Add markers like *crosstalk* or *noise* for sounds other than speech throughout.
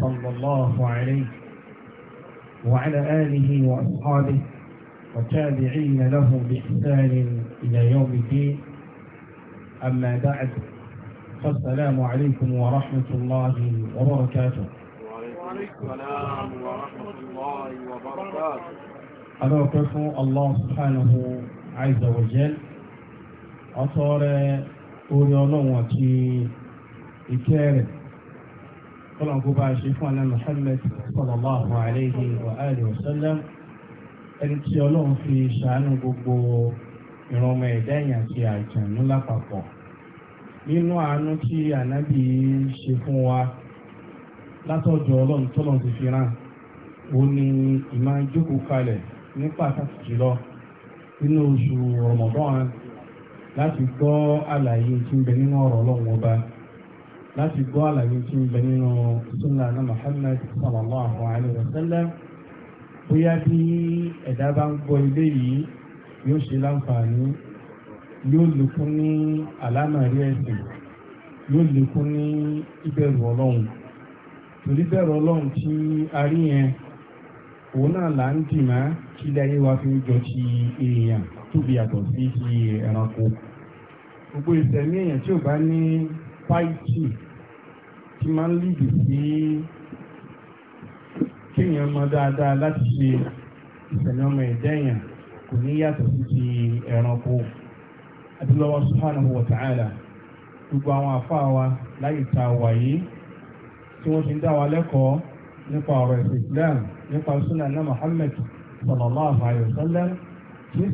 صلى الله عليه وعلى آله وأصحابه وتابعين له بإحسان إلى يوم الدين أما بعد فالسلام عليكم ورحمة الله وبركاته وعليكم السلام ورحمة الله وبركاته أنا الله سبحانه عز وجل أصار أولي الله وكي إكاره kọ́lọ̀n kó bá a ṣe fún alẹ́ Muhammad sallallahu alayhi wa alihi wa sallam ẹni tí ọlọ́run fi ṣàánú gbogbo ìran ọmọ ẹ̀dá èèyàn àti àjànú lápapọ̀ nínú àánú tí ànábì ṣe fún wa látọ̀dọ̀ ọlọ́run tọ́lọ́run ti fi rán ó ní ìmá kalẹ̀ ní pàtàkì jùlọ nínú oṣù Ramadan láti gbọ́ àlàyé tí ń bẹ nínú ọ̀rọ̀ ọlọ́run ọba láti gbọ́ àlàyé tí ń bẹ nínú súnà náà Muhammad sallallahu alayhi wa sallam bóyá bí ẹ̀dá bá ń gbọ́ ilé yìí yóò ṣe láǹfààní yóò lékún ní àlámàrí ẹ̀sìn yóò lékún ní ìbẹ̀rù ọlọ́run torí bẹ̀rù ọlọ́run tí a rí yẹn òun náà là ń dì kí ilé ayé wa fi ń jọ ti èèyàn tóbi yàtọ̀ sí ti ẹranko gbogbo ìsẹ̀mí èèyàn tí ò bá ní fáìtì tí máa ń lìdì sí kéèyàn mọ dáadáa láti ṣe ìṣẹ̀lẹ̀ ọmọ ẹ̀dá èèyàn kò ní yàtọ̀ sí ti ẹranko ta'ala gbogbo àwọn àfáà wa láyé ta tí wọ́n ti ń wa lẹ́kọ̀ọ́ nípa ọ̀rọ̀ ẹ̀sìn Islam nípa náà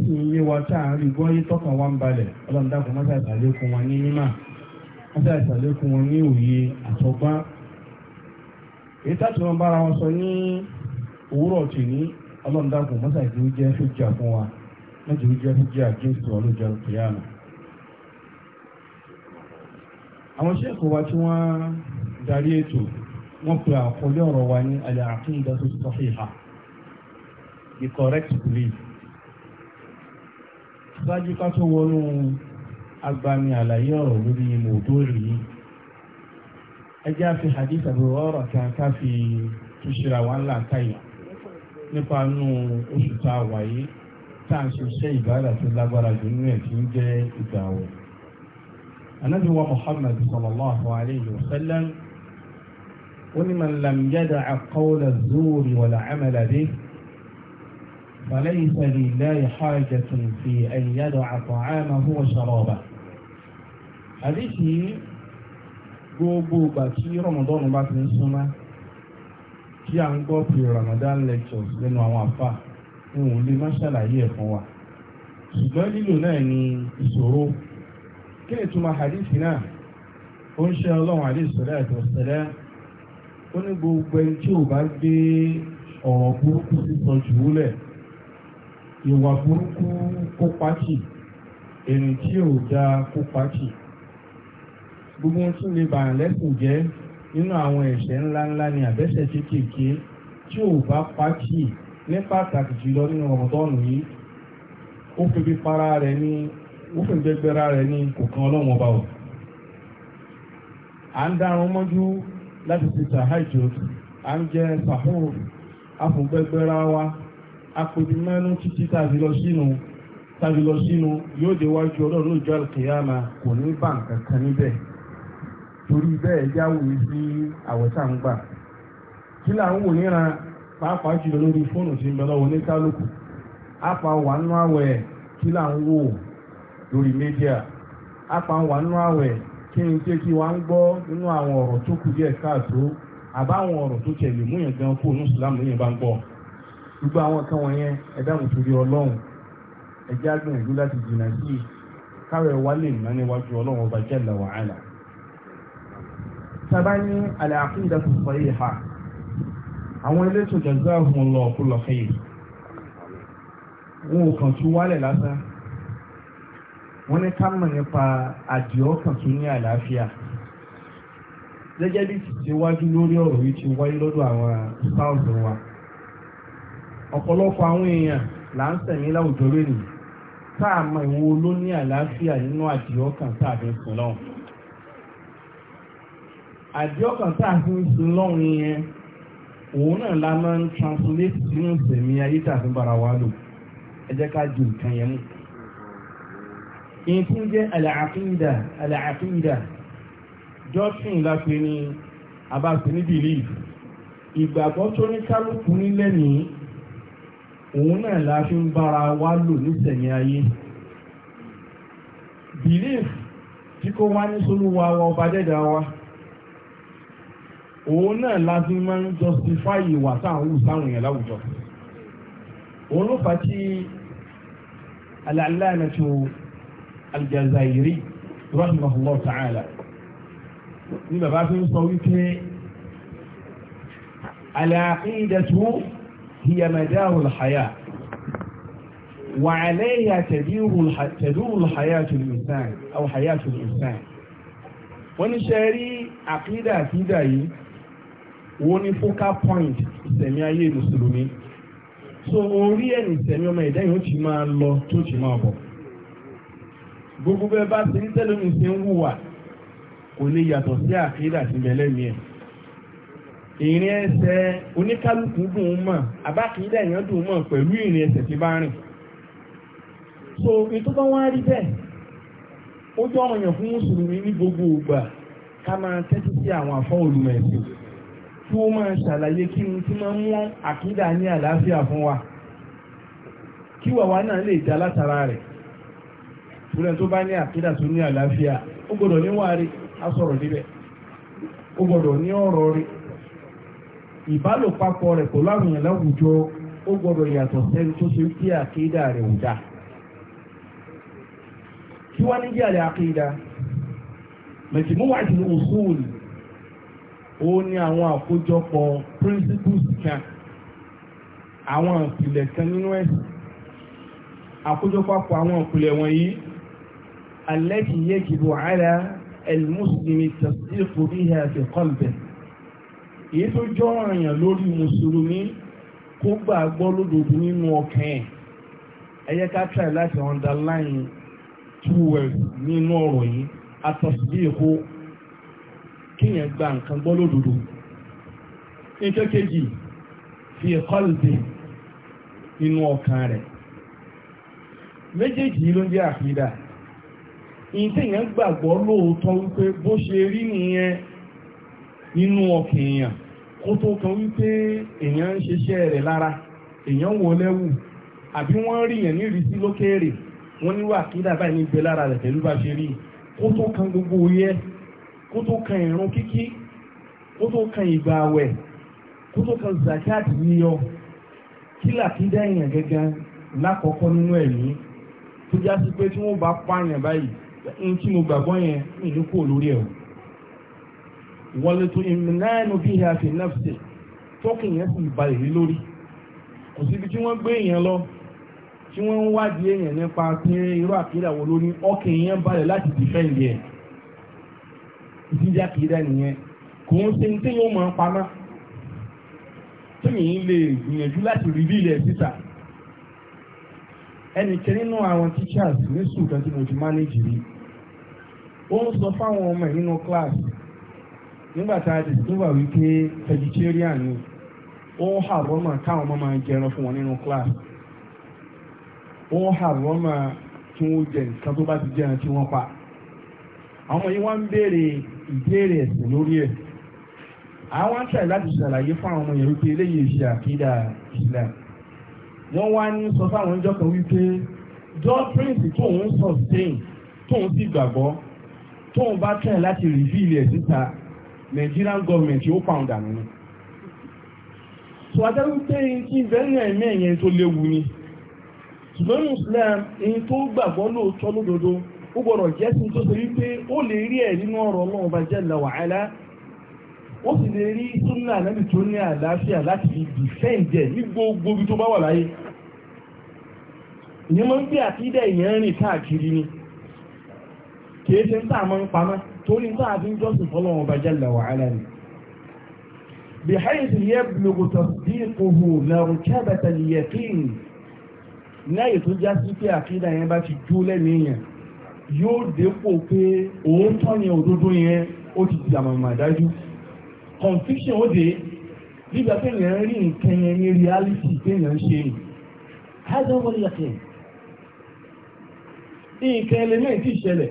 sì ń yé wa tá ń rí gbọ́yé tọkàn wa ń balẹ̀ ọlọ́run àti àìsàlékún wọn ní òye àtọ́gbá èyí tá tún bára wọn sọ ní òwúrọ̀ tì ní ọlọ́ndàkùn mọ́sà ìdíwó jẹ́ fújà fún wa mẹ́jọ jẹ́ fújà gẹ́ẹ̀sì ọlọ́jà kìíyàmù àwọn ṣẹ́ẹ̀kù wa tí wọ́n darí ètò wọ́n pe àkọlé ọ̀rọ̀ wa ní al-aqidatu as-sahiha the correct belief ṣáájú ká tó wọnú agbami àlàyé ọ̀rọ̀ lórí mòdóòrì yìí ẹjẹ́ àfi hadith àbúrò ọ̀rọ̀ kan ká fi túnṣìra wa ńlá káyà nípa nù oṣù tá a wà yìí tá à ń ṣiṣẹ́ ìbára tó lágbára jù nínú ẹ̀ tí ń jẹ́ ìgbà wọ̀. Ànábì wa Muhammad sallallahu alayhi wa sallam ó man lam yada'a qawla zuri wal 'amala bihi falaysa lillahi hajatun fi an yada'a ta'amahu wa àdìsí gbogbo ìgbà tí rọmọdọ́nù bá ti ń súnmá kí a ń gbọ́ pé ramadan lectures lẹ́nu àwọn àfà òun lè má ṣàlàyé ẹ̀ fún wa ṣùgbọ́n náà ni ìṣòro kí ni túmọ̀ àdìsí náà ó ń ṣe ọlọ́run àdìsọ́lẹ̀ àtọ̀sẹ̀lẹ̀ ó ní gbogbo ẹni gbogbo ohun tó lè bàràn lẹ́sìn jẹ́ nínú àwọn ẹ̀ṣẹ̀ ńláńlá ni àbẹ́sẹ̀ kéékèèké tí ò bá pàtì ní pàtàkì jùlọ nínú ọ̀rọ̀dọ́nù yìí ó fi bí para rẹ̀ ní ó fi gbẹgbẹ́ra rẹ̀ ní kò kan ọlọ́run ọba à ń dárun mọ́jú láti ti sàhájò à ń jẹ sàhóòrò afùngbẹ́gbẹ́ra wa mẹ́nu títí tàbí lọ torí bẹ́ẹ̀ jáwò sí àwọ̀tá ń gbà kí là ń wò níran pàápàá jùlọ lórí fóònù tí ń bẹ lọ́wọ́ ní kálukú apá wà nínú àwẹ̀ kí là ń wò lórí mídíà apá wà nínú àwẹ̀ kí n ké kí wà ń gbọ́ nínú àwọn ọ̀rọ̀ tó kù díẹ̀ káàtó àbáwọn ọ̀rọ̀ tó tẹ̀lé múyàn gan fóònù ìsìlámù yẹn bá ń gbọ́ gbogbo àwọn kan wọ̀nyẹn ẹ̀dá mùsùlùmí ọlọ́run ẹ̀jẹ̀ àgbọ̀n ìlú láti jìnnà sí i káwẹ̀ wálé ìnáníwájú ọlọ́run ọba jalla wa ala tàbá ní àlàáfíìdá tó sọ yìí ha àwọn elétò jazahum lọ ọ̀pọ̀lọ̀ fẹ́yì wọn ò kàn tún wálẹ̀ lásán wọ́n ní ká mọ̀ nípa àdìọ́ kan tún ní àlàáfíà gẹ́gẹ́ bí tìtìwájú lórí ọ̀rọ̀ yìí ti wáyé lọ́dọ̀ àwọn stars wa ọ̀pọ̀lọpọ̀ àwọn èèyàn là ń tẹ̀lé láwùjọ lónìí tá a ló ní àlàáfíà nínú àdìọ́ kan tá a fi àdíọ́kàn tá a fi ń sin lọ́run yẹn òun náà la máa ń translate sínú sẹ̀mí ayé tá a fi bára wa lò ẹ jẹ́ ká ju nǹkan yẹn mú. ìyẹn jẹ́ àlàáfíìdà àlàáfíìdà jọ́sìn la pe ní abáṣe ní belief ìgbàgbọ́ tó ní kálukú nílẹ̀ nìyí òun náà la fi ń bára wa lò ní sẹ̀mí ayé belief tí kò wá ní sólúwa wa ọba dẹ́dá wa òun náà la fi máa ń justify ìwà táwọn wù sáwọn èèyàn láwùjọ òun ló fà á tí al-allamatu al-jazairi rahimahullah ta'ala ní bàbá fi ń sọ wípé al-aqidatu hiya madaru al-haya wa alayha taduru al-hayatu al wọ́n ní ṣe àkídà àkídà yìí òun ni focal point ìsẹ̀mí ayé mùsùlùmí so orí ẹ̀ ní ìsẹ̀mí ọmọ ẹ̀dá yìí ti máa lọ tó ti máa bọ̀ gbogbo bẹ́ẹ̀ bá ti ń ṣe ń hùwà kò lè yàtọ̀ sí àkídà àti mẹ́lẹ́mí ẹ̀ ẹsẹ̀ oníkálukú dùn ún mọ̀ èèyàn pẹ̀lú ìrìn ẹsẹ̀ tí bá rìn so bẹ́ẹ̀ ó jọ tí ó máa ṣàlàyé kí ni tí máa ń wọ́n àkídà ní àlàáfíà fún wa kí wàwa náà lè dá látara rẹ̀ ṣùgbọ́n tó bá ní àkídà tó ní àlàáfíà ó gbọ́dọ̀ ní wàárí á sọ̀rọ̀ níbẹ̀ ó gbọ́dọ̀ ní ọ̀rọ̀ rí ìbálòpapọ̀ rẹ̀ pẹ̀lú àwọn èèyàn láwùjọ ó gbọ́dọ̀ yàtọ̀ sẹ́ni tó ṣe kí àkídà rẹ̀ ò dá kí wá ní jẹ́ àlẹ́ àkídà mẹ̀tìmú wà ní òṣùwòlì ó ní àwọn àkójọpọ̀ principles kan àwọn ìpìlẹ̀ kan nínú ẹ̀sìn àkójọpọ̀ àwọn ìpìlẹ̀ wọ̀nyí alẹ́kì yajibu ala al-muslimi tasdiqu biha fi qalbihi èyí tó jọ ọ̀ràn lórí mùsùlùmí kó gbàgbọ́ lódodo nínú ọkàn ẹ̀ ẹ jẹ́ ká try láti underline two words nínú ọ̀rọ̀ yìí atasdiqu kíyàn gba nǹkan gbọ́ lódodo nǹkan kejì fi qalbi nínú ọkàn rẹ̀ méjèèjì ló ń jẹ́ àkídà ìtẹ̀yàn gbàgbọ́ lóòótọ́ wípé bó ṣe rí nìyẹn nínú ọkàn èèyàn kó tó kan wípé èèyàn ń ṣiṣẹ́ rẹ̀ lára èèyàn wọ lẹ́wù àbí wọ́n rí yẹn ní ìrísí lókèèrè wọ́n níwà àkídà báyìí ní ìgbé lára rẹ̀ pẹ̀lú bá ṣe rí kó tó kan gbogbo yẹ́ kó tó kan ìrun kíkí kó tó kan ìgbà àwẹ̀ kó tó kan zakat kílà kí làkídá gẹ́gẹ́ lákọ̀ọ́kọ́ nínú ẹ̀mí tó já sí pé tí wọ́n bá pààyàn báyìí tí mo gbàgbọ́ yẹn ní kúrò lórí ẹ̀ bí i àfi yẹn sì balẹ̀ lé lórí kò síbi tí wọ́n gbé lọ tí wọ́n ń wádìí nípa pé irú wo lórí ìdíjà àkìdá nìyẹn kò ń ṣe tí yóò mọ̀ ń pamá tí mi ń lè gbìyànjú láti rí bí ilẹ̀ síta ẹnìkan nínú àwọn teachers ní sùkàn tí mo ti manage rí ó ń sọ fáwọn ọmọ nínú class nígbà a discover wípé vegetarian ni ó ń hà rọ́mà káwọn ọmọ máa jẹran fún wọn nínú class ó ń hà rọ́mà kí wọ́n jẹ nǹkan tó bá ti jẹran tí wọ́n pa àwọn yìí wọ́n ń béèrè ìbéèrè ẹ̀sìn lórí ẹ̀ àwọn ń tẹ̀ láti ṣàlàyé fún àwọn ọmọ yẹn wípé eléyìí ṣe àkídà Islam wọ́n wá ní sọ fáwọn ọjọ́ kan wípé doctrines tóun sustain tóun sì gbàgbọ́ tóun bá tẹ̀ láti reveal ẹ̀ Nigerian government yóò pound àná ni so ajá wípé kí bẹ́ẹ̀rẹ̀ ẹ̀mí ẹ̀yẹn tó léwu ni ṣùgbọ́n Islam èyí tó gbàgbọ́ lóòótọ́ lódodo ó gbọ́dọ̀ jẹ́ sí tó ṣe wípé ó lè rí ẹ̀ nínú ọ̀rọ̀ ọlọ́run bá jẹ́ la wàhálà ó sì lè rí súnà ànábì tó ní àlàáfíà láti fi dìfẹ́ǹdẹ̀ ní gbogbo ibi tó bá wà láyé ìyẹn máa ń gbé àtìdá ìyẹn rìn káàkiri ni kìí ṣe ń tà máa ń pamọ́ torí ń tà ń jọ́sìn fọlọ́run bá jẹ́ la wàhálà ni. بحيث يبلغ تصديقه مرتبة اليقين láyè tó já sí pé àkídà yẹn bá yóò dépò pé òótọ́ yẹn òdodo yẹn ó ti di àmàmà dájú confusion ó dé nígbà téèyàn rí nǹkan yẹn ní reality téèyàn ń ṣe nì hádùn wọlé yàtọ̀ nǹkan ẹlẹ́mẹ̀ntì ìṣẹ̀lẹ̀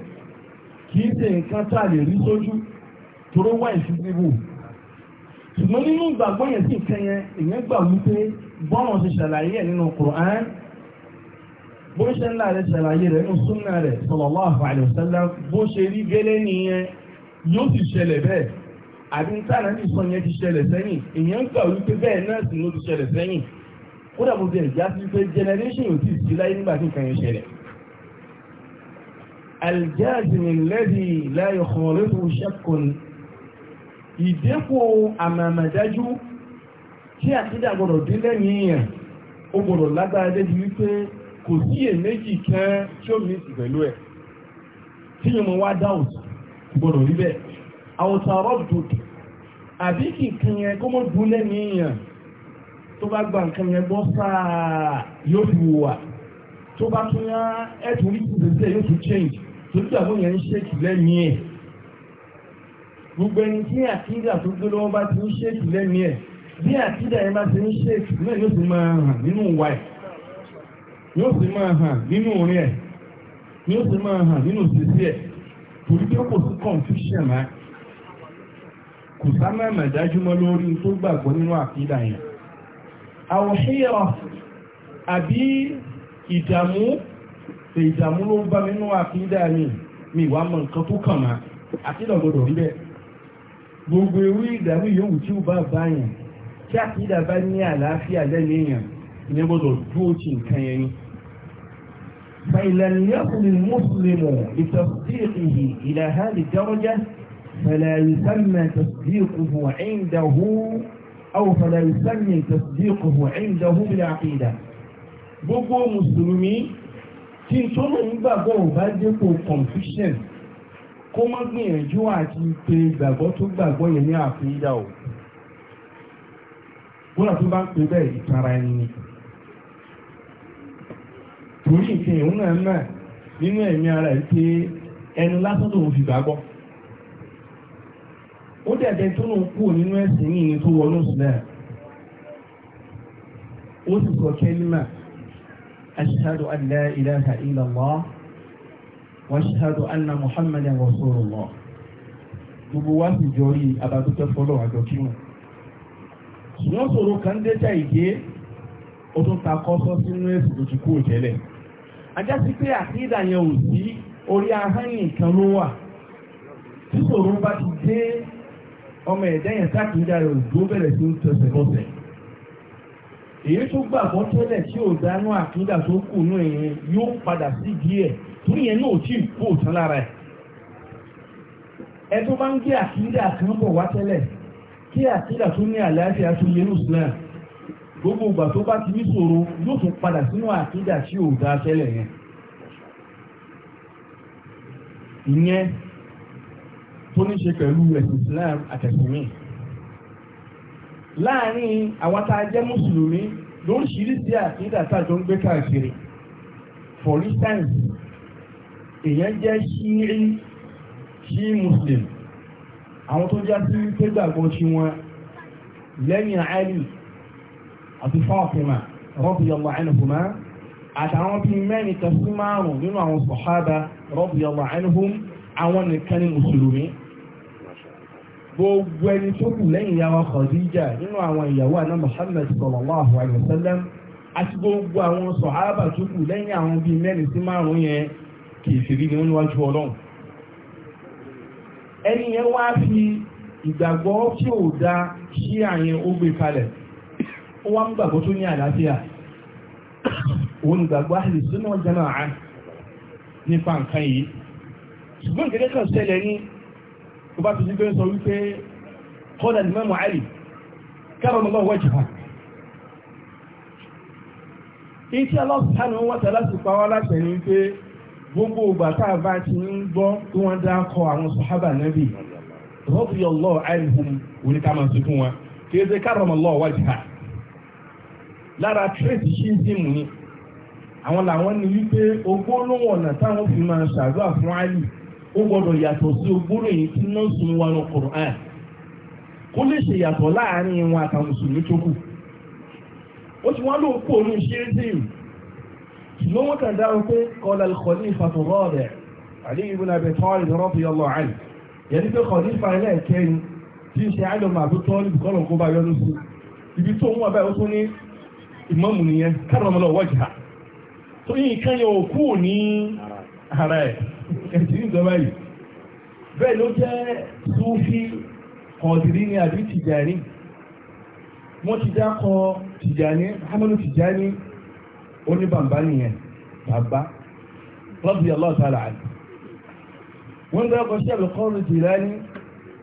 kì í ṣe nǹkan tá a lè rí sójú toró wà ìfúnṣẹ́bù ṣùgbọ́n nínú ìgbàgbọ́ yẹn sí nǹkan yẹn èèyàn gbà wípé bọ́ọ̀n ṣe ṣàlàyé ẹ̀ nínú Kùránì bó ṣe ńlá rẹ̀ ṣàlàyé rẹ̀ nínú súnà rẹ̀ sallallahu alaihi wasallam bó ṣe rí gẹ́lẹ́ nìyẹn yóò sì ṣẹlẹ̀ bẹ́ẹ̀ àbí tára ní sọ yẹn ti ṣẹlẹ̀ sẹ́yìn èèyàn ń gbà wípé bẹ́ẹ̀ náà sì ló ti ṣẹlẹ̀ sẹ́yìn kódà mo bẹ̀rẹ̀ já sí pé generation yóò ti sí láyé nígbà tí nǹkan yẹn ṣẹlẹ̀. aljazim alladhi la yukhalifu shakkun ìdẹ́kù àmàmàdájú tí àtijọ́ gbọ́dọ̀ dín lẹ́yìn yẹn ó gbọ́dọ̀ lágbára débi kò sí èméjì kan tí ó mí sí pẹ̀lú ẹ̀ tí yóò mọ wá dáhùn gbọ́dọ̀ rí bẹ́ẹ̀ àwòsàn ọ̀rọ̀ dòdò àbí kì kan yẹn kó mọ́ dùn lẹ́nu èèyàn tó bá gba nǹkan yẹn gbọ́ sáà yóò fi wà tó bá tún yá ẹ̀tún rí sí ẹ̀ yóò tún change tó ti àwọn yẹn ń ṣèkì lẹ́nu ẹ̀ gbogbo ẹni tí àkídà tó gbé lọ́wọ́ bá ti ń ṣèkì lẹ́nu ẹ̀ bí àkídà yẹn bá ti ń ṣèkì náà yóò tún máa hàn nínú ìwà yóò sì máa hàn nínú orin ẹ̀ yóò sì máa hàn nínú òṣìṣì ẹ̀ torí pé kò sí confusion rẹ̀ kò sámẹ́ mẹ̀dájúmọ́ lórí tó gbàgbọ́ nínú àkídà yẹn àwòṣíyọ àbí ìdààmú ìdààmú ló bá nínú àkídà mi mi wá mọ nǹkan tó kàn máa àkídà gbọdọ̀ rí bẹ́ẹ̀ gbogbo ewé ìdààmú yòówù tí ó bá bá yẹn tí àkídà bá ní àlàáfíà lẹ́nu èèyàn ìyẹn gbọdọ̀ dúró ti nǹkan yẹn ni فإن يكن المسلم بتصديقه إلى هذه الدرجة فلا يسمى تصديقه عنده أو فلا يسمى تصديقه عنده بالعقيدة gbogbo mùsùlùmí tí tó ló ń gbàgbọ́ ò bá dépò confusion kó má gbìyànjú àti pe ìgbàgbọ́ tó gbàgbọ́ yẹn ní àfihàn o gbọ́dọ̀ tó bá ń pe bẹ́ẹ̀ ìtara ẹni nìkan torí nǹkan ìhun náà náà nínú ẹ̀mí ara ẹ̀ pé lásán tó ń fi ó dẹ̀dẹ̀ tó kú nínú ẹ̀sìn tó wọnú sílẹ̀ ó sì wa gbogbo wa sì jọ rí abadúpẹ́ fọlọ́ àjọ kí wọn. ṣùgbọ́n sọ̀rọ̀ kan dé ó tún ta kọ́sọ́ ajásí pé àkídà yẹn ò sí orí ahọ́n nìkan ló wà tí ṣòro bá ti dé ọmọ ẹ̀dá yẹn sákìídà rẹ̀ òdó bẹ̀rẹ̀ sí ń tẹsẹ̀ lọ́sẹ̀ èyí tó gbàgbọ́ tẹ́lẹ̀ tí ò dánú àkídà tó kù nù ẹ̀yẹn yóò padà sí díẹ̀ torí yẹn náà ò tí ì kú òtán lára ẹ̀ ẹ tó bá ń gbé àkídà kan bọ̀ wá tẹ́lẹ̀ kí àkídà tó ní àlàáfíà tó yẹnu sílẹ̀ gbogbo ìgbà tó bá ti ní ṣòro yóò tún padà sínú àkídà tí ò dá tẹ́lẹ̀ yẹn ìyẹn tó ní ṣe pẹ̀lú ẹ̀sìn Islam àtẹ̀sìnmí láàárín àwọn tá a jẹ́ mùsùlùmí lóríṣiríṣi àkídà tájọ ń gbé káàkiri for instance èèyàn jẹ́ ṣíírí ṣí muslim àwọn tó já sí pé gbàgbọ́ sí wọn lẹ́yìn Ali àti Fátímà radiyallahu anhuma àtàwọn bíi mẹ́rin tẹ̀sí márùn-ún nínú àwọn sàhábà radiyallahu anhum àwọn nìkan ní mùsùlùmí gbogbo ẹni tó kù lẹ́yìn ìyàwó Khadija nínú àwọn ìyàwó àná Muhammad sallallahu alayhi wa sallam àti gbogbo àwọn sàhábà tó kù lẹ́yìn àwọn bíi mẹ́rin sí márùn-ún yẹn kì í ṣèlú ní níwájú ọlọ́run ẹni yẹn wá fi ìgbàgbọ́ tí ò da sí àyẹn ó gbé kalẹ̀ ó wá ń gbàgbọ́ tó ní àlàáfíà òun ìgbàgbọ́ àìlè sínú ọjà nípa nǹkan yìí ṣùgbọ́n ìgbẹ́jẹ́ kan ṣẹlẹ̀ ní tó ti gbé sọ wípé kọ́dà ní mẹ́mọ̀ àìlè kẹ́rọ̀ mọ́ wọ́n jù iṣẹ́ aláṣùtánù wọ́n tẹ̀ láti pa láṣẹ ní pé gbogbo tá a bá ti ń gbọ́ tí wọ́n dá kọ àwọn fún wọn kí ẹ lára trace shindim ni àwọn làwọn ni wípé ogbólóhùn ọ̀nà táwọn fi máa ṣàdúrà fún àlì ó gbọ́dọ̀ yàtọ̀ sí ogbólóhùn tí náà sùn wà ní Qur'an kó lè ṣe yàtọ̀ láàárín wọn àtàwọn mùsùlùmí tó kù ó ti wọ́n ló ń pò ní ṣùgbọ́n wọ́n kàn dáhùn pé qala al-khalifa ar-rabi' Ali ibn Abi Talib radiyallahu anhu yẹni pé khalifa ni, tí ń ṣe àlọ́ màbútọ́ọ̀lì kọ́lọ̀ kó bá yọnu sí ibi tó ń wọ́n báyìí ó tún ní ìmáàmù nìyẹn karamallahu wajha tó yìí kan yẹ òkú ní ara ẹ̀ ẹ̀sìn ní ìjọba yìí bẹ́ẹ̀ ló jẹ́ sufi kọ̀ọ̀dìrí ni àbí tìjàní wọ́n ti dákọ tìjàní hamadu tìjàní oníbàmbá nìyẹn bàbá radiyallahu ta'ala anhu wọ́n dákọ sí àlùkọ́rù tìjàní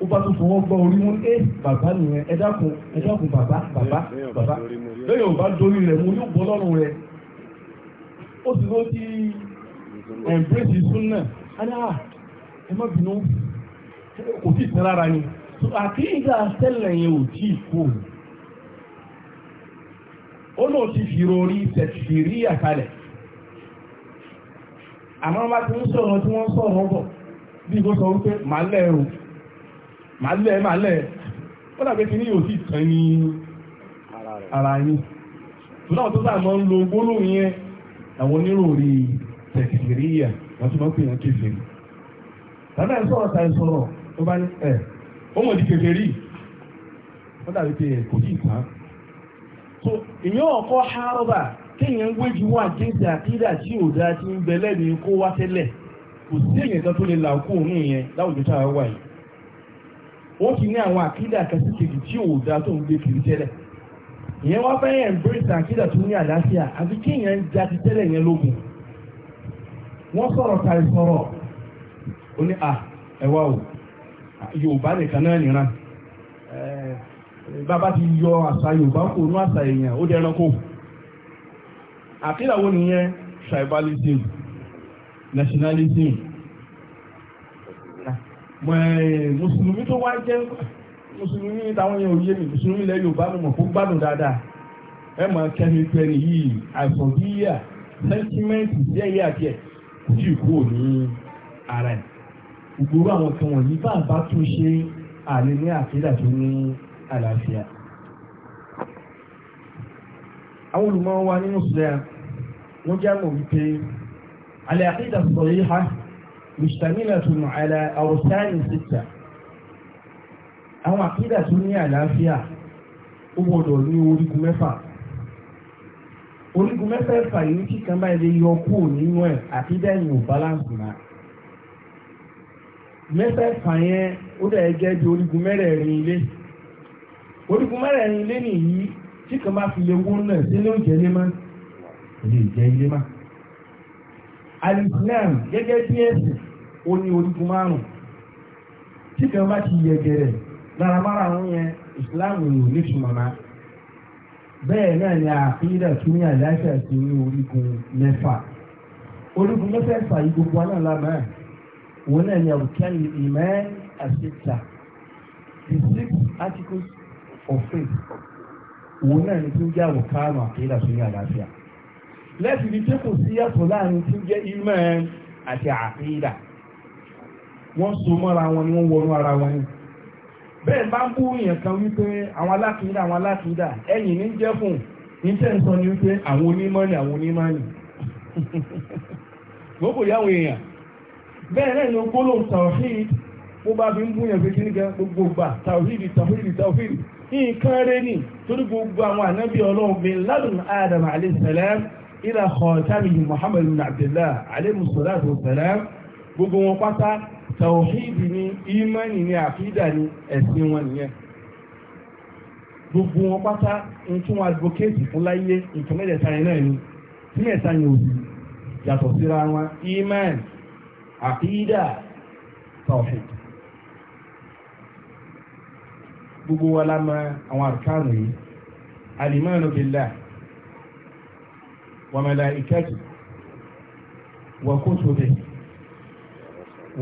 ó bá tún fọwọ́ gbọ́ orí mú ẹ eh, bàbá nìyẹn ẹ dákun ẹ dákun bàbá bàbá bàbá lẹ́yìn ò bá dorí rẹ̀ mú yóò bọ́ lọ́rùn rẹ̀ ó sì ló ti embrace sunna ẹni à ah, ẹ má bínú kò tí ì lára ni àkíyèsí àtẹ́lẹ̀ yẹn ò tí ì kú ó náà ti fi rori tẹ̀sírí àkàlẹ̀ àmọ́ bá ti ń sọ̀rọ̀ tí wọ́n sọ̀rọ̀ bọ̀ bí kò sọ wípé màá lẹ́rù màá lẹ̀ màá lẹ̀ ó dàbí kí ní yóò sì ní ara yín tòlá ọ̀tọ́ sáà ń lo yẹn àwọn oníròrí wọ́n ti máa ń pè yàn tó bá ní ẹ̀ mọ̀ di kéferì ó dàbí kò sí so ìyẹn kéèyàn ń wà àkídà tí ò ti ń kó wá tẹ́lẹ̀ kò sí èèyàn kan tó lè òun yẹn láwùjọ tá wọ́n ti ní àwọn àkídà kẹsí kejì tí ò dá tó ń gbé kiri tẹ́lẹ̀ ìyẹn wá fẹ́ embrace àkídà tó ní àlàáfíà àti kí ìyẹn já ti tẹ́lẹ̀ yẹn lógun wọ́n sọ̀rọ̀ tàì sọ̀rọ̀ ó ní à ẹ̀wà Yorùbá ti yọ àṣà Yorùbá kò nú àṣà èèyàn ó dẹran kò àkídà wo nìyẹn tribalism nationalism Eh, mùsùlùmí tó wá jẹ́ mùsùlùmí táwọn yẹn ò yé mi mùsùlùmí lẹ́yìn ò bá mi mọ̀ fún gbádùn dáadáa ẹ mọ̀ kẹ́mi pẹ́ni yìí àìsàndíyà sẹ́ńtímẹ́ǹtì díẹ̀ yé àti ẹ̀ kò tí ì kú ò ní ara ẹ̀ ìgboro àwọn kan wọ̀nyí bá a bá tún ṣe àlè ní àkídà tó ní àlàáfíà àwọn olùmọ̀ wa nínú sílẹ̀ wọ́n já mọ̀ wípé àlè àkídà sọ̀rọ̀ yìí mùsùlùmí àlà àwòsáàlì síta àwọn àkídà tó ní àlàáfíà ó gbọdọ̀ ní orígun mẹ́fà orígun mẹ́fẹ̀ẹ̀fà yìí kí kan báyìí lè yọ kúrò nínú ẹ̀ àkídà yìí ò báláǹsì náà mẹ́fẹ̀ẹ̀fà yẹn ó dẹ̀ jẹ́ di orígun mẹ́rẹ̀ẹ̀rin ilé orígun mẹ́rẹ̀ẹ̀rin ilé nìyí tí kan bá fi lè wó náà sí ló ń jẹ́ ilé mọ́ lè jẹ́ ilé mọ́ alìsílẹ̀m gẹ́gẹ́ bí ẹ̀sìn ó ní orígun márùn-ún tí kan bá ti yẹ gẹ̀rẹ̀ lára náà ni àfihàn tún ní àlàáfíà ní orígun mẹ́fà orígun mẹ́fẹ̀ẹ̀fà yìí gbogbo wa náà náà ni àwùjọ àṣetà the six articles of faith wọn náà ni tí ń àwòkánu wọ́n so mọ́ra wọn ni wọ́n wọnú ara wọn ni bẹ́ẹ̀ bá ń bú yẹn kan wípé àwọn alákìídà àwọn alákìídà ẹ̀yìn ní jẹ́ fún ní tẹ́ ń sọ ni wípé àwọn onímọ̀ ni àwọn onímọ̀ ni gbogbo ìyá àwọn èèyàn bẹ́ẹ̀ náà ni gbólóhùn tàwíìd bó bá fi ń bú yẹn pé kí nìkan gbogbo gbà tàwíìd tàwíìd tàwíìd nǹkan rẹ ni torí gbogbo àwọn ànábì ọlọ́run ládùn adam alayhi salam ila tàwọ̀hídì ni ìmánì ni àfídà ni ẹ̀sìn wọn nìyẹn gbogbo wọn pátá ń tún wọn advocate fún láyé nǹkan mẹ́tẹ̀ẹ̀ta yẹn náà ni tí mẹ́ta yẹn ò sì yàtọ̀ síra wọn ìmánì àfídà tàwọ̀hídì gbogbo wa la mọ̀ àwọn àrùkánù yìí alìmọ́nù bílá wa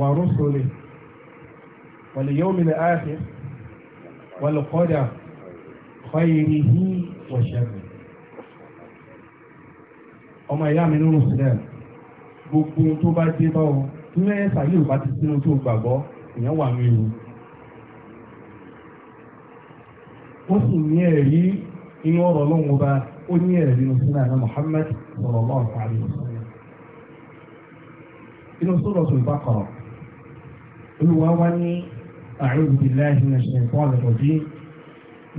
ورسله واليوم الآخر والقدر خيره وشره ọmọ ìyá mi nínú sílẹ̀ gbogbo tó bá dé bá tí wọ́n ẹ̀sà yìí bá ti sínú tó gbàgbọ́ èèyàn wà ní ewu ó sì ní ẹ̀rí inú ọ̀rọ̀ lóhun ọba ó ní ẹ̀rí nínú sílẹ̀ àná olùwà wá ní a'udhu billahi minash shaytanir rajim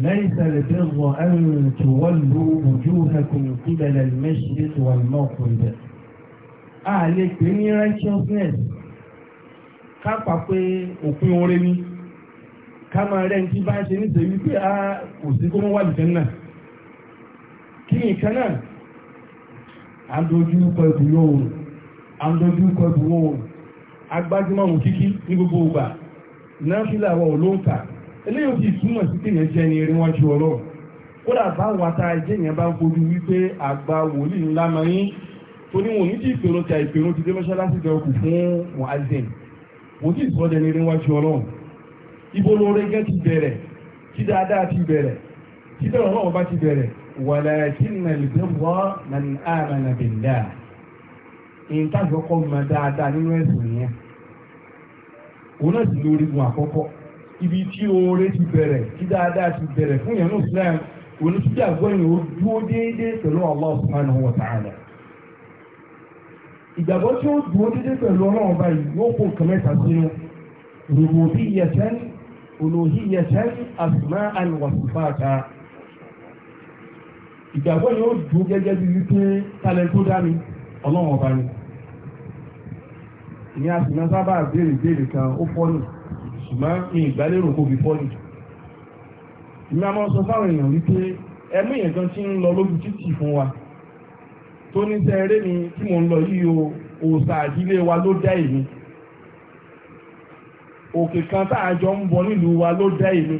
laysa al-birru an tuwallu wujuhakum qibala al-mashriq wal-maghrib a lè pè ní righteousness ká pa pé òpin oore ni ká máa rẹ́ ní tí bá ń ṣe nítorí wípé a ah, kò sí kó mọ́ wà lùfẹ́ náà kí ni ìkan náà àdójú kọ ìbùyọ̀ òòrùn àdójú kọ ìbùwọ̀ òòrùn agbájúmọ̀ wò kíkí ní gbogbo ìgbà náfìlà wa ò ló ń kà eléyìí ti túmọ̀ sí kéèyàn jẹ́ ni eré wọn ju ọ̀rọ̀ kódà báwọn ata ẹjẹ́ yẹn bá ń fojú wípé àgbà wòlíì ńlá máa ń toníwọ̀n ní tí ìpèrò tí àìpèrò ti dé mọ́ṣáláṣí jẹ́ òkú fún muazzin kò tí ìsọ́jẹ́ ní eré wọn ju ọ̀rọ̀ ibo lóore gẹ́ ti bẹ̀rẹ̀ tí dáadáa ti bẹ̀rẹ̀ tí bẹ̀rẹ̀ ti bẹ̀rẹ̀ wàlàkínà lè èyí táàbí ọkọ mọ dáadáa nínú ẹ̀sùn yẹn òun náà sì lórígun àkọ́kọ́ ibi tí oore ti bẹ̀rẹ̀ tí dáadáa ti bẹ̀rẹ̀ fún yẹn ní Islam onítúbí àgbọ̀yìn ó dúró déédéé pẹ̀lú Allah subhanahu wa ta'ala ìgbàgbọ́ tí ó dúró déédéé pẹ̀lú ọlọ́run báyìí yóò kó nǹkan mẹ́ta sínú rububiyyatan uluhiyyatan asma'an wa sifata ìgbàgbọ́ ni dúró gẹ́gẹ́ bí wípé talẹ̀ tó dá mi ọlọ́run ọba ni ní àṣìmọ́ sábà béèrè béèrè kan ó fọ́nì ṣùgbọ́n ní ìgbálérò kò fi fọ́nì ìmọ̀ àmọ́ sọ fáwọn èèyàn wípé ẹmú èèyàn kan tí ń lọ lójú títì fún wa tó ní sẹ́ẹ̀rẹ́ mi tí mò ń lọ yìí o òòsà ìdílé wa ló dá èmi òkè kan tá a jọ ń bọ nílùú wa ló dá èmi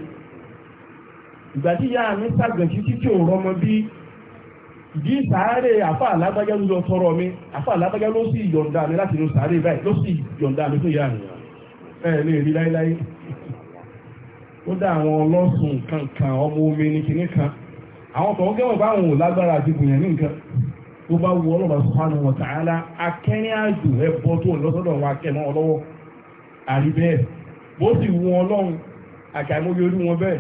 ìgbà tí ìyá mi ṣàgbẹ̀jì títí ò rọmọ bí sàárè àfa àlágbájá ló lọ tọrọ mi àfa àlágbájá ló sì yọ̀ǹda mi láti inú sàárè báyìí ló sì yọ̀ǹda mi fún ìyá mi ẹ lè rí láéláé ó dá àwọn ọmọ omi ní kinní kan àwọn kan gẹ́wọ̀n bá wọn ò lágbára àti gbìyànjú nǹkan tó bá wu ọlọ́run subhanahu wa ta'ala akẹ́rin àjò ẹ̀bọ tó lọ́sọ́dọ̀ wọn akẹ́mọ́ ọlọ́wọ́ àrí bẹ́ẹ̀ bó sì ọlọ́run wọn bẹ́ẹ̀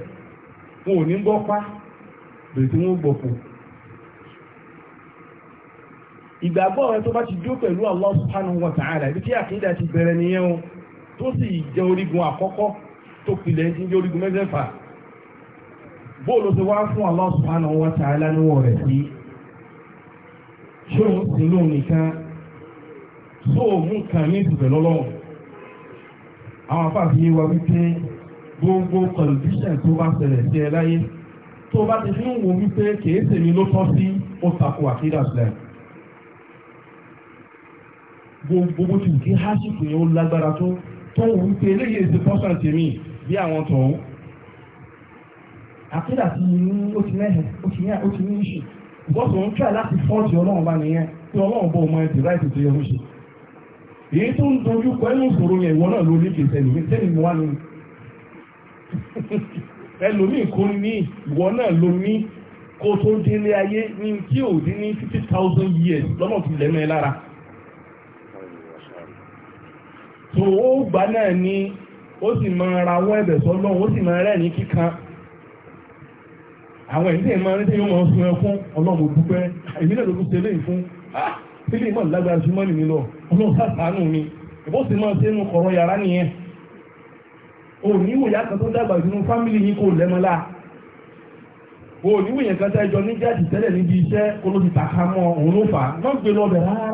wọn ò ní ìgbàgbọ́ rẹ tó bá ti dúró pẹ̀lú Allah subhanahu wa ta'ala ibi tí àkídà ti bẹ̀rẹ̀ nìyẹn o tó sì jẹ́ orígun àkọ́kọ́ tó pilẹ̀ ti orígun mẹ́fẹ̀ẹ̀fà bóòlù ti wá fún Allah subhanahu wa ta'ala níwọ̀ rẹ̀ sí ṣóun sí lóun nìkan sóòmù kan ní ìtùbẹ̀ lọ́lọ́run àwọn afáàfin wa wípé gbogbo kọlùdíṣẹ̀ tó bá ṣẹlẹ̀ sí ẹ láyé tó bá ti fi ń wípé kèé sèmi ló tọ́ sí ó takò àkídà sílẹ̀ gbogbo bó ti kí hásìkò yẹn ó lágbára tó tó wù pé eléyìí ti pọ́sàn tèmi bí àwọn tọ̀hún àkídà ti ní ó ti mẹ́hẹ̀ ó ti ní ó ti ní ìṣù bọ́sù ń tẹ̀ láti fọ́ọ̀tì ọlọ́run bá nìyẹn tí ọlọ́run bọ̀ ọmọ ẹ̀sìn láì tètè yẹ lóṣù èyí tó ń dojú kọ ẹnu ìṣòro yẹn ìwọ náà ló ní kìí sẹ́nu mi sẹ́nu mi wá ní *laughs* ẹlòmíì kò ní ìwọ náà ló ní kó tó délé ayé ní tí ò dín ní fifty thousand years lọ́nà tó lẹ́nu ẹ lára tó ó gbà náà ni ó sì máa ra wọ́n ẹ̀bẹ̀ sọ́lọ́run ó sì máa rẹ̀ ní kíkan àwọn èyí tí ìmọ̀ ní tí yóò máa sun ẹkún ọlọ́run dúpẹ́ èmi náà ló tún ṣe léyìí fún sílé ah, ìmọ̀ lágbára sí mọ́nì mi lọ ọlọ́run sàtánù mi ìbó sì máa sínú kọ̀rọ̀ yàrá nìyẹn o níwò ìyá kan tó dàgbà sínú fámìlì yìí kò lẹ́mọ́lá o níwò ìyẹn kan tẹ́jọ ní jáde tẹ́lẹ̀ níbi iṣẹ́ kó ló ti tàkà mọ́ òun ló fà á má gbé lọ bẹ̀ rárá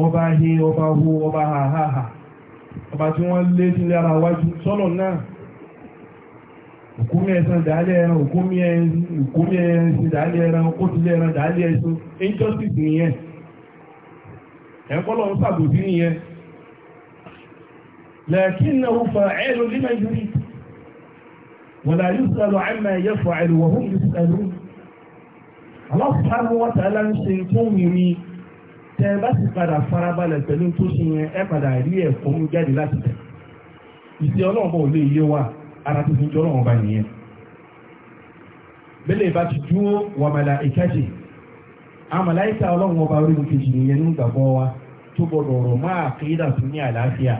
ọba he ọba hu ọba ha ha ha ọba tí wọ́n lé sílé ara wájú sọ́nà náà òkúmi ẹ̀sán dàálẹ̀ ẹran òkúmi ẹ̀sìn dàálẹ̀ ẹran kótìlẹ̀ ẹran dàálẹ̀ ẹ̀sìn injustice nìyẹn sàbòsí nìyẹn tó tẹ ẹ bá sì padà farabalẹ̀ pẹ̀lú tó ṣe yẹn ẹ padà rí ẹ̀kọ́ mú jáde láti tẹ̀ ìṣe ọlọ́run bọ̀ ò lè yé wa ara tó fi jọ ọlọ́run bá nìyẹn bẹ́lẹ̀ ìbá ti dúró wàmàlà ìkẹ́jì àmàláìka ọlọ́run ọba orí kejì nìyẹn ní gbàgbọ́ wa tó gbọdọ̀ ọ̀rọ̀ máa kéèdà tó ní àlàáfíà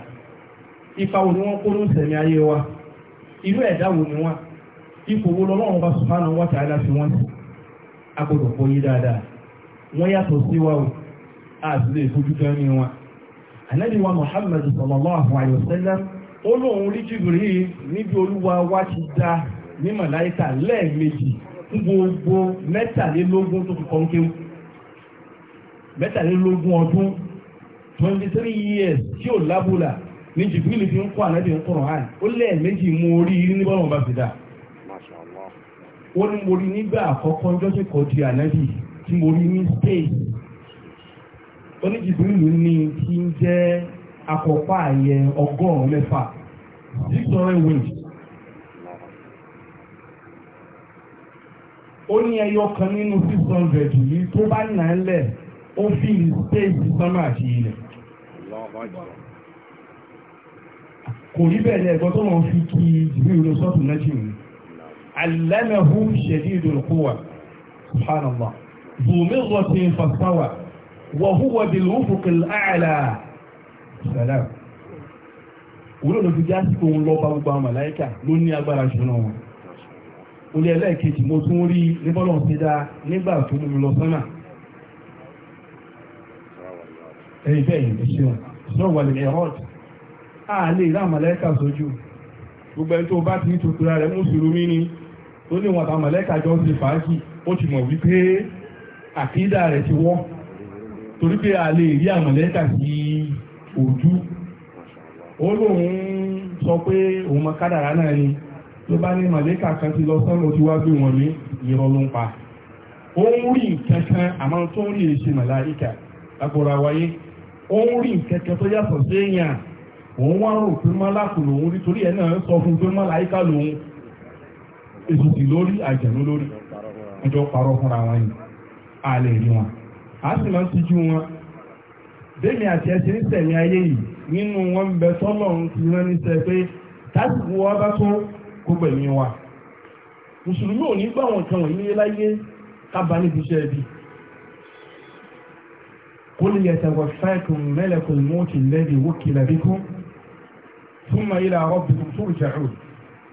ipa wo ni wọ́n kó ní sẹ̀mí ayé wa irú ẹ̀dá wo ni wọ́n ipò wo lọ́lọ́run ọba subhanahu àti lè fojú fẹ́ ní wọn ànábì wa Muhammad sallallahu alayhi wa sallam ó lóun rí Jibril níbi olúwa wá ti dá ní màláìkà lẹ́ẹ̀mejì fún gbogbo mẹ́tàlélógún tó mẹ́tàlélógún ọdún years tí ò lábùlà ní Jibril fi ń kọ́ ànábì ń kọ́ ọ̀hán ó lẹ́ẹ̀mejì mú orí nígbà di oníjìbìrìlù ní kí ń jẹ́ akọ̀pá àyẹ ọgọ́rùn-ún mẹ́fà victory wins ó ní ẹyọ kan nínú six hundred yìí tó bá nà ń lẹ̀ ó fi space sánmà àti ilẹ̀ kò rí bẹ́ẹ̀ lẹ́ẹ̀kọ́ tó wọ́n fi kí jìbìrìlù sọ́tù náà jìnnì alẹ́mẹ̀hún ṣẹ̀dí ìdòrò kó subhanallah bùnmí rọ̀tí fàṣáwà wọ̀húwọ̀ bí lóòfùkìl àìlà salam wúlò ló fi jásí tó ń lọ bá gbogbo àwọn màláìkà ló ní agbára ṣùnà wọn olè ẹlẹ́ẹ̀kejì mo tún rí níbọ́lọ̀ sí dáa nígbà tó mú mi lọ sánà ẹ̀yìn bẹ́ẹ̀ yìí ṣeun sọ wà lè ẹ̀họ́d a lè rá màláìkà sójú gbogbo ẹni tó bá ti tuntun rẹ̀ mùsùlùmí ni tó ní wọn àtàwọn màláìkà jọ ń ṣe fàájì ó ti mọ̀ wípé àkídà rẹ̀ ti wọ́n torí pé a lè rí àwọn lẹ́tà sí ojú ó lóun sọ pé òun mọ náà ni tó bá ní màlẹ́kà kan ti lọ sọ́nà tí wá gbé wọn ní ìrọ̀ ló ń pa ó ń rí nǹkankan àmọ́ tó ń lè ṣe màláìkà agbóra wáyé ó ń rí nǹkankan tó yàtọ̀ sí èèyàn òun wá rò pé mọ́láàkù lòun rí torí ẹ̀ náà sọ fún pé màláìkà lòun èsùsì lórí àjẹ̀nú lórí ọjọ́ parọ́ fúnra wọn yìí a lè rí wọn a sì máa ń tijú wọn bẹ́ẹ̀ni àti ẹsẹ̀ ń sẹ̀mí ayé yìí nínú wọn bẹ tọ́lọ̀ ń fi rán ní sẹ pé tásìkò wa bá tó gbogbo ẹ̀mí wa mùsùlùmí ò ní gbọ́ àwọn nǹkan wọ̀nyí nílé láyé kábà níbi iṣẹ́ ẹbí kó lè yẹ tẹ̀wọ̀ fẹ́ẹ̀kùn mẹ́lẹ̀kùn mọ́ọ̀tì lẹ́bi wókè làbíkú fún mayílà ọ̀bùkún fún ìjà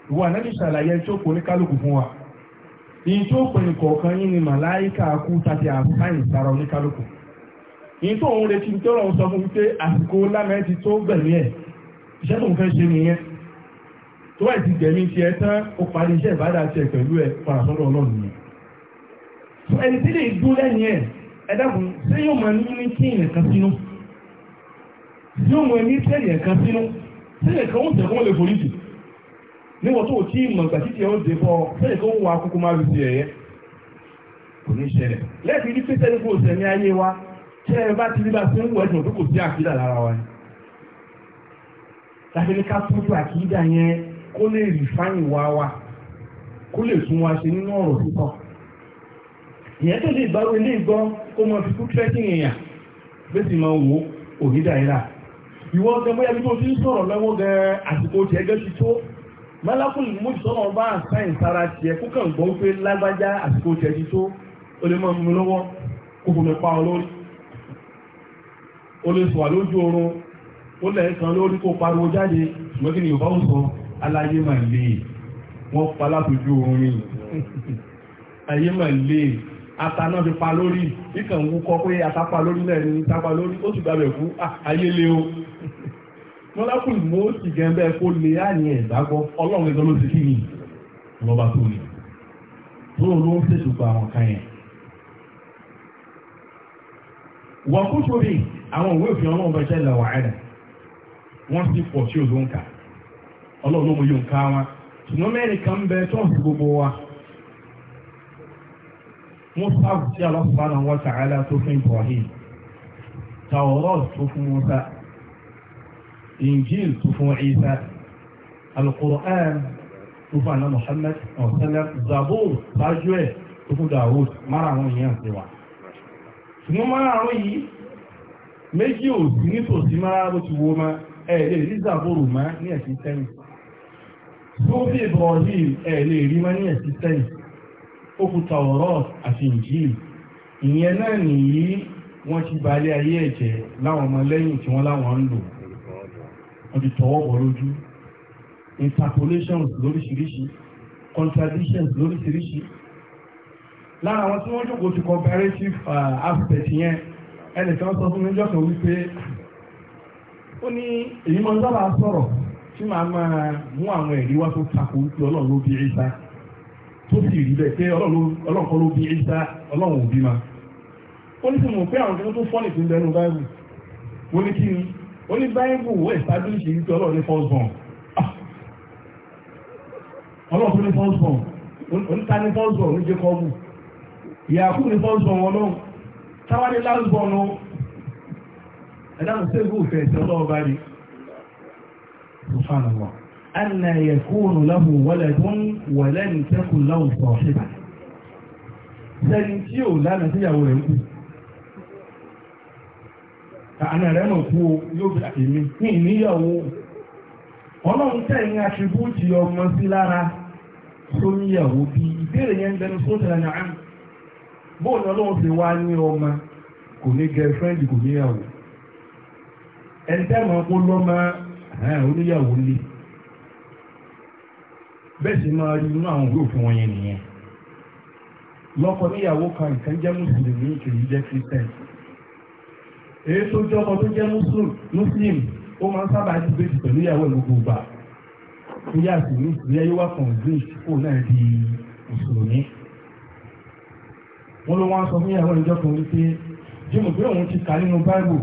ìwà tó kò ní kálukú fún yìí tó pè kọ̀ọ̀kan yín ni màláìka kú tàbí àbúkáyìn sára oníkálukú yìí tó ń retí tó lọ́wọ́ sọ fún wípé àsìkò lámẹ́ ti tó gbẹ̀mí ẹ̀ iṣẹ́ tó ń fẹ́ ṣe nìyẹn tó wà ti gbẹ̀mí tiẹ̀ tán ó parí iṣẹ́ ìbádà tiẹ̀ pẹ̀lú ẹ̀ padà sọ́dọ̀ ọlọ́run yẹn ẹni tí lè dún lẹ́yìn ẹ̀ ẹ dákun ṣé yóò máa ní ní kí ìyẹn kan sínú yóò máa ní tẹ́lẹ̀ kan sínú tẹ́lẹ̀ kan ó níwọ̀n tó tí mọ̀ ìgbà títí ẹ̀ ó dé fọ́ fẹ́ẹ̀ tó ń wa kúkú má rúdi ẹ̀yẹ kò ní ṣẹlẹ̀ lẹ́ẹ̀kì ní pẹ́sẹ́ nípò ìṣẹ̀mí ayé wa tẹ́ ẹ bá ti rí bá ti ń wọ ẹ̀dùn pé kò sí àkídà lára wa ni láti ní ká tọ́jú àkídà yẹn kó lè rí fáyìn wa wa kó lè tún wa ṣe nínú ọ̀rọ̀ púpọ̀ ìyẹn tó lè bá ilé ìgbọ́ kó mọ fi kú trekking èèyàn bí sì máa wò òní dàílà ìwọ ọgbẹ́ bóyá bí tó ti ń sọ̀rọ̀ lọ́wọ́ gan àsìkò tiẹ̀ gẹ́ ti tó malakul mọ́tò sọ́nà ọba àṣàyàn sára tiẹ̀ kó kàn gbọ́ pé lágbájá àsìkò tiẹ̀ ti tó ó lè máa mú lọ́wọ́ kó fòmí pa ọ lórí ó lè sọ̀wà lójú oorun ó lẹ̀ kan lórí kó pariwo jáde ṣùgbọ́n kí ni Yorùbá ó sọ aláyé máa lè wọ́n pa látòjú oorun ni ayé máa lè ata náà fi pa lórí ikàn wúkọ pé ata pa lórí náà ní tápa lórí ó sì gbàgbẹ̀ fún ah, ayé lé o. mọ́lákùn mọ́ sì gẹ̀ bẹ́ẹ̀ kó lè á ní ẹ̀dágbọ́ ọlọ́run ẹ̀dọ́ ló ti kí ni lọ́ba tó ní tó ló ń ṣètò gba àwọn kan yẹn. wọ́n kó sórí àwọn òwe òfin ọlọ́run bẹ́ẹ̀ wọ́n sì pọ̀ sí òdó nǹka ọlọ́run ló mọ yóò wọn kan bẹ gbogbo wa sí tó tó fún injil tó fún isa alukur'an tó fún àná muhammad ọ̀sẹ́lẹ̀ zabur sáájú ẹ̀ tó fún dawud mara àwọn èèyàn ti wà ṣùgbọ́n mara àwọn yìí méjì ò sí nítòsí mara bó ti wo ma ẹ̀ lè rí zabur ma ní ẹ̀sìn sẹ́yìn sófì ibrahim ẹ̀ lè rí ma ní ẹ̀sìn sẹ́yìn ó kú tàwọ̀rọ̀ àti injil ìyẹn náà nìyí wọ́n ti balẹ̀ ayé ẹ̀jẹ̀ láwọn ọmọ lẹ́yìn tí wọ́n láwọn ń lò wọ́n ti tọwọ́ bọ̀ lójú interpolations lóríṣiríṣi contradictions lóríṣiríṣi lára àwọn tí wọ́n jókòó ti comparative uh, aspect yẹn ẹnìkan sọ fún mi jọ́sọ̀ wípé ó ní èyí máa ń sábà sọ̀rọ̀ tí màá máa mú àwọn ẹ̀rí wá tó takò wípé ọlọ́run ló bí Ìsá tó sì rí bẹ́ẹ̀ pé ọlọ́run kọ́ ló bí Ìsá ọlọ́run ò bí ma ó ní sì mọ̀ pé àwọn kan tó fọ́nì tó ń bẹnu báyìí wọ́n ní kí ni ó ní báyìbù wọ́n ìstábílìṣì ní pé ọlọ́run ní fọ́sbọ̀n ah! ọlọ́run ní fọ́sbọ̀n oníta ní fọ́sbọ̀n ní Jacob ìyàkú ní fọ́sbọ̀n ọlọ́run táwádé lásbọ̀n ẹ̀dáhùn sẹ́gbù fẹ̀ ẹ̀sẹ̀ ọlọ́run bá rí subhanallah anna yakunu lahu àna rẹ̀ mọ̀ fún o yóò fi àtẹ̀mí ní ìníyàwó ọlọ́run tẹ̀yìn àṣìbúùtì ọmọ sí lára tó níyàwó bí ìbéèrè yẹn ń bẹnu sóòtù ẹ̀nà àmì bóòlù ọlọ́run ti wá ní ọmọ kò ní gẹ́fẹ́ndì kò níyàwó ẹ̀ńtẹ́mọ̀ kó lọ́mọ oníyàwó lé bẹ́ẹ̀ sì máa rí inú àwọn òwe òfin wọn yẹn nìyẹn lọ́kọ níyàwó kan ìkan mùsùlùmí kì jẹ́ kírísítẹ́nì èyí tó jẹ́ ọmọ tó jẹ́ muslim ó máa ń sábà ti bẹ́ẹ̀ pẹ̀lú ìyàwó ẹ̀ gbogbo ìgbà níyà sí ní ìpínlẹ̀ yóò wá kàn sí ìṣòkò náà di mùsùlùmí. wọ́n ló wá ń sọ fún ìyàwó ìjọ kan wípé jímọ̀ pé òun ti kà nínú báìbù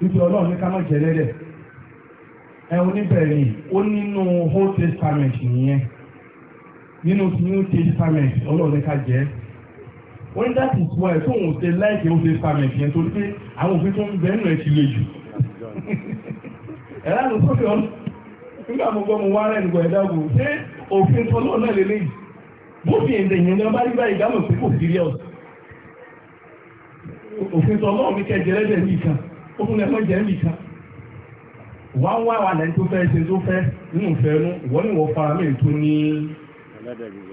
níbi ọlọ́run ní ká má jẹ lẹ́dẹ̀ ẹ̀hún níbẹ̀rẹ̀ ó nínú old testament nìyẹn nínú new testament ọlọ́run ní ká jẹ́ wọ́n ní that is why tó òun ṣe láìpẹ́ ó ṣe pàmì ẹ̀sìn torí pé àwọn òfin tó ń bẹ nù ẹ̀ ti le jù ẹ̀rọ àlọ́ sọ́fẹ̀ ọ̀nà nígbà mo gbọ́ mo wá rẹ̀ nígbà ẹ̀dá ògùn ṣé òfin tó lọ́ọ̀ náà lélẹ́yìí bófin ẹ̀ǹdẹ̀ yẹn ni wọ́n bá rí báyìí dámọ̀ pé kò serious òfin tó lọ́ọ̀ mi kẹ́ jẹ́rẹ́jẹ́ mi kan ó fún ẹ̀kọ́ jẹ́ mi kan wá ń wá wàlẹ̀ tó fẹ́ ṣe tó fẹ́ nínú ìfẹ́ nú ìwọ ni wọ́n fara mí tó ní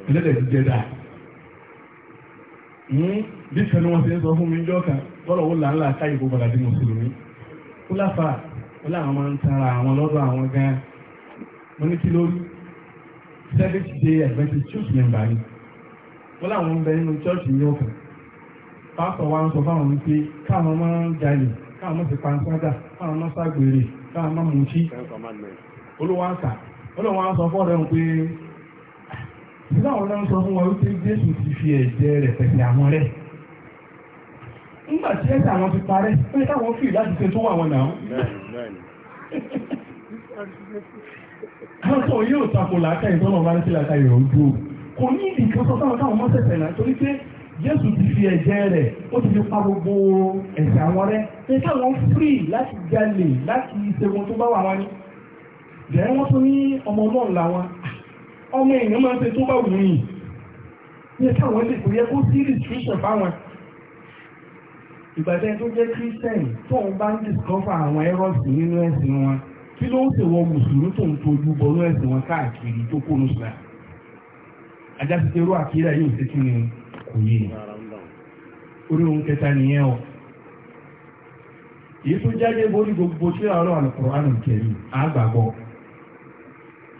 ẹlẹ́dẹ̀ jíjẹ dáa mú hmm? bí kan ní wọ́n ti ń sọ fún mi jọ́ kan lọ́rọ̀ ó làálà káyì kó padà di mùsùlùmí ó láfà ó láwọn máa ń tara àwọn lọ́dọ̀ àwọn gan mo ní kí lórí seventh day adventist church member ni ó láwọn ń bẹ nínú church ní ọkàn pásítọ̀ wa ń sọ fáwọn wípé káwọn máa ń jalè káwọn máa ti panṣágà káwọn máa ságbèrè káwọn máa mutí olówó àǹkà olówó àǹsọ fọ́ọ̀rẹ́ wọn pé Ìgbà wọn lọ́n sọ fún wọn wípé Jésù ti fi ẹ̀jẹ̀ rẹ̀ pẹ̀sẹ̀ àwọn rẹ̀. Nígbà tí ẹ̀sẹ̀ àwọn ti parẹ́, ó yẹ káwọn fìlì láti ṣe tó wà wọn náà. Àwọn tó yóò tako làákà ìtọ́nà bá ń ṣe làákà ìrọ̀ ojú. Kò ní ìdí kan sọ fáwọn táwọn mọ́sẹ̀sẹ̀ náà torí pé Jésù ti fi ẹ̀jẹ̀ rẹ̀, ó ti fi pa gbogbo ẹ̀sẹ̀ àwọn rẹ̀. Ṣé káwọn fìlì láti jalè láti ṣe wọn tó bá wà wọn ni? Jẹ́ wọ́n tún ní ọmọ náà làwọn. ọmọ èèyàn máa ń ṣe tó bá wù yìí yẹ káwọn lè kò yẹ kó sí restriction fáwọn ìgbàdẹ́ tó jẹ́ christian tó ń bá ń discover àwọn errors nínú ẹ̀sìn wọn kí ló ń ṣe wọ mùsùlùmí tó ń tojú bọnú ẹ̀sìn wọn káàkiri tó kó lóṣù àkíyà yóò ṣe kí ni kò yé orí ohun kẹta nìyẹn o èyí tó jáde borí gbogbo tí àwọn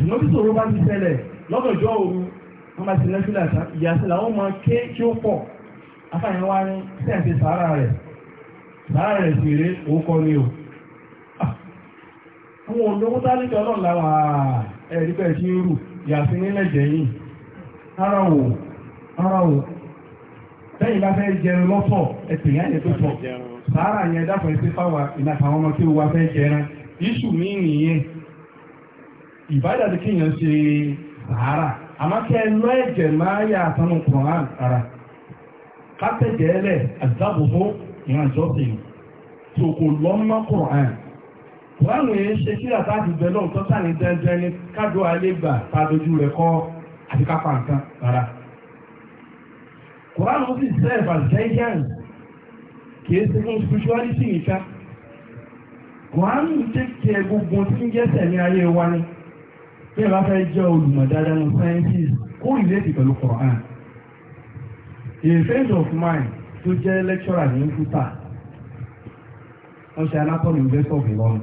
ṣùgbọ́n tí sòro bá ti ṣẹlẹ̀ lọ́dọ̀jọ́ òru wọ́n bá ti lẹ́sùn làtà ìyàsílà wọ́n mọ ké kí ó pọ̀ afáyẹn wá ní sẹ́ǹtì sàárà rẹ̀ sàárà rẹ̀ sì òkọ ni o. Ah! àwọn olówó tálíkì ọlọ́run làwà ẹ̀rí bẹ́ẹ̀ ti ń rù ìyàsí nílẹ̀ jẹ̀yìn ara wò ara wò lẹ́yìn bá fẹ́ jẹun yẹn tó sàárà yẹn ọmọ tí ìbádà tí kíyàn ṣe sàárà àmọ́ kí ẹ lọ ẹ̀jẹ̀ máa yà àtànù kùrán ara kátẹ̀jẹ̀ ẹlẹ̀ àdábòbó ìran ìjọsìn tó kò lọ́mọ kùrán kùrán yẹn ṣe ṣe spirituality ń tẹ́kẹ̀ẹ́ gbogbo tí ń jẹ́ sẹ̀mí ayé wa ni. tí ẹ bá fẹ́ jẹ́ olùmọ̀ ní sciences kó ìrètí pẹ̀lú Quran a friend of mine tó jẹ́ lecturer ní fúta wọ́n ṣe anatomy university of Ilorin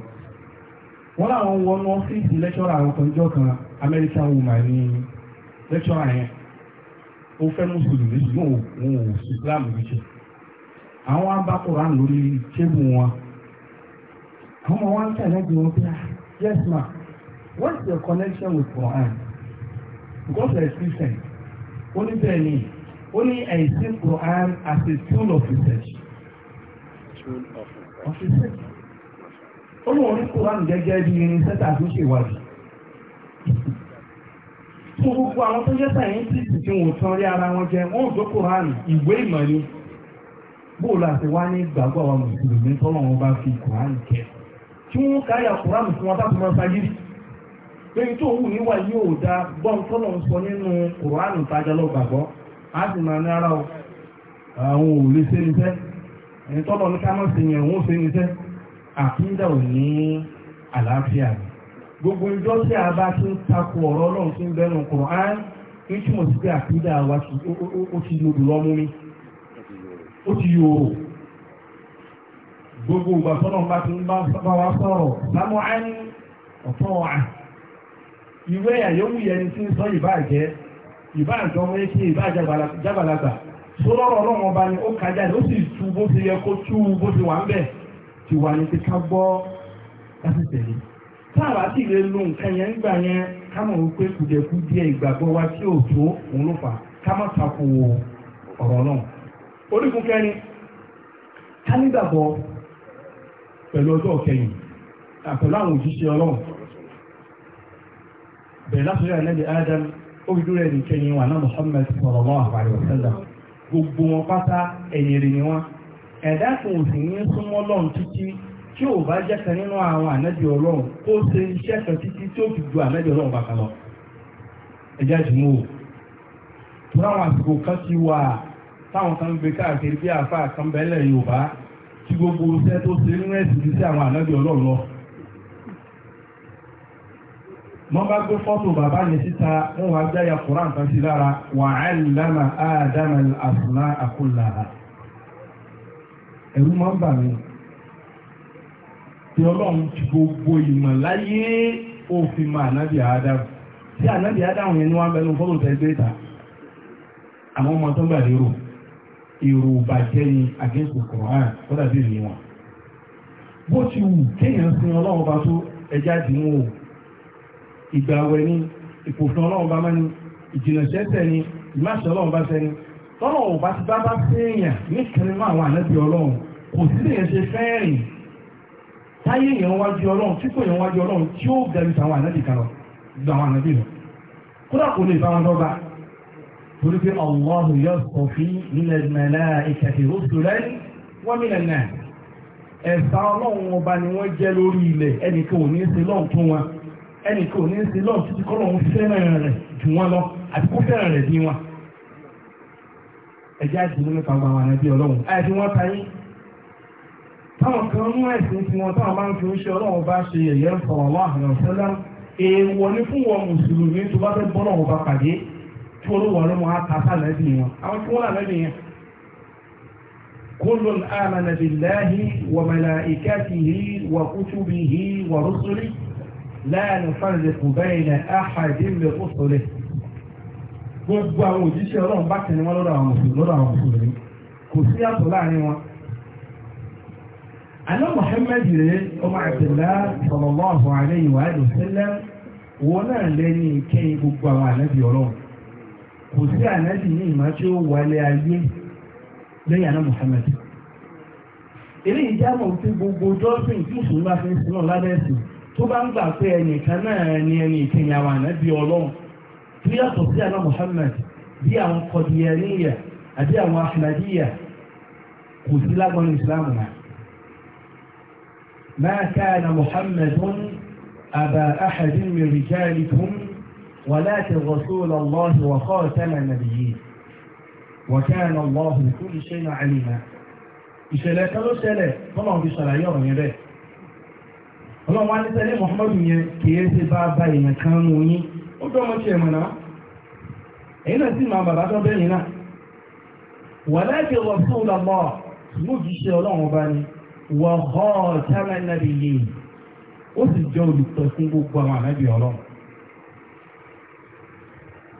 wọ́n làwọn wọnú ọ́fíìsì lecturer àwọn kan American woman ní lecturer yẹn ó fẹ́ mùsùlùmí ṣùgbọ́n òun ò Islam àwọn abá Quran lórí ọmọ wọn ń tẹ̀lé ah, yes ma. what is your connection with Quran because you are Christian only ní bẹ́ẹ̀ I see Quran as a tool of research tool of research ó ní wọ́n ní Quran gẹ́gẹ́ bí irinṣẹ́ tàbí ṣèwádìí fún gbogbo àwọn tó jẹ́ sáyẹ́ntìsì tí wọ́n tán rí ara wọn jẹ wọ́n jọ Quran ìwé ìmọ̀ ni bóòlù àti wá ní gbàgbọ́ àwọn mùsùlùmí tọ́lọ́ wọn bá fi Quran kẹ tí wọ́n káyà Quran fún wọn bá fi wọn fagídí. pé tó wù yí yóò dá gbọ́n sọ nínú kùránù lọ gbàgbọ́ á sì máa ní ara o àwọn ò lè ẹni tọ́lọ̀ ní ká má ṣe yẹn òun gbogbo ìjọ tí a bá ti ń takò ọ̀rọ̀ ọlọ́run tí ń ń gbogbo ìgbà ń bá ìwé ẹ̀yà yóò wù yẹni tí ń sọ ìbá jẹ́ ìbá nǹkan wọ́n kí ìbá jábàlagbà tó lọ́rọ̀ ọlọ́run ọba ni ó kájà ó sì tú bó ti yẹ kó tú bó ti wà ń bẹ̀ ti wà ní ti ká gbọ́ láti tẹ̀lé táàbà sì lè lo nǹkan yẹn nígbà yẹn ká mọ̀ wípé kùdẹ̀kùdẹ̀ ìgbàgbọ́ wa tí ò tó òun ló fà ká má takò ọ̀rọ̀ náà orígun kẹrin ká nígbàgbọ́ pẹ̀lú ọjọ́ kẹyìn pẹ̀lú àwọn òjíṣẹ́ ọlọ́run bẹ̀rẹ̀ látọ̀rọ̀ Adam ó fi dúró ẹni kẹyìn wọn náà Muhammad sallallahu gbogbo wọn pátá ẹ̀yìn ni wọn ẹ̀dá kan ò ní súnmọ́ lọ́run títí tí ò bá nínú àwọn o àsìkò kan ti wà táwọn kan gbé káàkiri bí Yorùbá tí gbogbo iṣẹ́ tó wọ́n bá gbé fọ́tò bàbá yẹn síta wọ́n wá jáyà Kùránì kan sí lára wà á lámà ádámà àfúlá àkúlà ẹ̀rú máa bà mí tí ọlọ́run ti gbogbo ìmọ̀ láyé òfin máa nábì ádámù tí ànábì ádámù yẹn ni wọ́n fọ́tò ta àwọn ọmọ tó ń lérò èrò bàjẹ́ ni ìrìn wọn bó ti wù o. ìgbàwẹ̀ ni ìpòfin ọlọ́run bá mọ́ ni ìjìnà sẹ́sẹ̀ ni ìmáṣẹ ọlọ́run bá sẹ́ni tọ́nà ò bá ti bá bá séèyàn níkànnì mọ́ àwọn ànábì ọlọ́run kò sí lè ṣe fẹ́ẹ̀rìn táyé èèyàn wájú ọlọ́run tí kò èèyàn wájú ọlọ́run tí ó gẹ̀rù tàwọn ànábì kan lọ ju àwọn ànábì lọ kódà kò lè bá wọn lọ́ba torí ọlọ́run ọba ni wọ́n jẹ́ lórí ilẹ̀ ẹnìkan ò ní í ṣe lọ́run wọn ẹnì kò ní ṣe lọ́ọ̀ títí kọ́ lọ́wọ́ fẹ́ràn rẹ̀ jù wọ́n lọ àti kó fẹ́ràn rẹ̀ bí wọn. ẹ̀jẹ̀ àti ìlú nípa gbàgbà rẹ̀ bí ọlọ́run àti wọ́n ta yín. táwọn kan mú ẹ̀sìn tí wọn táwọn bá ń fi ń ṣe ọlọ́run bá ṣe yẹ̀yẹ́ sallallahu alaihi wasallam èèwọ̀ ní fún wọn mùsùlùmí tó bá fẹ́ bọ́ lọ́wọ́ bá pàdé tí olówó ọlọ́run á ta sálẹ̀ لا نفرق بين أحد من رسله gbogbo àwọn òjíṣẹ́ ọlọ́run bá tẹ̀lé wọn lọ́dọ̀ àwọn mùsùlùmí lọ́dọ̀ àwọn mùsùlùmí kò sí àtọ̀ láàrin wọn. àná Muhammad rèé ọmọ Abdullah sallallahu alaihi wa alihi wasallam wọn náà lẹ́ni ìkẹyìn gbogbo àwọn ànábì ọlọ́run kò sí ànábì ní ìmọ̀ tí ó wọlé ayé lẹ́yìn àná Muhammad. eléyìí jáàmù tí gbogbo dọ́sìn tí mùsùlùmí bá fi ń sin lábẹ́ ẹ̀sìn tó bá ń gbà pé ẹnìkan náà ni ẹni ìkẹyìn àwọn ànábì ọlọ́run tó yàtọ̀ sí àná Muhammad bí àwọn kọ̀dìyàníyà àbí àwọn ahmadiyya kò sí lágbọ́n islam náà máa ká àná Muhammad wọn àbá ahadin min rijalikum ولكن رسول الله وخاتم النبيين وكان الله بكل شيء عليما ìṣẹ̀lẹ̀ kan ló ṣẹlẹ̀ tọ́lọ̀ fi ṣàlàyé ọ̀rọ̀ yẹn bẹ́ẹ̀ ọlọ wá ní tẹ́lẹ̀ Muhammadu yẹn kìí ṣe bá bá èèyàn kan nù yín ó dọ́ ọmọ tiẹ̀ mọ̀nà èyí náà sì máa bàbá tó bẹ́ẹ̀ yín náà wà láti rọ̀ mú kìí ṣe ni ó sì fún gbogbo àwọn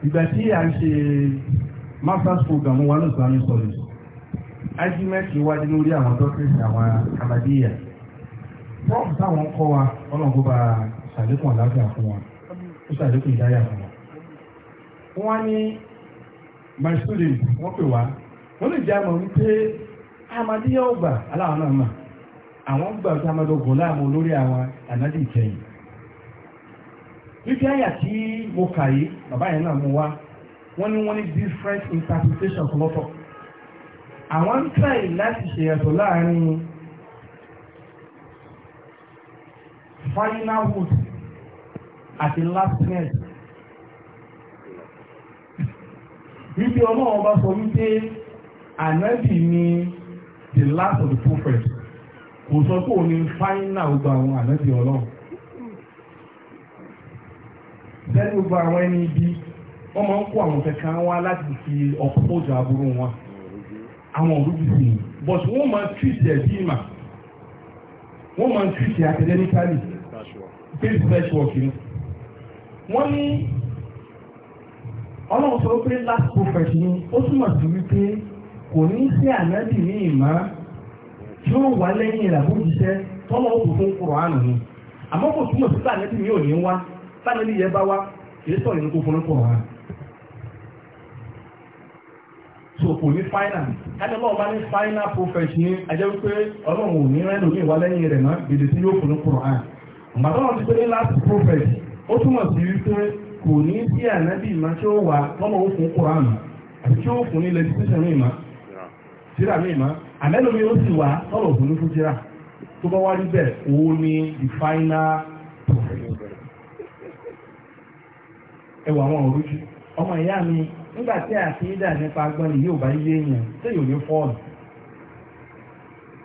ìgbà tí ṣe masters program wa ló sọ àmì sọ̀rọ̀ àjímẹ́tì wájú lórí àwọn dókítà àwọn fọ́ọ̀mù táwọn kọ́ wa ọlọ́run kó bá ṣàlékún àlàáfíà fún wa ó ṣàlékún ìdáyà fún wa. wọ́n ní my student wọ́n pè wá wọ́n lè jẹ́ àmọ́ wípé amadíyà ọgbà aláwọ̀ náà mà àwọn gbà tí amadó gùn láàmú lórí àwọn ànájì ìkẹyìn. wípé àyà tí mo kà yìí bàbá yẹn náà mú wá wọ́n ní wọ́n ní different interpretations lọ́tọ̀ àwọn ń tàyè láti ṣèyàtọ̀ láàrin final wood àti last net wípé ọlọ́run bá sọ wípé ànábì ni the last of the prophet kò sọ pé òun final gbogbo àwọn ànábì ọlọ́run sẹ́ni gbogbo àwọn ẹni ibi wọ́n máa ń kó àwọn kankan wá láti fi ọ̀pọ̀ òjò aburú wọn àwọn òrùbí sí i but wọ́n máa ń treat ẹ̀ bí ìmà wọ́n máa ń treat ẹ̀ academically. faith network ni wọ́n ní ọlọ́run sọ pé last prophet ni ó túmọ̀ sí kò ní sí ànábì ní ìmọ̀ tí ó wà lẹ́yìn ìlàbójíṣẹ́ tọ́lọ́ òkú fún kùrọ̀ánù ni àmọ́ kò túmọ̀ sí ànábì mi wá bá wá kìí sọ̀rọ̀ fún so ni màtọ́nà ti pé ní last prophet ó túmọ̀ sí wípé kò ní sí ànábì ìmọ̀ tí ó wà lọ́nà ó fún àti tí ó fún ní legislation mímọ́ síra mímọ́ àmẹ́lòmí ó sì wà òfin ni the final prophet àwọn ọmọ ìyá mi nígbà tí àti ìdá nípa agbọ́n bá yé èèyàn tí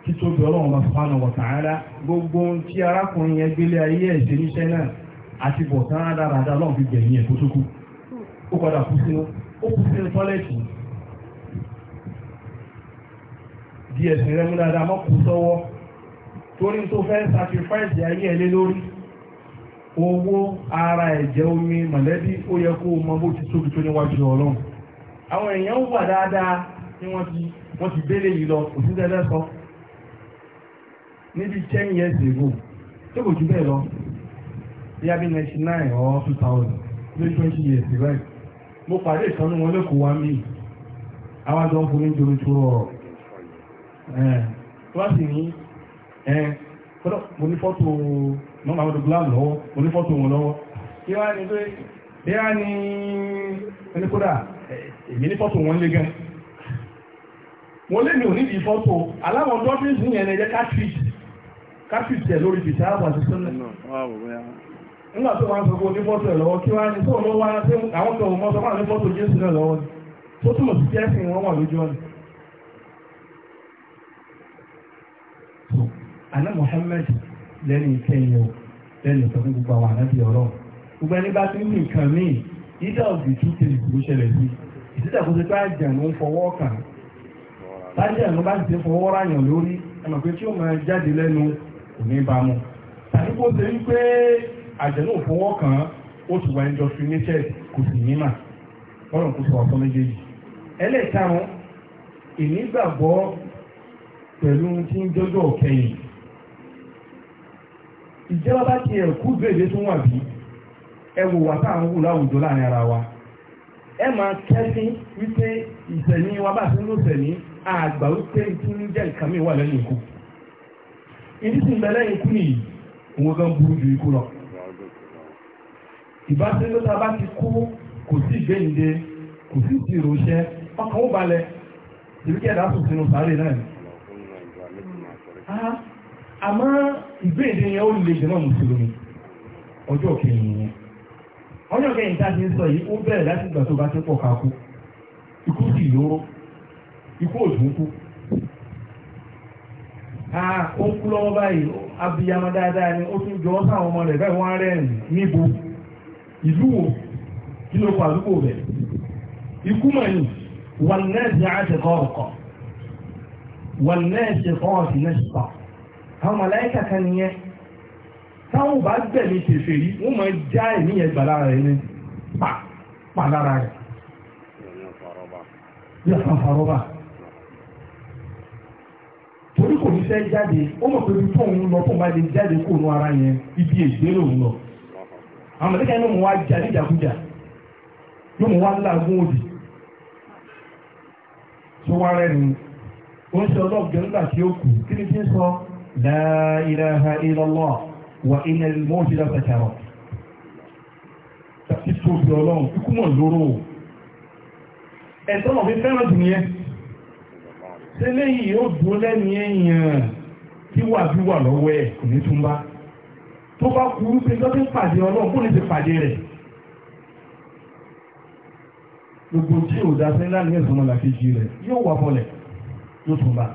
títóbi ọlọ́run bá fún àwọn ọ̀tàrádá gbogbo tí arákùnrin yẹn gbélé ayé ẹ̀ṣẹ̀ níṣẹ́ náà àti bọ̀tán dáradá lọ́n fi gbẹ̀yìn ẹ̀kọ́ tó kú ó padà kú sínú ó kú sínú tọ́lẹ̀tì di ẹ̀sìn rẹ mú dáadáa mọ́ kú sọ́wọ́ torí tó fẹ́ sacrifice ayé ẹ lé lórí owó ara ẹ̀jẹ̀ omi mọ̀lẹ́bí ó yẹ kó o mọ bó ti tóbi tó níwájú ọlọ́run àwọn èèyàn ń wà dáadáa tí wọ́n ti gbélé yìí lọ òṣìṣẹ́ Maybe ten years ago tó kò jù bẹ́ẹ̀ lọ bí abí ninety nine or two thousand lórí twenty years right mo pàdé ìtọ́nú wọn lẹ́kọ̀ọ́ wa mí àwọn àjọ ń fomi jòrò tó rọrọ̀ tó bá sì ní kọ́dọ̀ mo ní fọ́tò nọ́mbà àwọn ọdọ̀gbọ́n lọ́wọ́ mo ní fọ́tò wọn lọ́wọ́ kí wá ní pé bí wá ní ẹni kódà èmi ní fọ́tò wọn lé gan mo lé mi ò ní di fọ́tò aláwọ̀ dọ́fíìsì yẹn ẹ̀jẹ̀ ká kápìtẹ̀ lórí bìtà àwọn àti sọ́nà nígbà tó wọ́n sọ pé onímọ́tò lọ́wọ́ kí wọ́n ní sọ́ọ̀ wá àwọn kan ò mọ́tò wà ní jésù náà lọ́wọ́ ni tó túmọ̀ sí jẹ́sìn wọn wà lójú ọ̀nà. àná lẹ́nu ìkẹyìn o lẹ́nu ìtọ́jú gbogbo àwọn ànábì ọ̀rọ̀ gbogbo ẹni bá ti ń ní nǹkan míì ìdá òbí tún ti lè burú ṣẹlẹ̀ sí ìdíjà kó ti kò ní bá mu tàbí kó ṣe wípé àjẹ̀nú òfowó kan ó ti wà indoctrinated kò sì ní mà ọ̀rọ̀ kò sọ ọ̀sán méjèèjì ẹlẹ́ẹ̀karùn ìnígbàgbọ́ pẹ̀lú tí ń jọjọ́ kẹyìn ìjọba bá ti ẹ̀kú gbèdé tó wà bí ẹ wò wà tá à ń wù láwùjọ láàrin ara wa ẹ máa kẹ́sí wípé ìsẹ̀mí wa bá ti ń lò sẹ̀mí àgbà wípé tí ń wà lẹ́nu ìkú ìdísì ìbẹ̀lẹ̀ ikú nìyí òun gan burú ju ikú lọ ìbáṣepọ̀ tá a bá ti kú kò sí ìgbéǹde kò sí ìṣirò iṣẹ́ ọkàn ó balẹ̀ ìbí kí náà ni. àmọ́ yẹn ó náà mùsùlùmí kẹyìn yẹn kẹyìn tá a ti ń sọ yìí ó láti ó ń kú lọ́wọ́ báyìí abiyamọ dáadáa ni ó tún jọ ọ́ sáwọn ọmọ rẹ̀ bẹ́ẹ̀ wọ́n rẹ́rìn níbo ìlú wo kí ló kọ àdúgbò rẹ̀ ikú mọ̀ ní wọn náà ti àti kọ́ ọ̀kọ́ wọn náà ti kọ́ àwọn màláìkà kan nìyẹn táwọn bá gbẹ̀mí tèfè rí wọ́n máa já ẹ̀mí yẹn gbà lára ẹni pa pa lára rẹ̀ yóò fọ́n fọ́n rọ́bà. torí kò ní fẹ́ jáde ó mọ̀ pé ibi tóun lọ tóun lè ara yẹn ibi ègbé lòun lọ àwọn ló mọ̀ wá jáde jàkújà ló mọ̀ wá láàgùn òdì tó wá rẹ́rìn ó ń ṣe ọlọ́ọ̀gẹ́ nígbà tí ó kù kí ni ń sọ wa innal mawta sakarah tàbí tó fi ọlọ́run ikú mọ̀ lóró ẹ̀tọ́ mọ̀ fi fẹ́ràn tẹ́lẹ̀ yìí yóò dúró lẹ́ni èèyàn tí wà bí wà lọ́wọ́ ẹ̀ kò ní túnbá tó bá kúrú pé lọ́dún pàdé ọlọ́run kò ní ti pàdé rẹ̀ gbogbo tí ò dá sẹ́ńdá ní ẹ̀sán ọ̀la kejì rẹ̀ yóò wà fọlẹ̀ yóò túnbá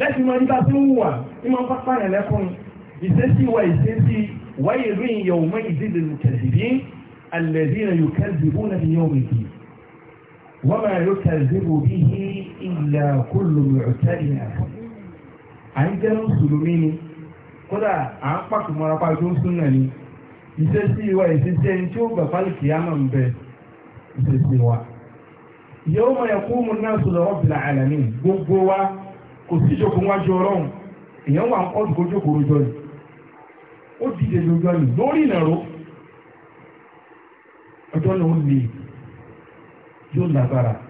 lẹ́sìn máa ń bá tí ń wà ní máa ń pápá rẹ̀ lẹ́kùn ìṣesí wa ìṣesí wáyé rí ìyẹ̀wò mọ́ ìdílé kẹ̀sìbí alẹ́dí rẹ̀ yóò kẹ́sìbó náà ní yóò mìtì wọ́n máa yóò kẹ́sìbó bí hí illa kúlù mùtẹ́lì a ń jẹ́ mùsùlùmí ni kódà à ń pàtó mọ́ra pa ń súnà wa ìṣesí ẹni tí ó gbà pálíkì àmà ń bẹ ìṣesí wa. yóò mọ̀ ẹ̀kú mu náà sọ̀rọ̀ gbogbo wa kò sí ìjókòó wájú ọlọ́run èèyàn wà ń kọ́ dùkọ́ jókòó rojọ́ ni ó dìde lójọ́ ni lórí ìnàró ọjọ́ ó le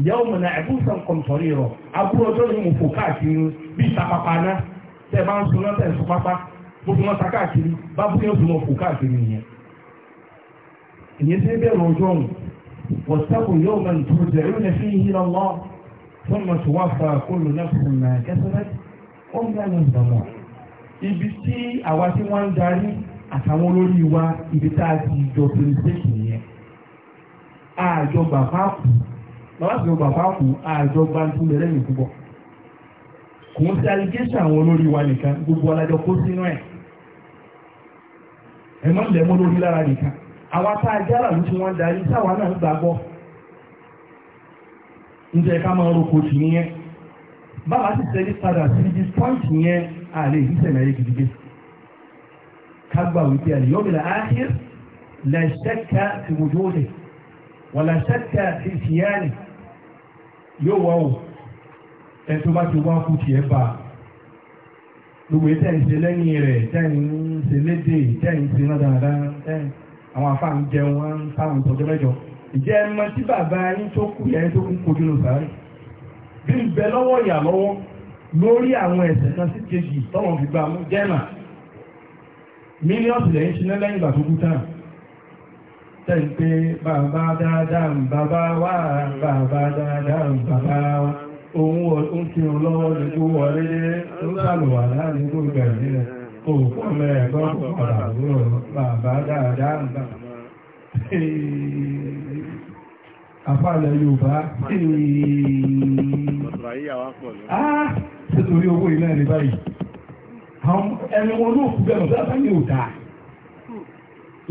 ìyàwó mọ̀nà ẹ̀bùsàn kọ̀ǹtọ̀rì rọ̀ abúrò ọjọ́ ni mo fò káàkiri bí ìtapapa náà tẹ́ bá ń sun náà tẹ̀ ń sun pápá gbogbo wọn ta káàkiri bá bú yóò dùnmọ̀ fò káàkiri nìyẹn. ìyẹn tí ń bẹ̀rù ọjọ́ òun wọ́sítẹ́kù yóò mọ̀ nítorí jẹ́ ìrìn ẹ̀fín yìí lọ́wọ́ fún mi tó wá fa kólú náà fún mi kẹsàn-án ó ń gbà a ti àjọ bàbá kù bàbá àti bàbá kù àjọ gbantú lẹ́rẹ́ mi púpọ̀ kò ń ṣe allegation àwọn olórí wa nìkan gbogbo alájọ kó sínú ẹ̀ ẹ má lẹ̀ mọ́ lórí lára nìkan àwa tá a jára ló ti wọ́n darí sáwa náà gbàgbọ́ ǹjẹ́ ká máa roko tì nìyẹn bàbá ti tẹ́lẹ̀ padà sí ibi point yẹn àlè ìsẹ̀mẹ̀rẹ̀ gidigidi kágbà wípé àlè yóò áhìr lẹ́sẹ̀kẹ́ ti wòjú òde wọ̀lẹ́sẹ̀kẹ́ ti fìyà yóò wá o ẹ tó bá ti wá kú tiẹ̀ bá gbogbo ẹ tẹ̀yìn ṣe lẹ́yìn rẹ̀ tẹ̀yìn ṣe léde tẹ̀yìn ṣe náà dáadáa tẹ̀yìn àwọn afáà ń jẹun wọn ń sáwọn ìtọ́jọ́ mẹ́jọ ìjẹ́ ẹ tí bàbá yín tó kú yẹn tó kú kojú ló sáré bí ń bẹ lọ́wọ́ ìyà lọ́wọ́ lórí àwọn ẹ̀sẹ̀ kan sí kejì tọ́wọ́n fi gbà mú jẹ́mà mílíọ̀nù lẹ́yìn ṣiná lẹ́yìn ìgbà tó kú tán tẹ́ǹpé bàbá dáadáa ń bàbá wá bàbá dáadáa ń bàbá wá ohun ń kí o lọ́wọ́ ní kó wọlé tó sàlùwà láàrin kó gẹ̀rẹ́ rẹ̀ kò pọ̀ mẹ́ẹ̀kọ́ pọ̀pọ̀lá àwúrọ̀ bàbá dáadáa ń bàbá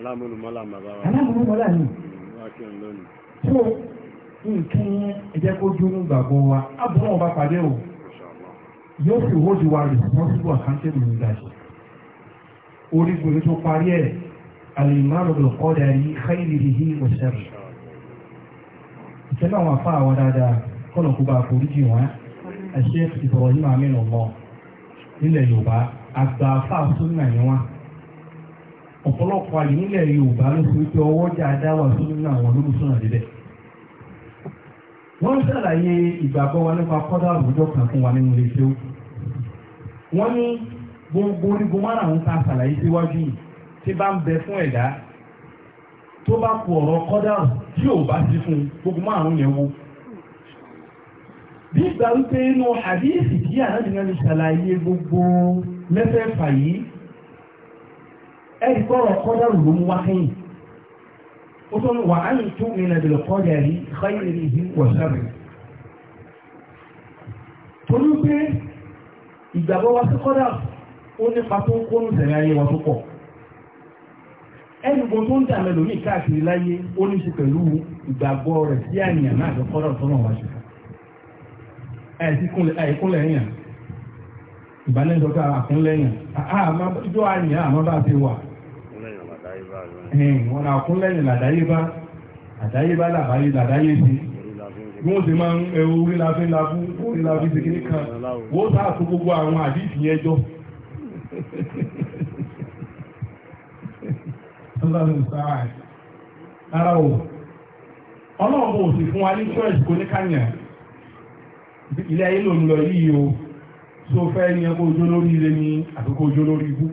alámúnumọ́lá bàbá wa alámúnumọ́lá ni so nǹkan ẹ̀jẹ̀ kó dúró gbàgbọ́ wa abúlé ọba pàdé o yóò fi owó ju wa responsible accountable ní ìdájọ́ orígun tó parí ẹ̀ alìmọ́rò ló kọ́dà yìí káyìlì yìí wọ́n sẹ́rù ìtẹ́lẹ̀ àwọn afá àwọn dáadáa kọ́nà kó bá foríjì wọn ẹ̀ṣẹ́ ìbọ̀wọ̀ yìí máa mẹ́rin ọmọ nílẹ̀ Yorùbá àgbà afá súnmọ̀ ni wọn ọ̀pọ̀lọpọ̀ àyè nílẹ̀ Yorùbá ló fi pé ọwọ́ jà dáwà sórí nínú àwọn olólùsọ̀nà débẹ̀ wọ́n ṣàlàyé ìgbàgbọ́ wa nípa kọ́dà àwùjọ kan fún wa nínú iléeṣẹ́ ó wọ́n ní gbogbo orígun márùn-ún ta ṣàlàyé síwájú yìí tí bá ń bẹ fún ẹ̀dá tó bá ku ọ̀rọ̀ kọ́dà tí ò bá sí fún gbogbo márùn-ún yẹn wo bí ìgbà wípé inú àdíyèsí kí àná ṣàlàyé gbogbo mẹ́fẹ̀ẹ̀fà yìí ẹ̀rí kọ́rọ̀ kọ́dọ̀rù ló ń wá kẹ́yìn ó tún wà á yìí tún ìrìnà ìbìlẹ̀ kọ́dà rí báyìí rí ìhí wọ̀sẹ̀rì torí pé ìgbàgbọ́ wa sí kọ́dà ó nípa tó ń kó ń tẹ̀lé ayé wa tó pọ̀ ẹnìgbò tó ń dà mẹ́lò ní káàkiri láyé ó ní ṣe pẹ̀lú ìgbàgbọ́ rẹ̀ sí àyàn náà àti kọ́dà tó náà wá ṣe ìbánidọ́ta àkúnlẹ̀ àmọ́ ìjọ àyàn àmọ́ bá ti wà wọn náà kún lẹ́yìn làdáyébá àdáyébá làbáyé làdáyé sí bí wọ́n ti máa ń ẹwọ orí la fi ń la fún orí la fi ṣèkínní kan wọ́n sáà kó gbogbo àwọn àdìsí yẹn jọ. ara o ọlọ́run kò sì fún wa ní choice kò ní kànyàn ilé ayé ló ń lọ yìí o so fẹ́ yẹn kó jó lórí ire ni àbí kó jó lórí ibú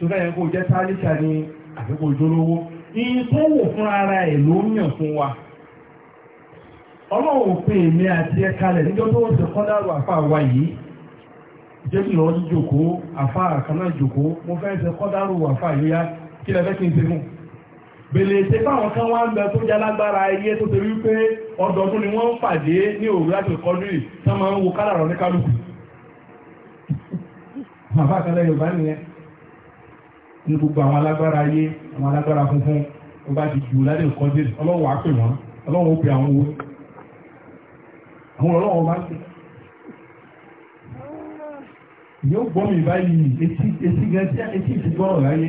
so fẹ́ yẹn kó jẹ́ sáálíṣà ni àbíkò ìjólówó iye tó wò fún ara ẹ̀ ló ń yàn fún wa ọlọ́run pé èmi àti ẹ kalẹ̀ níjọ́ tó ń ṣe kọ́dárù àfa wa yìí jẹ́kì lọ ní jòkó àfa àkànná jòkó mo fẹ́ ṣe kọ́dárù àfa yìí yá kí lẹ fẹ́ kí n ṣe fún bèlè ṣe fáwọn kan wá ń bẹ tó jálágbára ayé tó ṣe wípé ọdọọdún ni wọ́n ń pàdé ní òwúrọ̀ láti kọ́dúrì tó máa ń wo kádàrọ̀ ní kálukú àfa àkànná Yorùbá nìyẹn ní gbogbo àwọn alágbára ayé àwọn alágbára funfun wọ́n bá ti jù lálẹ́ nǹkan dé ọlọ́run àpè wọ́n ọlọ́run ó pè àwọn owó àwọn ọlọ́run máa ń pè yóò gbọ́ mi báyìí etí etí gan tí etí ti gbọ́rọ̀ láyé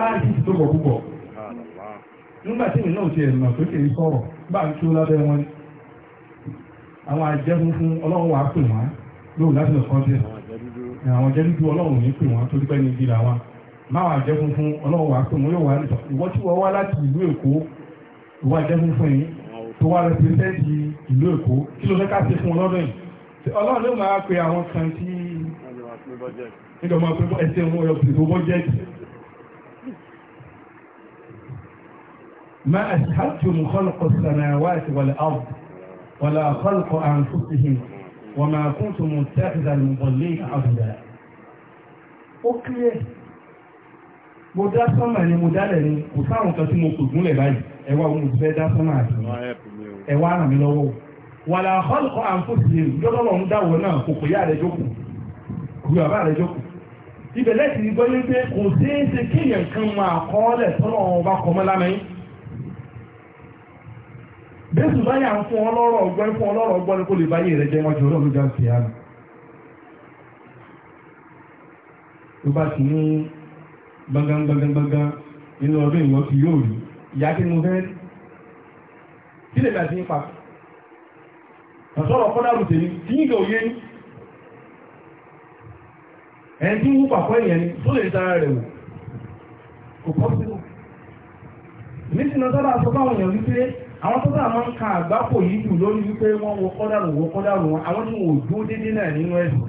á ah, ti ti tó bọ̀ púpọ̀ nígbà tí mi náà ti ẹ̀rù náà tó kéré sọ̀rọ̀ bá a tó lábẹ́ wọn àwọn àjẹmú fún ọlọ́run wàá pè wọ́n lóòrùn láti lọ́kọ́ dé àwọn àjẹmú fún ọlọ́run ní pè wọ́n torí pé ní ibi làwọn máa jẹ́ funfun ọlọ́run wà pé mo yóò wá nìtọ̀ ìwọ tí wọ́n wá láti ìlú èkó ìwọ jẹ́ funfun yìí tó wá rẹpẹsẹ́ǹtì ìlú èkó kí ló fẹ́ ká ṣe fún ọlọ́run yìí ọlọ́run ló máa pe àwọn kan tí nígbà máa pe ẹsẹ̀ wọn ọ̀yọ́ pèsè owó bọ́jẹ́tì. ما أشهدتم خلق السماوات والأرض ولا خلق أنفسهم وما كنت متخذ المضلين عبدا. أوكي mo dá sánmà ni mo dálẹ̀ ni kò sáwọn kan tí mo kò gúnlẹ̀ báyìí ẹ wá ohun tó fẹ́ dá sánmà àti ẹ wá ràn mí lọ́wọ́ wàlà àkọlùkọ àǹfọ̀sì lọ́dọ̀ọ̀rọ̀ ń dáwọ̀ náà kò kò yá rẹ̀ jókòó kò yá bá rẹ̀ jókòó ibẹ̀ lẹ́sì ní gbọ́ wípé kò ṣeé ṣe kéèyàn kan máa kọ́ọ́lẹ̀ tọ́lọ̀ ọba kọ́mọ́ lámẹ́yìn bẹ́sù báyà ń fún ọlọ́rọ̀ ọgbọ́n fún ọlọ́rọ̀ ọgbọ́n kó lè báyé rẹ̀ jẹ́ wájú ọlọ́run jáde àná ló bá gbọ̀ngbọ̀ngbọ̀ngbọ̀ngbọ̀n inú ọdún ìwọ̀n ti yóò rí ìyá kí mo fẹ́ kí lè ń pa ọ̀sọ́rọ̀ ní ẹni tí ń pàpọ̀ ni tó lè rẹ̀ wò kò kọ́ sí ní sọ wípé àwọn tó ka yìí jù lórí wípé wọ́n wọ kọ́dàrù wọ kọ́dàrù wọn àwọn tí wọn ò náà nínú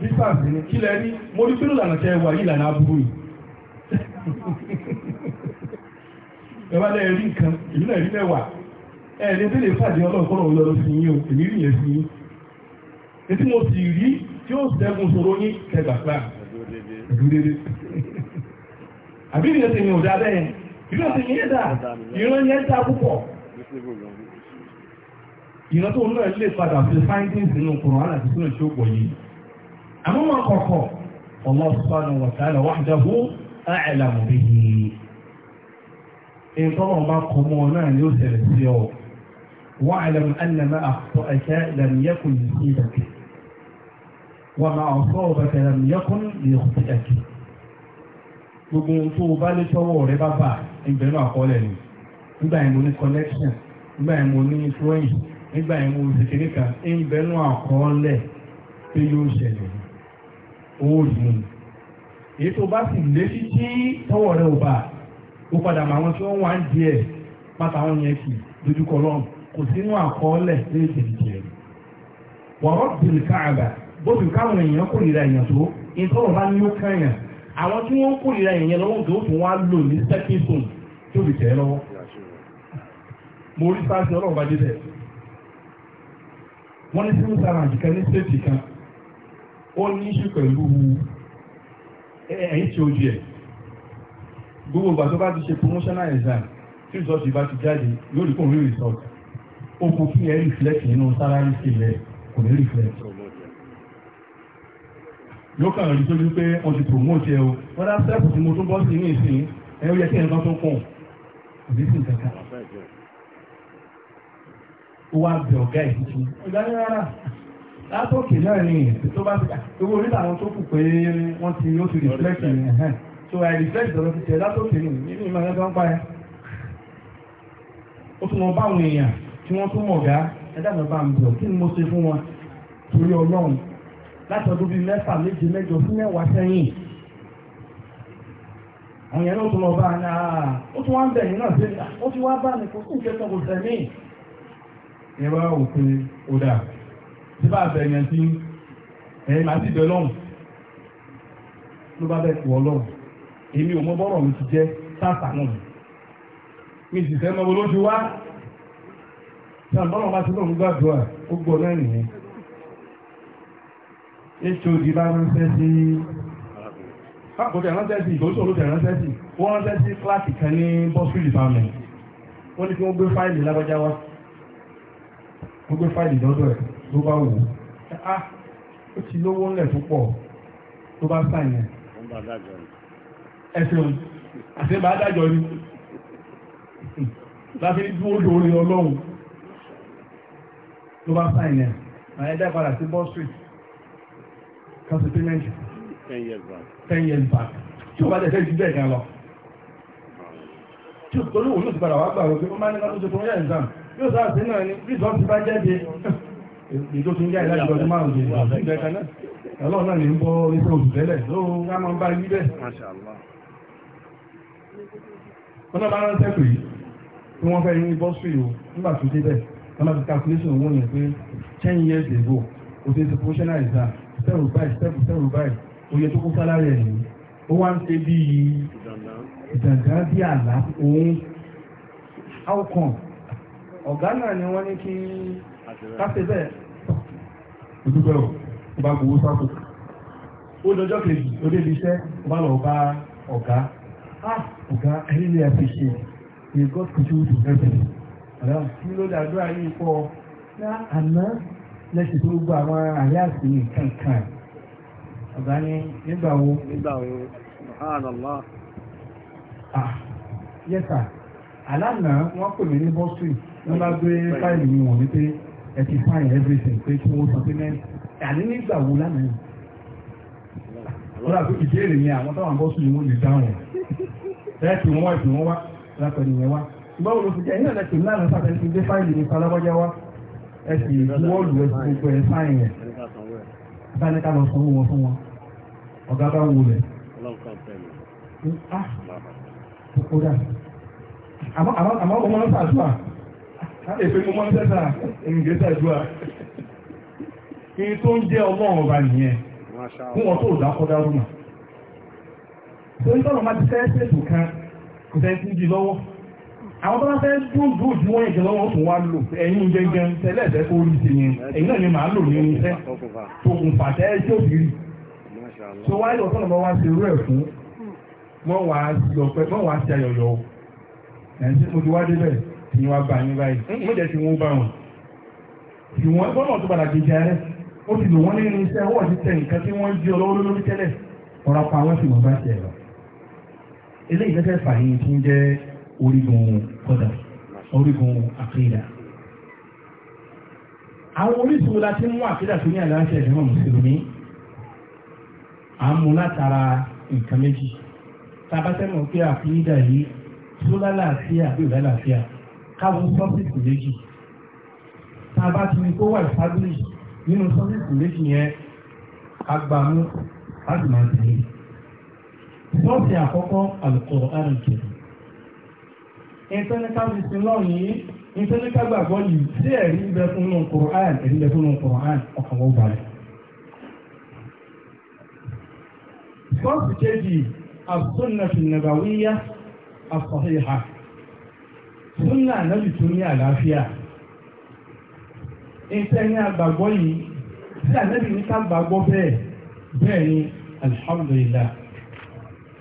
distance ní kílẹ̀ ní mo rí pínlẹ̀ lànà kẹ́ wà yìí lànà aburú yìí ẹ bá lẹ́ẹ̀ rí nǹkan èmi náà rí mẹ́wàá ẹ lè tí lè fàdé ọlọ́ọ̀kọ́rọ̀ ọlọ́rọ̀ sí yín o èmi rí yẹn sí yín etí mo sì rí tí ó sẹ́gun sọ̀rọ̀ yín kẹgbà fúlà ẹ̀dúréré àbí ìrìn ẹ̀sìn ò dá bẹ́ẹ̀ ìrìn ẹ̀sìn yẹn dà ìrìn yẹn dà púpọ̀ ìrìn tó ń lọ ilé padà fi findings nínú kùrọ̀ àlàtí sínú ìṣòpọ̀ yìí àmọ́ wọn kọ̀kọ̀ Allah subhanahu wa ta'ala wahdahu a'lamu bihi nǹkan wọn bá kọ mọ́ náà ni ó ṣẹlẹ̀ sí ọ wa'lam anna ma akhta'aka lam yakun yusibaka wa ma asabaka lam yakun yukhti'aka gbogbo ohun tó o bá lé tọ́wọ́ rẹ bá bà ìbẹ̀rù àkọọ́lẹ̀ ni nígbà yẹn mo ní ní o èyí tó bá sì létí tí tọwọ́ rẹ̀ ò bá ó padà mọ àwọn tí wọ́n wá ń di ẹ̀ pátá wọn yẹn kì dojúkọ lọ́n kò sínú àkọọ́lẹ̀ lórí ìtẹ̀lẹ̀tẹ̀ rẹ̀ wọ́rọ́ bìrì bóbi káwọn èèyàn kórìíra èèyàn tó ìtọ́wọ̀ bá ní ó kàyàn àwọn tí wọ́n kórìíra èèyàn lọ́wọ́ tó tún wá lò ní stepping stone ó ní ṣe pẹ̀lú ẹ̀yìn tí ó jẹ́ gbogbo ìgbà tó bá ti ṣe promotional exam tí result bá ti jáde yóò rí kò rí result ó kò kí ẹ reflect nínú salary scale ẹ kò ní reflect yóò kàn rí sójú pé wọ́n ti promote ẹ o wọ́n dá step tí mo tún bọ́ sí ní ìsìn ẹ ó yẹ kí ẹ̀kan tó kàn kò ní sí nǹkan kan ó wá bẹ̀ ọ̀gá ẹ̀ tuntun ọ̀gá rárá látòkè náà ni tó bá owó orí àwọn tó kù pé wọ́n ti ó ti reflect ní so i reflect ọ̀rọ̀ ti tẹ̀ látòkè nù nínú ìmọ̀ ẹ̀rọ tó ń pa ẹ̀ ó tún wọn báwọn èèyàn tí wọ́n tún mọ̀gá ẹ̀dá mi bá ń bọ̀ kí ni mo ṣe fún wọn torí ọlọ́run láti ọdún bíi mẹ́fà méje mẹ́jọ fún mẹ́wàá sẹ́yìn àwọn yẹn ló tún lọ bá a náà ó tún wá ń bẹ̀yìn náà sí ó tún wá bá mi kó sí ìkẹ́kọ̀ọ́ kò tí bá bẹ̀yàn tí ẹ̀yìn máa ti bẹ̀ lọ́hùn ló bá bẹ̀ pọ̀ lọ́hùn èmi ò mọ bọ́rọ̀ mi ti jẹ́ sáàsà náà mi sì fẹ́ mọ́ olójú wá sàbọ́rọ̀ bá ti lọ́hùn gbàdúrà ó gbọ́ náà nìyẹn ètò ìdìbà ránṣẹ́ sí àkókò ránṣẹ́ sí ìgbóṣò olóòtú ránṣẹ́ sí wọ́n ránṣẹ́ sí kíláàsì kan ní bọ́sùlù department wọ́n ní kí wọ́n gbé fáìlì lágbájá wá wọ́n gbé fáìlì lọ́dọ̀ ẹ̀ ló bá wù á ah, ó ti lówó ńlẹ̀ púpọ̀ ló bá sàyẹn. ẹsẹ̀ òun àti bá dájọ́ ni láti dúró lórí ọlọ́run ló bá sàyẹn àyẹ̀ dá padà sí ball street council payment ten years back ten years back tí o bá tẹ̀sẹ̀ ju bẹ́ẹ̀ gan lọ tí o tó lóhùn ló ti padà wá gbà wọ́n pé ó máa ní ká tó ṣe fún yẹn exam yóò sáà sí náà ni bí ìsọ́ọ̀tì bá jẹ́ de ìjó ti ń jáde láti ọdún márùn ún ìjọ ẹ̀ka náà ọlọ́run náà ní ń bọ́ iṣẹ́ oṣù tẹ́lẹ̀ ló ká máa ń bá yí bẹ́ẹ̀. wọ́n náà bá ránṣẹ́ pé tí wọ́n fẹ́ yín bọ́sùn o nígbà tó dé bẹ́ẹ̀ wọ́n máa fi calculation owó yẹn pé ten years ago o ti ti professional exam step by step step by oye tó kó sálárì ẹ̀ nìyí ó wá ń ṣe bíi ìdàgbà bíi àlá òun outcome ọ̀gá náà ni wọ́n ní kí káṣe bẹ́ẹ̀ ìdúgbẹ́ ò ó bá gbowó sápò ó lọ́jọ́ kejì ó débi iṣẹ́ ó bá lọ bá ọ̀gá ah, ọ̀gá ẹni ní àfiṣe ní god control to everything ọ̀gá kí ló dàdúrà yìí pọ̀ ná àná lẹ́sìn tó gbogbo àwọn àyà sí nǹkan kan ọ̀gá ní nígbà wo. nígbà wo subhanallah. ah yes sir alánà wọ́n pè mí ní bọ́sùn wọ́n bá gbé fáìlì mi wọ̀n ní pé ẹ ti sign everything pé kí wọ́n sọ pé mẹ́ àní nígbà wo lánàá yìí. wọ́n dà pé ìbéèrè yẹn àwọn táwọn bọ́ sùn ni wọ́n lè dáhùn ẹ̀. ẹ pè wọ́n wá pè wọ́n wá lápẹ̀ nìyẹn wá. ìgbà wo ló fi jẹ́ iná ẹ̀ pè mí lánàá sábẹ́ ti gbé fáìlì mi palábọ́já wá. ẹ sì wọ́ọ̀lù ẹ gbogbo ẹ sign ẹ̀. báyìí ká lọ sanwó wọn fún wọn. ọ̀gá bá wù lẹ̀. Ah! àmọ́ àmọ́ àmọ́ ọmọ náà sàdúrà èfè mo mọ́ sẹ́sà ìmìgbésà ìdúrà kí tó ń jẹ́ ọlọ́run ọba nìyẹn fún wọn tó dákọ́dá rúmà tó ń tọ́nà máa ti fẹ́ ṣètò kan kò fẹ́ sí jì lọ́wọ́ àwọn tó bá fẹ́ dùn dùn ju wọ́n ìjọ lọ́wọ́ tó wá lò ẹ̀yìn gẹ́gẹ́ tẹ́lẹ̀ fẹ́ kó rí sí yẹn èyí náà ni màá lò ní iṣẹ́ tó kùn fàtẹ́ tí ó fi rí tó wáyé ọ̀tọ́nà bá wá ṣe irú ẹ̀ fún wọ́n wá ṣe ayọ̀yọ̀ ẹ̀ ń tí mo ti wá débẹ̀ tí wọ́n bá yín báyìí mm-hmm. wọ́n jẹ́ tí wọ́n bá wọn tí wọ́n bọ́nà tó padà gbèjà rẹ̀ ó ti lò wọ́n nínú iṣẹ́ ọwọ́ ti tẹ nǹkan tí wọ́n jí ọlọ́wọ́ lórí tẹ́lẹ̀ ọ̀rọ̀ pa wọ́n sì wọ́n bá tiẹ̀ lọ. eléyìí fẹ́fẹ́ fàyín tún jẹ́ orígun kọ́dà orígun àkídà. àwọn orísun la ti mú àkídà tó ní àlàáfíà ìjọba mùsùlùmí à ń mú látara nǹkan méjì tá a bá fẹ́ mọ̀ pé àkídà yìí tó lálàáfíà bí ò lálàáfíà káwọn sọ́fíìsì méjì tá a bá ti ní kó wà established nínú sọ́fíìsì méjì yẹn agbámú láti máa tẹ̀lé sọ́ọ̀sì àkọ́kọ́ Al-Qur'an Al-Karim ìtẹ́nikábi sí náà yìí ìtẹ́niká gbàgbọ́ yìí sí ẹ̀rí ibẹ̀ fún un Qur'an ẹ̀rí ibẹ̀ fún un Qur'an ọkàn wọ́n balẹ̀. sọ́ọ̀sì kejì as-sunnah súnà ànábì tó ní àlàáfíà ìtẹ́ni àgbàgbọ́ yìí tí ànábì ní ká gbàgbọ́ bẹ́ẹ̀ bẹ́ẹ̀ ni alhamdulillah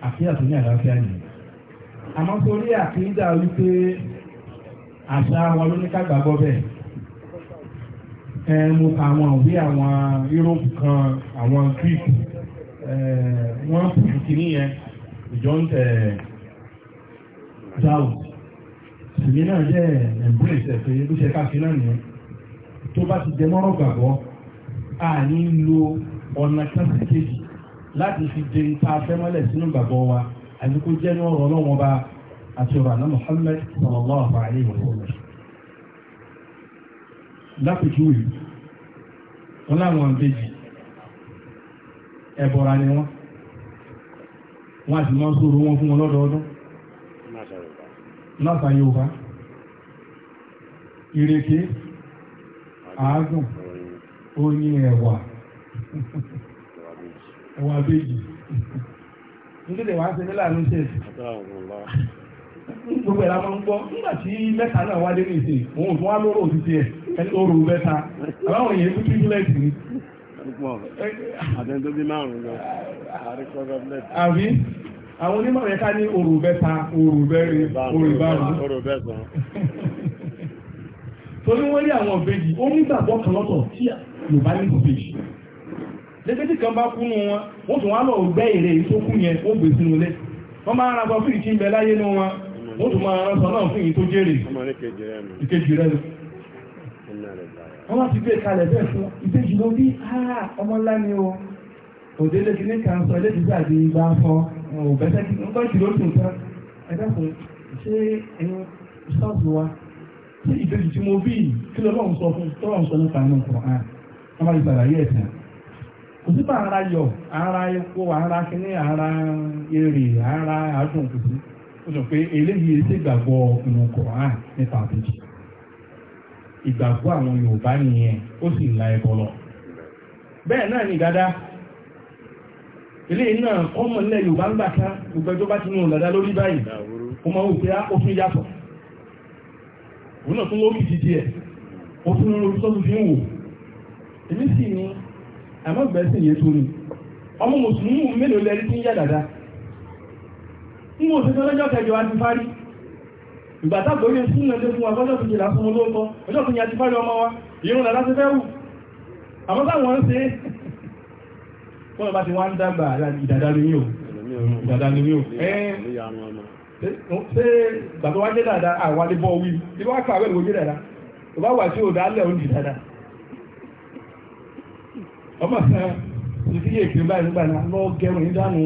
àkíyà tó ní àlàáfíà yìí àmọ́ torí àkíyà wípé àṣà wọn ló ní ká gbàgbọ́ bẹ́ẹ̀ ẹnu àwọn òbí àwọn Europe kan àwọn Greek wọ́n pùtù kìíní ìjọ ń tẹ̀ dáhùn èmi náà jẹ́ embrace ẹ̀fẹ́ ló ṣe ká fi náà tó bá ti a ní lo ọ̀nà kan sí kejì láti fi de ipa afẹ́mọ́lẹ̀ sínú gbàgbọ́ wa àti jẹ́ ní ọ̀rọ̀ ọlọ́wọ́n bá àti ọ̀rọ̀ àná wọn láwọn ẹ̀bọ̀ra ni àti wọn láta Yorùbá ìrèké àádùn oyin ẹ̀wà ẹ̀wà bèjì nítorí wàá ṣe nílà ló ṣe gbogbo ẹ̀rọ máa ń gbọ́ nígbà tí mẹ́ta náà wá dé ní ìsìn òun tó wá lóró òtítì ẹ̀ ẹni tó rò mẹ́ta àbáwọn èèyàn tó tírífúlẹ̀tì ni. àbí àwọn onímọ̀ rẹ̀ ká ní òrùbẹ́ta òrùbẹ́rin òrùbárùn òrùbẹ́sàn torí wọ́n rí àwọn ìbejì ó ní gbàgbọ́ kan lọ́tọ̀ tí yorùbá ní ìbejì lẹ́gbẹ́tì kan bá kú nù wọn wọ́n tún wá lọ gbẹ́ èrè tó kú yẹn ó gbé sínú ilé wọ́n máa rán sọ fún ìkí ìbẹ̀ láyé nù wọn wọ́n tún máa rán sọ náà fún ìyí tó jèrè ìkejì rẹ̀ wọ́n wá ti gbé kalẹ̀ bẹ́ẹ̀ fún ìbejì òdélé kí ní kan sọ ilé ìdíjà di bá fọ́ ò bẹ́sẹ̀ kí nígbà jù ló tún tán ẹ dákun ṣé ẹ̀yin ṣọ́ọ̀tù wa ṣé ìbejì tí mo bí kí ló lọ́hùn sọ fún tọ́lọ́hùn sọ nípa inú ọkọ̀ àn wọ́n máa ń ṣàlàyé ẹ̀sìn kò sí pa ara yọ ara epo ara kíní ara eré ara adùn kò sí ó sọ pé eléyìí ṣe gbàgbọ́ inú ọkọ̀ àn nípa àbèjì ìgbàgbọ́ àwọn Yorùbá nìyẹn ó sì la ẹbọ lọ bẹ́ẹ̀ náà ni dáadáa ilé iná kọ́mọ̀ nílẹ̀ Yorùbá ń gbà ká gbogbo ẹjọ́ bá ti nù lọ́dá lórí báyìí ó máa wò pé ah, ó tún yàtọ̀ òun náà tún lórí ìdíje ẹ̀ ó tún lórí tó tún fi ń wò èmi sì ni àmọ́ ìgbẹ́ sì yé tó ni ọmọ mùsùlùmí mélòó lẹ́rí tí ń yà dáadáa ń wò sí lọ́jọ́ kẹjọ àti parí ìgbà tábò ilé súnmọ́ ilé fún wa lọ́jọ́ kejì lásán olóńtọ́ ọjọ́ kejì àti parí ọmọ wa ìrún làdá wọ́n bá ti wá ń dàgbà ìdàdàlú yìí o ìdàdàlú yìí o ẹ́ ṣé bàbá àwọn alébọ̀ wí ibà wà kàwé ìwòye dàda ò bá wà tí ò dálẹ̀ ò ní dàda ọmọ èkìrí báyìí nígbà náà lọ ní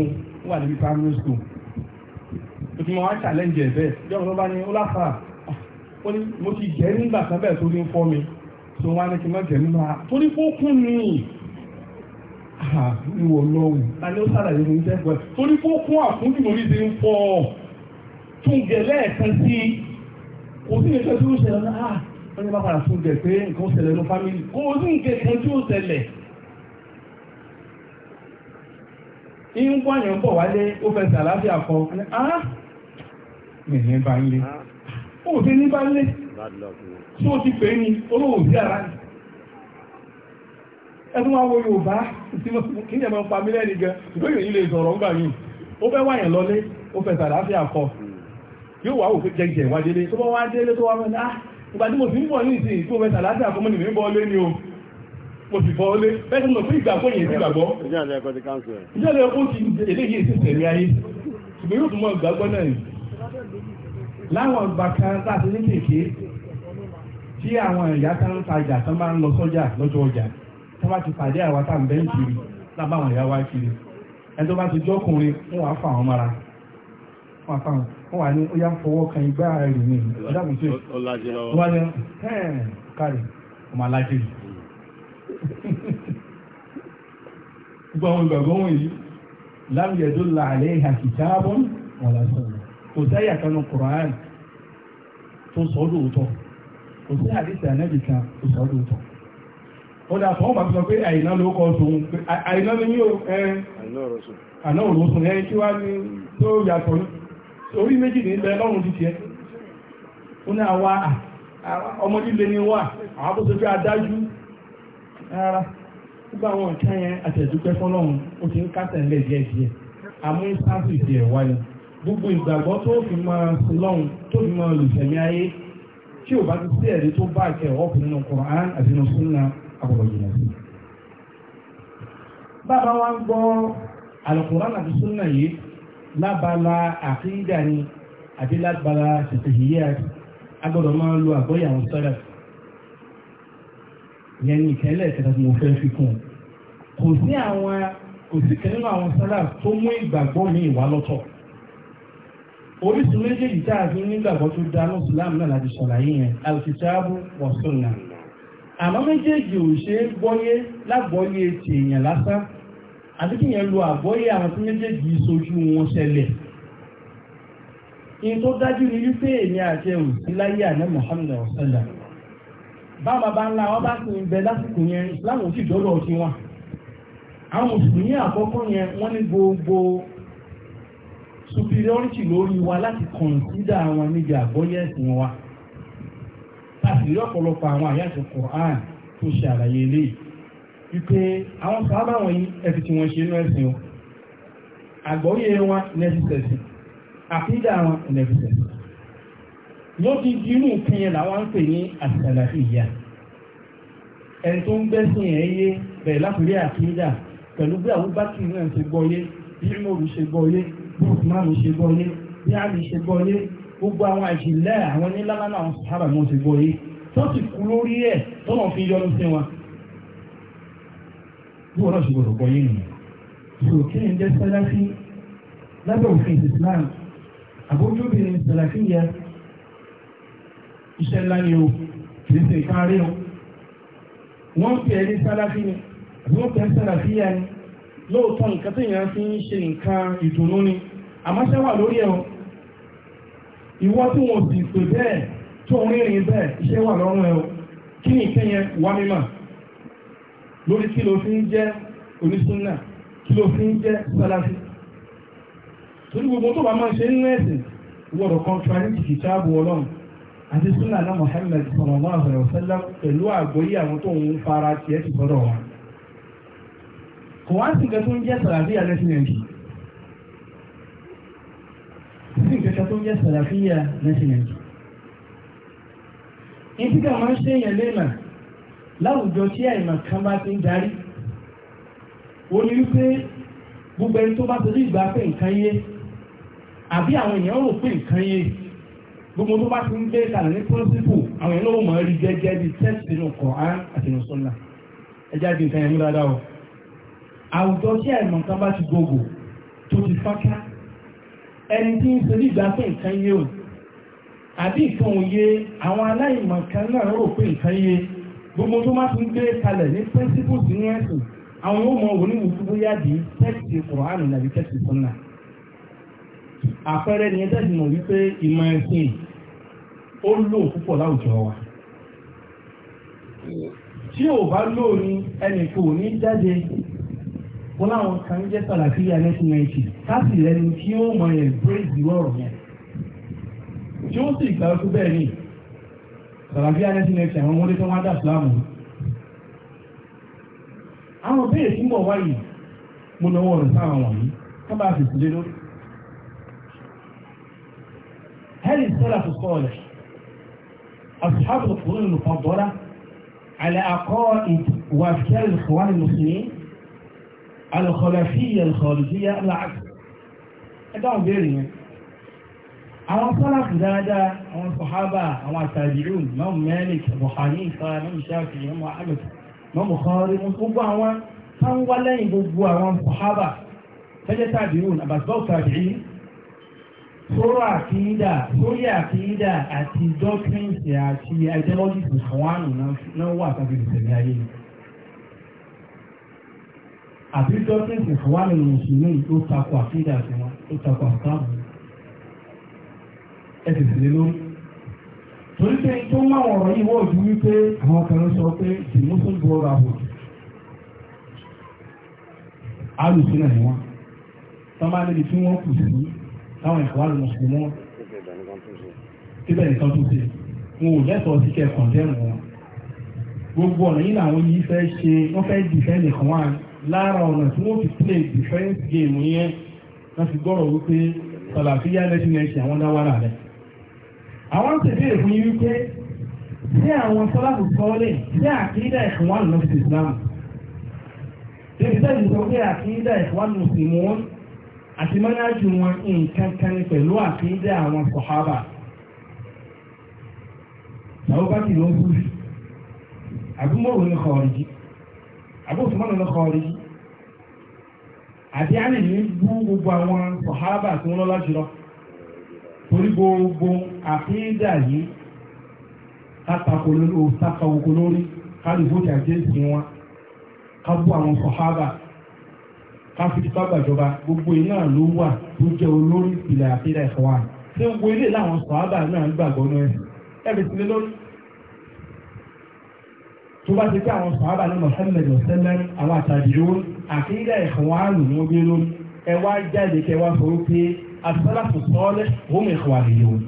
wà níbi primary school wọn challenge ẹ bí ọmọ tó bá ní ó láfa ó ní mo ti ìwọ lọ́wọ́ tani ó sàlàyé mi jẹ́ pẹ́ torí kó fún àkúndì mo ní ti ń fọ́ ọ tún gẹ̀ lẹ́ẹ̀kan sí kò sí nǹkan tí ó ṣẹlẹ̀ náà ah! wọ́n ní bá padà tún gẹ̀ pé nǹkan ó ṣẹlẹ̀ ní fámìlì kò sí nǹkan tí ó ṣẹlẹ̀ ń wáyàn bọ̀ wálé ó fẹ́ sàlàáfíà kọ ah mi ní bá ń lé ah. ó sì ní bá ń lé ẹ̀sùn wọn wo Yorùbá kí ni ẹ̀ máa ń pa mí lẹ́nu gan ìgbóyò yìí lè sọ̀rọ̀ ńgbà yìí ó fẹ́ wáyàn lọlé ó fẹ́ sàdáfíà kọ yóò wá òfin jẹjẹ wá délé tó bá wá délé tó wá fẹ́ náà ah, ìgbà tí mo sì ń bọ̀ ní ìsìn ìgbó fẹ́ sàdáfíà kọ́ mọ́ ni mi bọ́ lé ni o mo sì fọ́ lé bẹ́ẹ̀ tí mo fi ìgbàgbọ́ yẹn sí ìgbàgbọ́ ìjọba ẹ̀kọ́ ti káńsọ̀ ẹ̀ ìjọba ẹ̀kọ́ ti eléyìí sí tẹ̀lé ayé ṣùgbọ́n yóò tún mọ ìgbàgbọ́ náà láwọn ìgbà kan láti ní kéèké tí àwọn ìyá tá ń tajà tán bá ń lọ sọ́jà lọ́jọ́ ọjà tó bá ti pàdé àwa tá ń bẹ́ ń kiri lábá àwọn ìyá wa kiri ẹni tó bá ti jọ́kùnrin wọ́n wá fà wọ́n mara wọ́n fà wọ́n wà ní ó yá fọwọ́ kan igbá rẹ̀ ní ìdábùsẹ̀ wọ́n ní ẹ̀ẹ́n kárí ọmọ alájẹ́ yìí gbogbo àwọn ìgbàgbọ́ wọ̀nyí láwùjẹ́ tó là á lẹ́yìn àkìtáàbọ̀n wọ́n lásán kò sáyà kanú kùrán tó sọ́dọ̀ òótọ́ kò sí àdìsí ànábì kan tó sọ́dọ̀ òótọ́ kódà fọ́n bàbí sọ pé àìná ló kọ́ tóun àìná ló ní àná òrùsùn ẹ kí wá ní tó yàtọ̀ orí méjì ní ilẹ̀ lọ́rùn ti tiẹ̀ ó ní àwa ọmọ líle ni wà àwọn àbúṣe fẹ́ adájú rárá gbogbo àwọn nǹkan yẹn àtẹ̀dúpẹ́ fọlọ́run ó ti ń kásẹ̀ ńlẹ̀ díẹ̀ díẹ̀ àmú sáfì díẹ̀ wáyé gbogbo ìgbàgbọ́ tó fi máa sin lọ́run tó fi máa lùfẹ̀mí ayé tí ò bá ti sí ẹ̀rí tó bá àkẹ́ ọ̀pọ̀ nínú Kùránì àti nínú Sunnah àbọ̀bọ̀ jìnà sí. bàbá wa ń gbọ́ Al-Qur'an àti súnà yìí lábala àkíńdà ni àti lábala ṣètìhìyà agbọ́dọ̀ máa ń lo àgbọ́yà àwọn sọ́dà ìyẹn ní ìkẹ́lẹ̀ kẹta tí mo fẹ́ fi kún kò sí àwọn kò sí kan nínú àwọn sọ́dà tó mú ìgbàgbọ́ mi ìwà lọ́tọ̀ orísun méjèèjì tá nígbàgbọ́ tó dáná sùlámù àmọ́ méjèèjì ò ṣe é gbọ́yé lágbọ́yé ti èèyàn lásán àti kí yẹn lo àgbọ́yé àwọn tí méjèèjì sojú wọn ṣẹlẹ̀ in tó dájú ní wípé èmi àti ẹ̀rù sí láyé àná Muhammad ọ̀sẹ̀lẹ̀ bá bàbá ńlá wọn bá sì ń bẹ lásìkò yẹn láwọn òsì dọ́dọ̀ sí wọn àwọn mùsùlùmí àkọ́kọ́ yẹn wọ́n ní gbogbo superiority lórí wa láti kọ̀ǹsídà wọn níbi àgbọ́yé ẹ̀sìn wa láti rí ọ̀pọ̀lọpọ̀ àwọn àyàtọ̀ Quran tó ṣe àlàyé eléyìí wípé àwọn sábà wọ̀nyí ẹ̀fì tí wọ́n ṣe inú ẹ̀sìn o àgbọ́yé wọn nẹ́fìsẹ̀sì àfídà wọn nẹ́fìsẹ̀sì yóò ti di inú nǹkan yẹn làwọn ń pè ní àsàlàfíyà ẹni tó ń gbẹ́sìn ẹ̀ yé bẹ̀rẹ̀ lápẹ̀lẹ́ àfídà pẹ̀lú bí Abubakar náà ṣe gbọ́ yé bí Umaru ṣe gbọ́ yé bí Usman ṣe gbọ́ yé bí Ali ṣe gbọ́ gbogbo àwọn àjìlẹ̀ àwọn nílànà àwọn sàhábà ni wọ́n ti gbọ́ yìí tó sì kú lórí ẹ̀ tọ́nà fi yọnu sí wọn. bí wọn náà ṣe gbọdọ̀ gbọ́ yìí nìyẹn. ìṣòro kí ni ń jẹ́ sàláfì lábẹ́ òfin Islam àbójúbìnrin sàláfì yẹ iṣẹ́ ńlá ni o kì í ṣe ìkárí o. wọ́n pè é ní sàláfì ni àbí wọ́n pè é sàláfì yẹ ni lóòótọ́ nǹkan tó yẹn fi ń ṣe nǹkan ìdùnnú ni àmọ́ ìwọ tí wọn sì pè bẹ́ẹ̀ tó rìnrìn bẹ́ẹ̀ iṣẹ́ wà lọ́rùn ẹ̀ o kí ni ìkẹyẹ wà mímọ̀ lórí kí ló fi ń jẹ́ onísúnnà kí ló fi ń jẹ́ sálàfí torí gbogbo tó bá máa ṣe nínú ẹ̀sìn wọ́rọ̀ kan tráníkì kìtàbù ọlọ́run àti súnà náà Muhammad sallallahu alaihi wasallam pẹ̀lú àgbọ́yé àwọn tó ń fara tiẹ̀ ti gbọ́dọ̀ wọn kò wá sí nǹkan tó ń jẹ́ sàlàfí alẹ́sìn ẹ̀jì sí ìkẹ́kẹ́ tó jẹ́ sàlàfíà nẹ́sìmẹ̀ntì ní tí kàmá ń ṣèyàn lẹ́nà láwùjọ tí àìmọ̀ kan bá ti ń darí ó ní wípé gbogbo ẹni tó bá ti rí ìgbà pé nǹkan yé àbí àwọn èèyàn rò pé nǹkan yé gbogbo tó bá ti ń gbé kalẹ̀ ní pọ́sípù àwọn èèyàn ló mọ̀ rí gẹ́gẹ́ bí tẹ́sítì nù Kùránì àti nù Sunnah ẹjẹ́ àti nǹkan yẹn mú dáadáa o àwùjọ tí àìmọ̀ kan bá ti gbogbo tó ti fọ́nká ẹni tí ń ṣe nígbà pé nǹkan yé o àbí nǹkan òye àwọn aláìmọ̀ kan náà rò pé nǹkan yé gbogbo tó má tún gbé kalẹ̀ ní principles ní ẹ̀sìn àwọn yóò mọ òní wùdúgbò yáàdì tẹ́kìtì kùránù nàbí tẹ́kìtì sọ́nà àpẹẹrẹ ni ẹjẹ́ ìmọ̀ wípé ìmọ̀ ẹ̀sìn ó lò púpọ̀ láwùjọ wa tí ò bá lò ní ẹnì ní jáde wọn láwọn kan ń jẹ́ sàlàfíà nineteen ninety káàsì lẹ́nu tí ó mọ ẹ̀ brace the world yẹn tí ó sì gbà ọkú bẹ́ẹ̀ ni sàlàfíà nineteen ninety àwọn ọmọdé tó wá dà sílámù àwọn bẹ́ẹ̀ tí mọ̀ wáyé mo náwó rẹ̀ sáwọn wọ̀nyí wọ́n bá fèsì lé lórí هل السلف الصالح أصحاب القرون المفضلة على عقائد وأفكار الإخوان المسلمين alùkọ̀lẹ̀fíyà alùkọ̀lẹ̀fíyà láàkì ẹgbẹ́ òbèrè yẹn àwọn sọ́làkì dáadáa àwọn sọ̀hábà àwọn àtàjìrù mọ́mù mẹ́lìk bọ̀hání ìfà mọ́mù sáfì mọ́mù ahmed mọ́mù kọ́rí gbogbo àwọn tán wá lẹ́yìn gbogbo àwọn sọ̀hábà tẹ́jẹ́ tàbírù àbàsọ́ tàbí sọ́rọ̀ àkídà sórí àkídà àti dọ́kínsì àti ideologies àwọn àrùn náà wà tàbí ìsẹ̀mí ayé yìí àbí gọ́ọ̀mẹ̀ntì fún wà nínú mùsùlùmí ó takò àfídà sí wọn ó takò àfáàbù ẹ sì sílé lórí torí pé tó ń láwọn ọ̀rọ̀ yìí wọ́n ju wípé àwọn kan sọ pé the muslim brotherhood alùsí náà ni wọ́n tọ́mọ alẹ́bi tí wọ́n kù sí táwọn ìkọ̀wá lọ mùsùlùmí wọn síbẹ̀ nìkan tó ṣe wọn ò lẹ́tọ̀ọ́ sí kẹ́ kọ̀ndẹ́mù wọn gbogbo ọ̀nà yìí làwọn yìí fẹ́ ṣe wọ́n fẹ́ dìfẹ́ nìkan wá ní lára ọ̀nà tí wọ́n fi play defense game yẹn wọ́n fi gbọ́rọ̀ wípé sàlàfíà lẹ́tìnẹ́sì àwọn dáwàrà rẹ̀ àwọn tẹ̀lé èkó yìí wípé sí àwọn sọ́láàbù sọ́ọ́lẹ̀ sí àkídà ìfúnwà lọ sí Islam tẹ̀lé tẹ̀lé sọ pé àkídà ìfúnwà lọ sí wọn àti mọ́nájú wọn nǹkan kan pẹ̀lú àkídà àwọn sọ̀hábà sàwọn bá kì ló ń sùn àbúmọ̀rún ní kọ̀ọ̀rì àbúrò tó mọ́nà ní kọ̀ọ̀rì àti àmì ní bú gbogbo àwọn sọ̀hábà tí wọ́n lọ́lá jùlọ torí gbogbo àfíńdà yìí látàkò lórí kálùkù tí a jẹ́ ìsìn wọn ká bú àwọn sọ̀hábà káfíńtì kábàjọba gbogbo iná ló wà tó jẹ́ olórí ìpìlẹ̀ àfíńdà ìfọwọ́ àná tí gbogbo ilé láwọn sọ̀hábà náà gbàgbọ́ náà ẹ̀rì sílé lórí tó bá ti pé àwọn sọ̀hábà ní Muhammad ọ̀sẹ́lẹ̀ àwọn àtàdìyó àkídà ìhùwàánù ni wọ́n gbé lórí ẹ wá jáde kẹ wá sọ wípé asálàfù sọ́ọ́lẹ̀ òun ìhùwàlẹ̀ òun.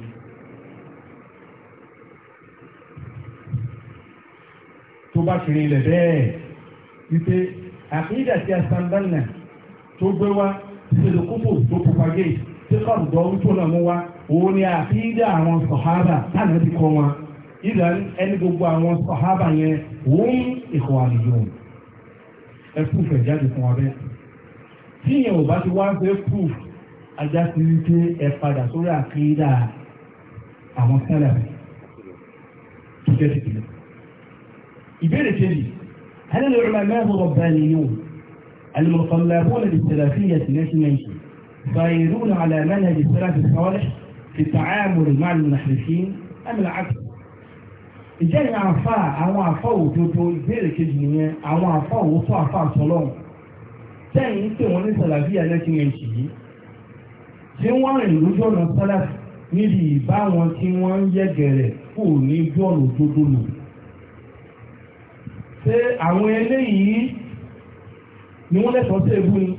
tó bá kiri ilẹ̀ bẹ́ẹ̀ wípé àkídà tí a sàndánà tó gbé wá sílùkúfò tó propagé tí kọ̀ọ̀dọ̀ wípé náà mú wá òun ni àkídà àwọn sọ̀hábà táwọn ti kọ́ wọn ìdá ẹni gbogbo àwọn sọ̀hábà yẹn òun ìhùwàlẹ̀ òun. ẹ proof ẹ̀ jáde fún wa bẹ́ẹ̀. tí ìyẹn ò bá ti wá fẹ́ proof ajá ti rí pé ẹ padà sórí àkéyídà àwọn sẹ́lẹ̀ tó jẹ́ ti tìlẹ̀. ìbéèrè kejì هل العلماء ربانيون المتطلبون للسلفية ناشمين سيرون على منهج السلف الصالح في التعامل مع المنحرفين أم العكس ìjẹ́yìn àfa àwọn àfa òdodo ìbéèrè kejì nìyẹn àwọn àfa òwòtọ́ àfa àtọ́lọ́hùn sẹ́yìn ń pè wọ́n ní sàlàbíà lẹ́sìn ẹ̀jì yìí tí wọ́n rìn lójú ọ̀nà sálàfì níbi tí wọ́n ń kù ní ojú òdodo lò. ṣé àwọn eléyìí ni wọ́n lẹ́tọ̀ọ́ sí ebú ni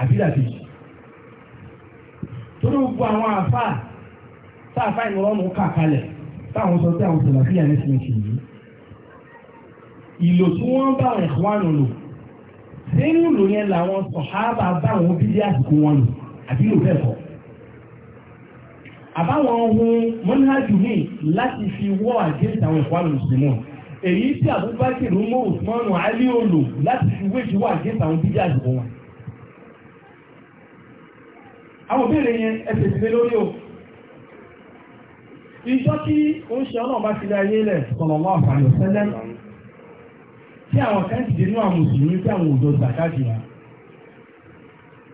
àbídàbí? àwọn tá kà kalẹ̀ táwọn sọ pé àwọn sàlàfíà ní sinmi ṣe yìí ìlò tí wọ́n bá ẹ̀kọ́wánu lò nínú ìlò yẹn làwọn sọ̀hábà bá àwọn bíbí àsìkò wọn lò àbí lò bẹ́ẹ̀ kọ́ àbáwọn ohun mọ́nájú mi láti fi wọ́ àdéhùn àwọn ẹ̀kọ́wánu mùsùlùmí èyí tí Abubakar mọ́ Usmanu Ali olò láti fi wéjì wọ́ àdéhùn àwọn bíbí àsìkò wọn. àwọn òbí rẹ̀ yẹn ẹsẹ̀ ìdílé lórí o ìjọ tí ó ń ṣe ọlọ́ọ̀bá ti lé ayé lẹ̀ sọ̀lọ̀lọ́ àfààní ọ̀sẹ́lẹ̀ tí àwọn kan ti dénú àwọn mùsùlùmí tí àwọn òjò zakati wa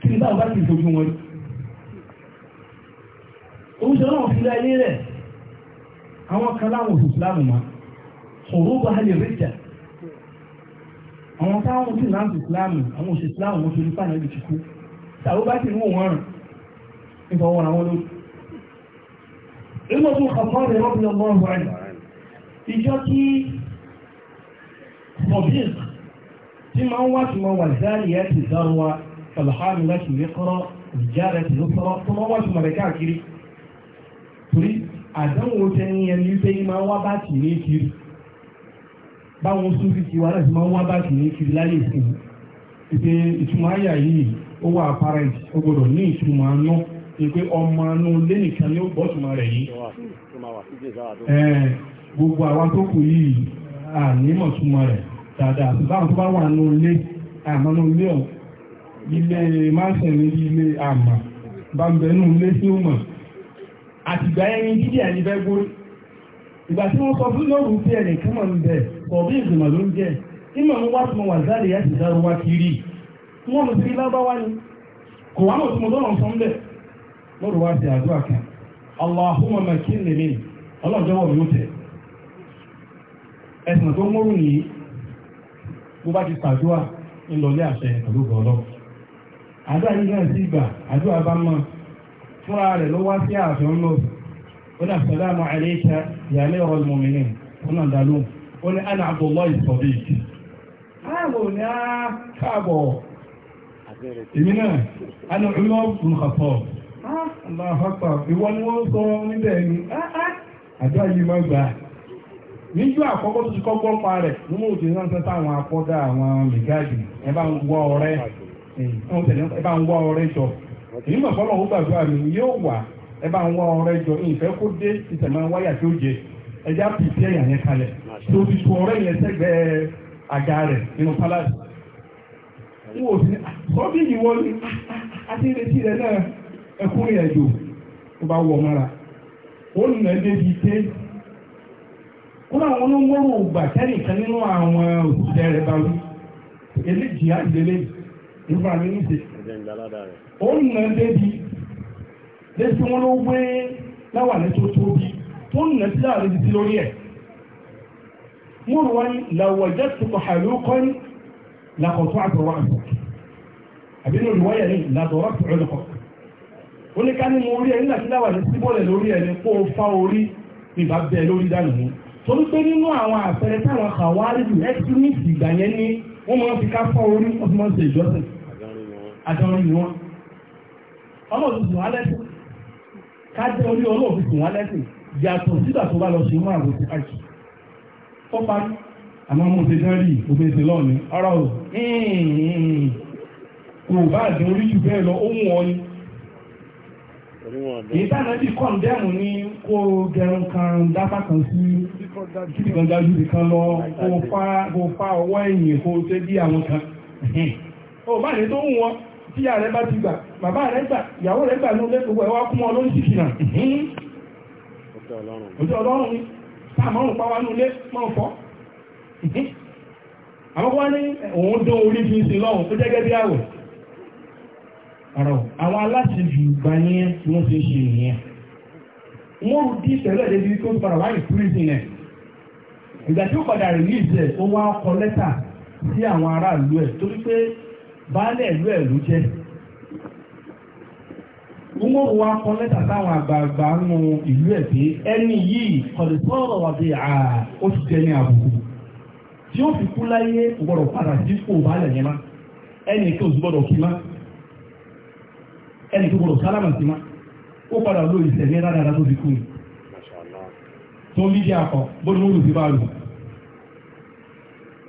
kí ni báwo bá ti fojú wọn ó ń ṣe ọlọ́ọ̀ fi lé ayé lẹ̀ àwọn kan láwọn òṣù láàmù ma sọ̀rọ̀ bá lè rí jà àwọn táwọn òṣù láàmù ìsìláàmù àwọn òṣù ìsìláàmù wọn torí fáànà ibi ti kú tàbí bá ti mú wọn rìn ìfọwọ́ra wọn lórí Ìmọ̀ tó kàfà rẹ̀ rọ́bì ọmọ ọ̀rọ̀ ẹ̀. Ìjọ tí Mọ̀bíìn tí máa ń wá tí máa wà záàlì ẹ̀ ti dáró wa, Ṣàlùhámi láti rí kọ́rọ́, ìjà rẹ̀ ti ló kọ́rọ́, tó máa wá tí mọ̀ rẹ̀ káàkiri. Torí àdánwò tẹ ní ẹni pé máa ń wá bá tì ní kiri. Báwọn súnfì ti wá láti máa ń wá bá tì ní kiri láyé ìsìn. Ìpè ìtumọ̀ àyà yìí ó wà apparent, ó ní ìtumọ̀ àná ìpé ọmọ inú ilé nìkan ni ó bọ́sùnmọ́ rẹ̀ yìí gbogbo àwa tó kù yìí ànímọ̀ súnmọ́ rẹ̀ dáadáa ṣùgbọ́n àwọn tó bá wà nínú ilé àmọ́ nínú ilé ọ̀ ilé máṣẹ̀ ní ilé àmà bá ń bẹ nínú ilé tí ó mọ̀ àtìgbà ẹni jíjẹ́ ẹni fẹ́ gbórí ìgbà tí wọ́n sọ fún lóòrùn pé ẹnì kan mọ̀ ń bẹ̀ kọ̀ bí ìgbìmọ̀ ló ń jẹ́ ìmọ̀ ń wá tún wà záre yá sì dáró wá kiri wọ́n mọ̀ sí lábáwá ni kò wá mọ̀ tí mo lọ́rọ̀ sọ ń bẹ̀ lọ́rọ̀ wá sí àdúrà kan Allahumma makinni min ọlọ́jọ́wọ́ mi ó tẹ̀ ẹ̀sìn tó mọ́rù nìyí bó bá ti pàdúà ńlọlé àṣẹ pẹ̀lú ọlọ́ àdúrà yìí náà sí ìgbà àdúrà bá mọ́ fúnra rẹ̀ ló wá sí ààfin lọ ó ní assalamu alayka ya amiral mu'minin ó náà dá lóhùn ó ana Abdullahi Sadiq ààbò aláhàpà ìwọ ni wọ́n sọ níbẹ̀ ni àjọ yìí máa gbà níjú àkọ́kọ́ tó ti kọ́gbọ́n pa rẹ̀ náà sẹ́ta àwọn akọ́dá àwọn ń wọ́ ọrẹ́ jọ èyí mọ̀ fọ́lọ́ yóò wà ń wọ́ ọrẹ́ jọ ìfẹ́ kó dé ìtẹ̀mọ́ wáyà jẹ pìpì ẹ̀yà yẹn kalẹ̀ tó tu ọrẹ́ yẹn sẹ́gbẹ̀ẹ́ ẹkùnrin ẹ̀jò tó bá wọ̀ mọ́ra ó nù ẹ́ débi pé kúrò àwọn onímọ̀rò ògbà tẹ́nìkan nínú àwọn òṣìṣẹ́ rẹ̀ bá wí eléjì àdìlélẹ́ ìfúnra mi níṣe ó nù ẹ́ débi lẹ́sí wọn ló gbé láwà ní tó tóbi tó nù ẹ́ sí láàrin títí lórí ẹ̀ mo rò wọn làwọ̀jẹ́ tó kọ̀ hàlùkọ́ lakọ̀tún àtọ̀rọ̀ àbí nínú ìwáyà ní làtọ̀rọ̀ àtọ̀rọ̀ ó ní ká ní mo rí ẹ nígbà tí síbọ̀lẹ̀ lórí ẹni kó o fá orí ìbá lórí dànù mú torí pé nínú àwọn àpẹẹrẹ táwọn àwárí ju ẹ́tírímìtì ìgbà yẹn ní wọ́n máa fi ká fá orí wọ́n fi máa ṣe ìjọsìn àjọrin ni wọ́n ọmọ òtún sùn lẹ́sìn ká orí olóòfin sùn wá lẹ́sìn yàtọ̀ sígbà tó bá lọ ṣe mú àròkù àjì ó parí àmọ́ mo ti dán rí gbogbo lọ́ọ̀ni ọ̀rọ̀ kò bá àdé orí jù bẹ́ẹ̀ lọ ó mú ọ ìtànàbí kọ̀ǹdẹ́mù ní kó gẹrun kan dápá kan sí ìgbọ̀ngájú nìkan lọ kó fá ọwọ́ ẹ̀yìn kó tẹ́ bí àwọn kan ó bá ní tó ń wọn tí ìyá rẹ bá ti gbà bàbá rẹ gbà ìyàwó rẹ gbà ní olè gbogbo ẹwà kún ọ lórí sísì náà ojú ọlọ́run ni táà márùn pa ní olè máa fọ́ àwọn kan ní òun dún orí fi ń sin lọ́run tó jẹ́gẹ́ bí àwẹ̀ ara o àwọn aláṣẹ ju ìgbà yẹn tí wọ́n ṣe ṣe nìyẹn wọ́n di ìṣẹ̀lẹ̀ débi tó padà wá ìpírísì yẹn ìgbà tí ó padà rìlíìsì ẹ̀ ó wá kọ lẹ́tà sí àwọn aráàlú ẹ̀ torí pé baálẹ̀ ìlú ẹ̀ ló jẹ́ gbogbo wa kọ lẹ́tà sáwọn àgbààgbà nù ìlú ẹ̀ pé ẹni yìí kọ̀dẹ̀ sọ̀rọ̀ wà bí à ó ti jẹ́ ní àbùkù tí ó fi kú láyé gbọ́dọ̀ padà sí kò baálẹ̀ yẹn má ẹnì kí ẹni tó gbọdọ̀ sálámà sí ma ó padà ló ìṣẹ̀lẹ̀ dáadáa tó fi kú ni tó ń bíjẹ́ akọ bóni wọ́n lù sí báàlù.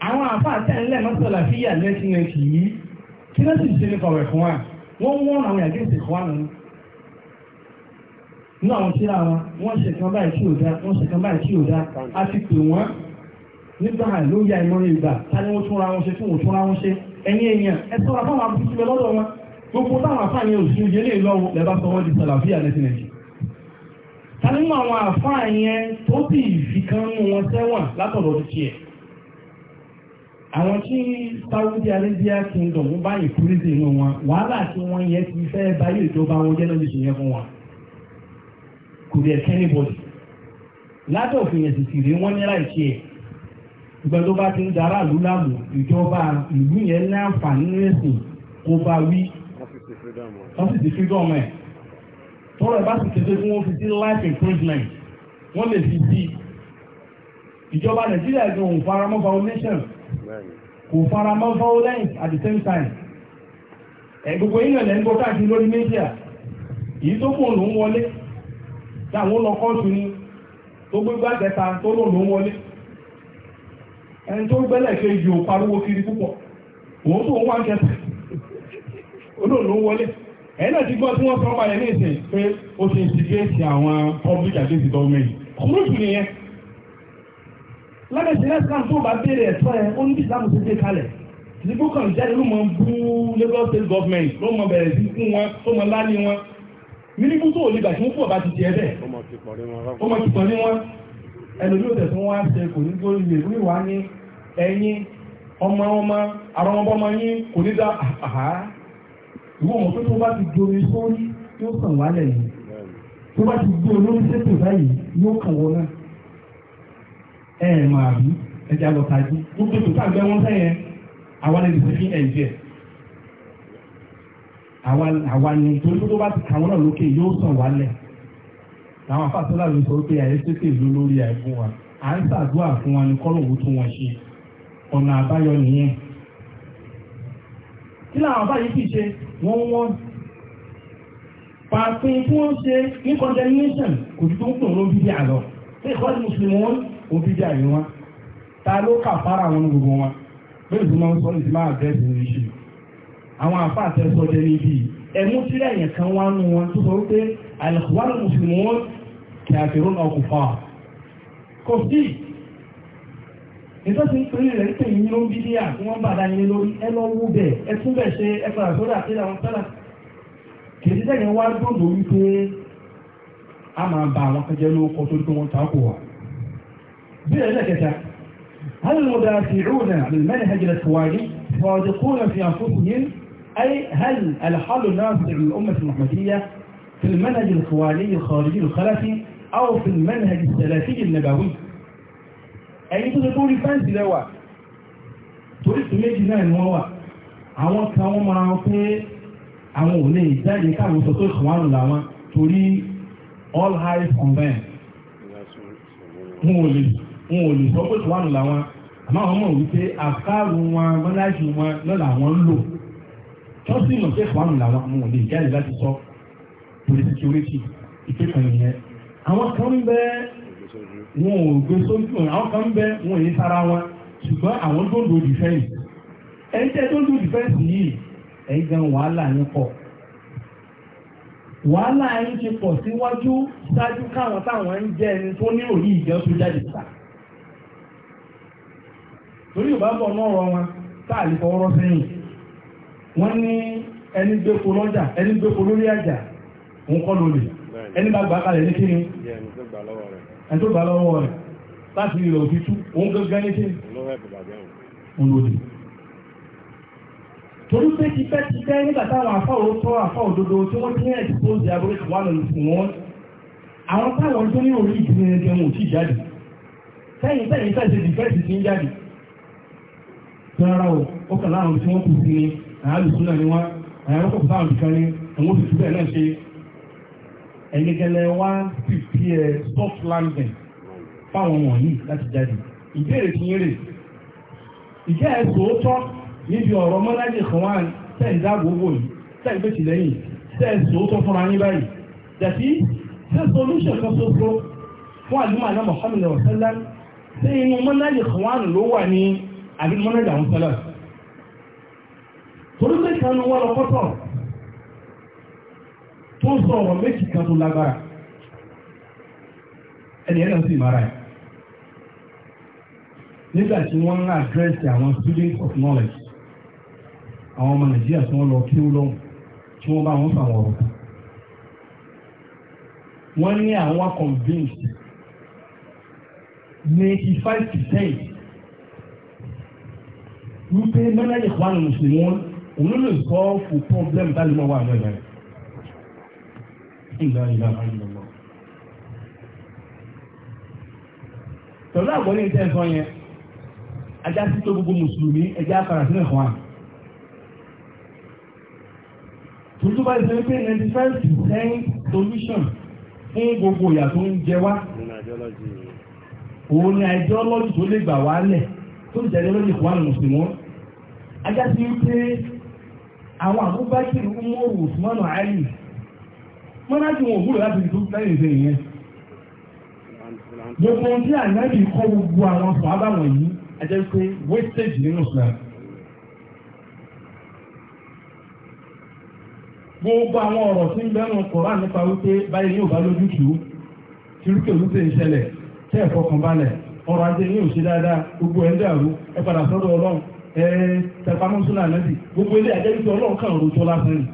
àwọn àbá àtẹ̀lẹ́ mọ́sálà fi yà lẹ́sìn ẹ̀ kì í kí ló sì ṣe ní kọ̀wé fún wa wọ́n wọ́n àwọn yàgé ìsìnkú wa nínú. nínú àwọn tíra wọn wọ́n ṣe kan báyìí tí ò dá wọ́n ṣe kan báyìí tí ò dá a ti pè wọ́n nígbà ló ya ìmọ̀ràn ìgbà ta ni wọ́n túnra wọn ṣe tí wọ́n túnra wọn ṣe ẹ̀yin èèyàn ẹ sọ́ra fáwọn abúlé lọ́dọ̀ wọn gbogbo táwọn àfáàní òṣù yẹlé lọ́wọ́ lẹ́bá sọ wọ́n di sàlàfíà lẹ́sìnẹ̀jì ta nínú àwọn àfáàní ẹ tó sì fi kan nú wọn sẹ́wọ̀n látọ̀dọ̀ ti tiẹ̀ àwọn tí Saudi Arabia Kingdom bá ìkúrísì inú wọn wàhálà tí wọ́n yẹ ti fẹ́ báyìí ìjọba wọn jẹ́ lọ́dún ìṣìyẹn fún wọn kò dẹ̀ kẹ́ni bọ̀dì látọ̀ òfin ẹ̀sìn sì rí wọ́n ní láìsí ẹ̀ ìgbà tó bá ti ń dará ìlú láàmú ìjọba ìlú yẹn ní àǹfààní ẹ̀sìn kó bá wí wọ́n sì di freedom ẹ̀ tọ́rọ ẹ̀ bá to kéde fún wọn fi sí life improvement wọ́n lè fi sí ìjọba nàìjíríà gan òun faramọ́ foundation kò faramọ́ violence at the same time ẹ̀ gbogbo yíyan lẹ́nu gbọ́ káàkiri lórí media èyí tó kù ló ń wọlé táwọn lọ kọ́ọ̀tù ni tó gbégbá àtẹta tó lò ló ń wọlé ẹni tó gbẹ́lẹ̀ kejì ò pariwo kiri púpọ̀ òun tó ń wá kẹta olóòlò wọlé ẹ̀yìn náà ti gbọ́ tí wọ́n sọ ọmọ rẹ̀ ní ìsìn pé ó ti instigate àwọn public against government kúrúùtù nìyẹn lábẹ́ ìṣẹ̀lẹ̀ islam tó bá béèrè ẹ̀tọ́ ẹ̀ ó ní bí islam ṣe dé kalẹ̀ ìdìbò kan jáde ló mọ bú Lagos state government ló mọ bẹ̀rẹ̀ sí fún wọn tó mọ láni wọn mínímù tó ò lè gbà tí wọ́n fún ọba ti tiẹ̀ bẹ́ẹ̀ ó mọ ti pọ̀ ní wọn ẹlòmí ò tẹ̀sán wá ṣe kò ní tó lè rí wá ní ẹ̀yìn ọmọ ọmọ àwọn ọmọ ọmọ yín kò ní dá àhá ìwọ̀n mọ̀ pé tó bá ti dorí sórí yóò kàn wálẹ̀ yìí tó bá ti gbé olórí ṣètò báyìí yóò kàn wọ́n náà ẹ ẹ máa bí ẹja lọ tajú gbogbo ètò tá à ń gbẹ wọn sẹ́yìn àwa ni lè fi ẹ̀ jẹ àwa ni torí tó bá ti kà wọ́n náà lókè yóò sàn wálẹ̀ làwọn afáàtúndà ló sọ pé àyè ṣètò ìlú lórí àìfún wa à ń ṣàdúrà fún wa ní kọ́lọ̀wù tó wọn ṣe ọ̀nà àbáyọ nìyẹn kí láwọn bá yìí kìí ṣe wọ́n wọ́n pàápín tí wọ́n ṣe ní condemnation kò tí tó ń pòrò bídí àlọ́ tí ìkọ́ ní mùsùlùmí wọn ò bídí àrí wọn ta ló kà fara wọn gbogbo wọn bẹ́ẹ̀ tí wọ́n sọ ní ti máa bẹ́ẹ̀ sí ní ṣe àwọn àfa àtẹ́sọ jẹ́ níbi ẹ̀mú sílẹ̀ yẹn kan wá nù wọn tó sọ wípé àlẹ́kùnwá ní mùsùlùmí wọn kì àfẹ́rún ọkùnfà kò sí nígbà tí nítorí rẹ̀ ń pè yín ló ń bí díà tí wọ́n bàdá yín lórí ẹ lọ wú bẹ̀ ẹ tún bẹ̀ ṣe ẹ padà sórí àti àwọn sálà kìí sẹ́yìn wá dòdò wípé a máa ba àwọn akẹ́jẹ́ ló kọ́ tó tó wọn ta kò wá. bí ẹ lẹ́kẹta hali mo da fi rúnà lẹ́mẹ́ni hajjira tuwari fọ́ọ̀dì kúrò fi àfúkù yín ay hal alhalu náà fi al'umma fi muhammadiyya في المنهج الخواري الخارجي الخلفي أو في المنهج السلفي النبوي ẹ̀yin tó ṣe tó rí fẹ́ǹsì lẹ́wà torí tó méjì náà ni wọ́n wà àwọn kan wọ́n máa ń pé àwọn ò lè jáde káwọn sọ tó sùn wọn lò láwọn torí all high on them wọn ò lè wọn ò lè sọ pé sùn wọn lò láwọn àmọ́ àwọn ọmọ wípé àkàrù wọn mọ́láṣí wọn lọ́la wọn lò tọ́sí ìmọ̀ pé sùn wọn lò láwọn wọn ò lè jáde láti sọ torí security ìpè kan nìyẹn àwọn kan ń bẹ́ẹ́. wọn ò gbé sójú àwọn kan bẹ wọn èyí sára wọn ṣùgbọ́n àwọn tó ń do dìfẹ́ǹsì ẹni tẹ́ tó ń do dìfẹ́ǹsì yìí ẹ̀yìn gan wàhálà yín pọ̀ wàhálà yín ti pọ̀ síwájú ṣáájú káwọn táwọn ń jẹ́ ẹni tó ní òní ìjẹ́ tó jáde sá torí ìbá bọ̀ náà rọ wọn táàlì fọwọ́rọ́ sẹ́yìn wọ́n ní ẹni gbépo lọ́jà ẹni gbépo lórí àjà òun kọ́ lólè ẹni bá gbà kalẹ̀ ní kíni ẹni tó gbà lọ́wọ́ rẹ̀ láti ilẹ̀ òfin tú òun gangan ní kíni olóde torí pé tipẹ́ tipẹ́ nígbà táwọn afá òótọ́ afá òdodo tí wọ́n ti ní expose the average one on fún wọn àwọn táwọn tó ní orí ìdílé ẹgbẹ́ wọn ò tí jáde sẹ́yìn sẹ́yìn sẹ́yìn ṣe dìfẹ́ǹsì ti ń jáde rárá o ó kà láwọn tí wọ́n kù sí ni àyàlùsúnà ni wọ́n àyàlùkọ̀ fún ni àwọn òṣìṣẹ́ náà ṣe ẹ̀yẹ́gẹ́lẹ́ wá pìpì ẹ̀ soft landing fáwọn wọ̀nyí láti jáde ìbéèrè tí yẹ́rè ìjẹ́ ẹ̀ sòótọ́ níbi ọ̀rọ̀ mọ́nájì kan wá tẹ̀ ń dáàbò wò yìí tẹ̀ ń gbèsè lẹ́yìn tẹ̀ ń sòótọ́ fúnra yín báyìí dàbí ṣé solution kan ṣoṣo fún àdúmọ̀ àná Muhammad ọ̀sẹ́lá ṣé inú mọ́nájì kan wá ló wà ní àbí mọ́nájì àwọn sẹ́lá torí pé kanu wọn lọ kọ́tọ̀ tó sọ ọ̀rọ̀ méjì kan tó lágbára ẹni ẹ̀rọ sì mara ẹ̀ nígbà tí wọ́n ń àdírẹ́sì àwọn student of knowledge àwọn ọmọ nàìjíríà tí wọ́n lọ kí ó lọ́wọ́ tí wọ́n bá wọn fà wọ́n rọ̀ wọ́n ní àwọn convinced ninety five percent wípé mẹ́lẹ́dẹ̀kọ́ àwọn mùsùlùmí wọn òun ló lè sọ fún problem tá a lè máa wà àwọn ìlà ìlà àìlọ́lọ́. Tọ́lá àgbọ́lé ìtẹ́ ẹ̀sọ́ yẹn, ajá sí tó gbogbo Mùsùlùmí ẹjá àkàrà sílẹ̀ fún wa. Tuntun bá ìsẹ́ pé ninety five percent solution fún gbogbo ìyà tó ń jẹ wá. Òun ni àìdíọ́lọ́jì tó lè gbà wá lẹ̀ tó jẹ́ lọ́jì mọ́nájì wọn òwúrọ̀ láti ìlú lẹ́yìn ìfẹ́ yẹn gbogbo ohun tí ànábì kọ́ gbogbo àwọn sàábà wọ̀nyí ajẹ́ pé wastage gbogbo àwọn ọ̀rọ̀ tí ń bẹ́nu kọ̀ọ̀rán nípa wípé báyìí ní bá lójútùú tìrúkèrú ń ṣẹlẹ̀ tẹ́ ọ̀rọ̀ ajé dáadáa gbogbo ẹ̀ ń dàrú gbogbo ilé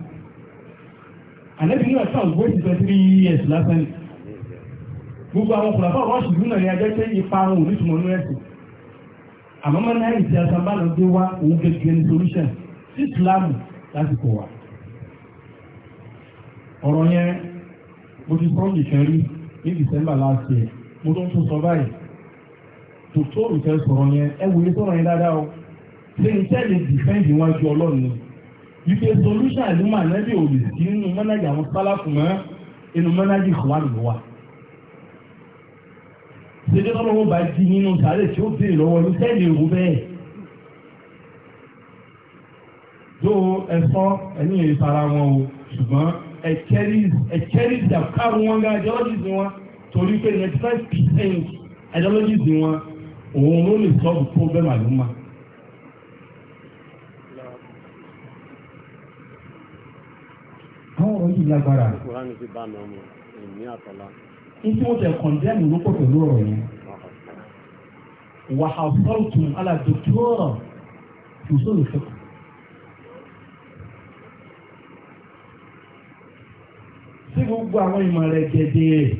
àlẹ́bí náà sàn gbé ti twenty three years lásán ni gbogbo àwọn kùlàfà rọ́ọ̀ṣì ìlú náà ní ajẹ́ pé ipa ohun onítumọ̀ ní ẹ̀sìn àmọ́ mọ́ náà ìdí asambáná gbé wá òun gẹ́gẹ́ ní solution sí ìsìlámù lásìkò wa ọ̀rọ̀ yẹn mo ti sọ́ọ̀dì kan rí ní December last year mo tó ń tún sọ báyìí dòktóòrù tẹ sọ̀rọ̀ yẹn ẹ wòye sọ̀rọ̀ yẹn dáadáa o ṣé iṣẹ́ lè dìfẹ́ǹdì wájú ọlọ́run ni wípé solution ìlú mànẹ́bí ò lè sí nínú mẹ́nàjì àwọn sálàfù mọ́ inú mẹ́nàjì ìkọ̀wánù ló wà. ṣèjọ́ tọ́lọ́wọ́ bá jí nínú sàárè tí ó béèrè lọ́wọ́ ní sẹ́ẹ̀lì òun bẹ́ẹ̀. tó ẹ̀fọ́ ẹ̀yìn ìfara wọn o ṣùgbọ́n ẹ̀kẹ́rì ìdàkárù wọn gá ideologies wọn torí pé ninety five percent ideologies wọn òun ló lè solve problem àlùmọ́. àwọn ọ̀rọ̀ yìí lágbára. ní tí wọ́n tẹ̀ kọ̀ndẹ́mù ló pọ̀ pẹ̀lú ọ̀rọ̀ yẹn. وحصلتم على دكتورة في أصول الفقه sí gbogbo àwọn ìmọ̀ rẹ̀ gẹ̀dẹ̀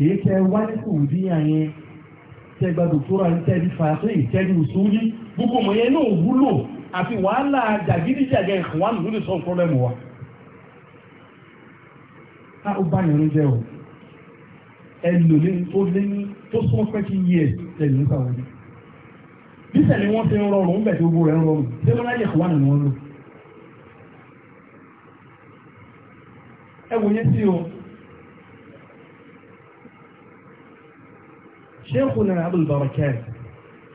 èyí tẹ wá ní sòwòdí àyẹn tẹ gba dòkítọ́rà ní tẹ́lí fàáṣọ ìtẹ́lí òṣòwòdí gbogbo ọmọ yẹn náà wúlò àfi wàhálà jàgídíjàgẹ̀ ìwà nínú sọ pọ́lẹ́mù wa á ó bá yẹn jẹ́ o ẹ lò lẹ́ni tó lẹ́ni tó sún pẹ́ kí yí ẹ̀ lẹ́nu ní sàwọ́dí. bísẹ̀ ni wọ́n ti ń rọrùn ń bẹ̀ tó gbó rẹ̀ ń rọrùn ṣé wọ́n láyè wà nínú wọn lò. ẹ wò yẹn sí o شيخنا أبو البركات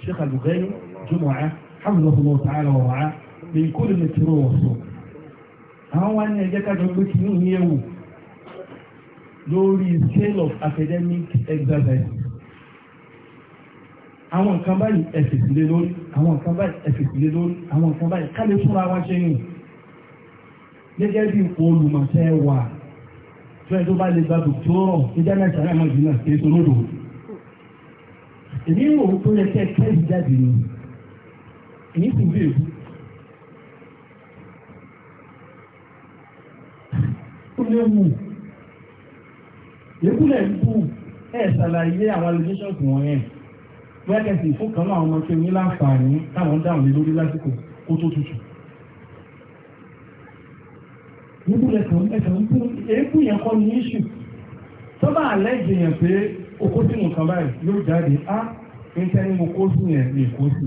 شيخ البخاري جمعة حفظه الله تعالى ورعاه من كل من التروح والصوم àwọn ẹni ẹjẹ́ kájọ pé kí ní ìyẹ̀wò lórí scale of academic exercise àwọn nǹkan báyìí ẹ̀fìsílẹ̀ lórí àwọn nǹkan báyìí ẹ̀fìsílẹ̀ lórí àwọn nǹkan báyìí kálẹ̀ fúnra wa ṣe yìn gẹ́gẹ́ bí olùmọ̀ṣẹ́ wà tó ẹ̀ tó bá lè gba dòkítọ́rọ̀ ní jẹ́nà ìṣàlẹ̀ àmọ́ ìjìnà kì í solódò èmi rò tó yẹ kẹ́ kẹ́ ìjáde ni èyí kò bí èkú ó léwu ìrúkúlẹ̀ ń bù ẹ̀ ṣàlàyé àwọn allegations wọ̀nyẹn wẹ́kẹ̀sì fún kan náà ọmọ tí onílà àǹfààní táwọn dáhùn lé lórí lásìkò kó tó tutù. ìrúkúlẹ̀ kan ẹ̀sẹ̀ ń bù èébù yẹn kọ́ ní iṣu tó bá àlẹ́jì yẹn pé okó sínú kan báyìí yóò jáde á ah, ń tẹ́ ní mo kó sí yẹn lè kó sí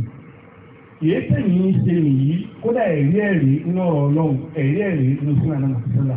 yìí tẹ̀yìn ń ṣe nìyí kódà ẹ̀rí ẹ̀rí nínú ọ̀rọ̀ ọlọ́run ẹ̀rí ẹ̀rí nínú sínú àná màtí sọ́là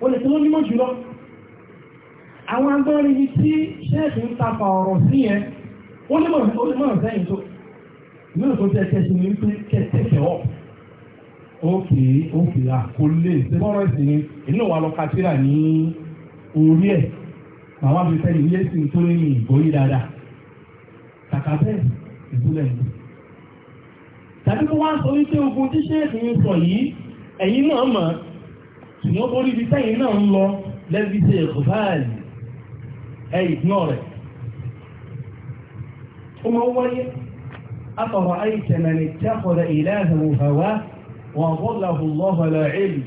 o lè tí ló nímọ̀ jùlọ àwọn agbọ́rin ibi tí ṣẹ́ẹ̀sì ń tafa ọ̀rọ̀ sí yẹn ó ní mọ̀ ó ní mọ̀ sẹ́yìn tó mẹ́rin tó jẹ́ kẹsì ní pé kẹsẹ̀kẹ̀ ọ̀ ni inú wa lọ kátírà ní mi fẹ́ ní ilé ìsìn tó ní ìgbóyè dáadáa kàkà bẹ́ẹ̀ ìbúlẹ̀ ní. tàbí kó wá sọ wípé ogun tí ṣẹ́ẹ̀sì ń sọ yìí ẹ̀yin náà mọ̀ ṣùgbọ́n orí ibi tẹ́yìn náà ń lọ lẹ́bi ṣe ẹ̀kọ́ fáàlì ẹ̀ ìgbọ́n rẹ̀ ó máa ń wáyé afọ̀rọ̀ àìsàn náà ní tẹ́kọ̀ọ́dà ìlànà òfàwá wọn kọ́láhù lọ́hùlá ẹ̀lì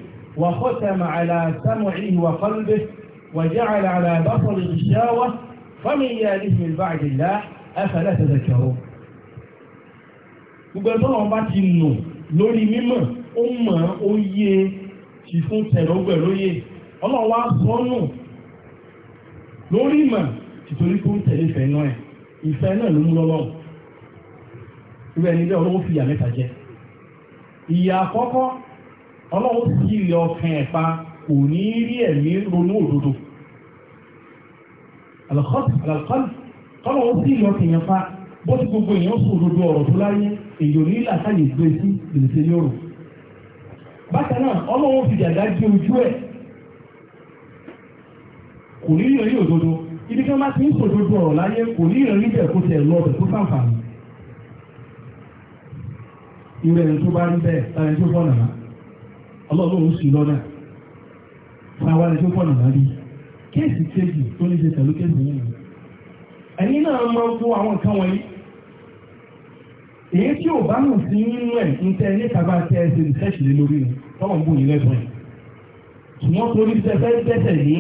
kì fún tẹ̀lọ́gbẹ̀ lóyè ọlọ́run wá sọ́nù lórí ìmọ̀ tìtorí kó ń tẹ̀lé ìfẹ́ náà ẹ̀ ìfẹ́ náà ló mú lọ́lọ́run irú ẹni bẹ́ẹ̀ ọlọ́run fi ìyà mẹ́ta jẹ ìyà àkọ́kọ́ ọlọ́run sì ilẹ̀ ọkàn ẹ̀ pa kò ní rí ẹ̀mí ronú òdodo ọlọ́run sì ilẹ̀ ọkàn ẹ̀ pa bó ti gbogbo èèyàn sọ òdodo ọ̀rọ̀ tó láyé èèyàn nílà sáyè gbé sí ìrìnsẹ̀ yóò rò bákan náà ọlọ́run fi dàgbà di ojú ẹ̀ kò ní ìrìn òdodo ibi kan bá ti ń sòdodo ọ̀rọ̀ láyé kò ní ìrìn níbẹ̀ kó tẹ̀ lọ tó sàǹfààní tó bá ń bẹ́ẹ̀ láyé tó fọ́nà èyí tí ò bá mọ̀ sí nínú ẹ̀ ń tẹ níta bá tẹ ẹ ṣe research lé lórí ni tọ́wọ́n ń bù yín lẹ́sùn ẹ̀ ṣùgbọ́n torí tẹ fẹ́ tẹ̀sẹ̀ lé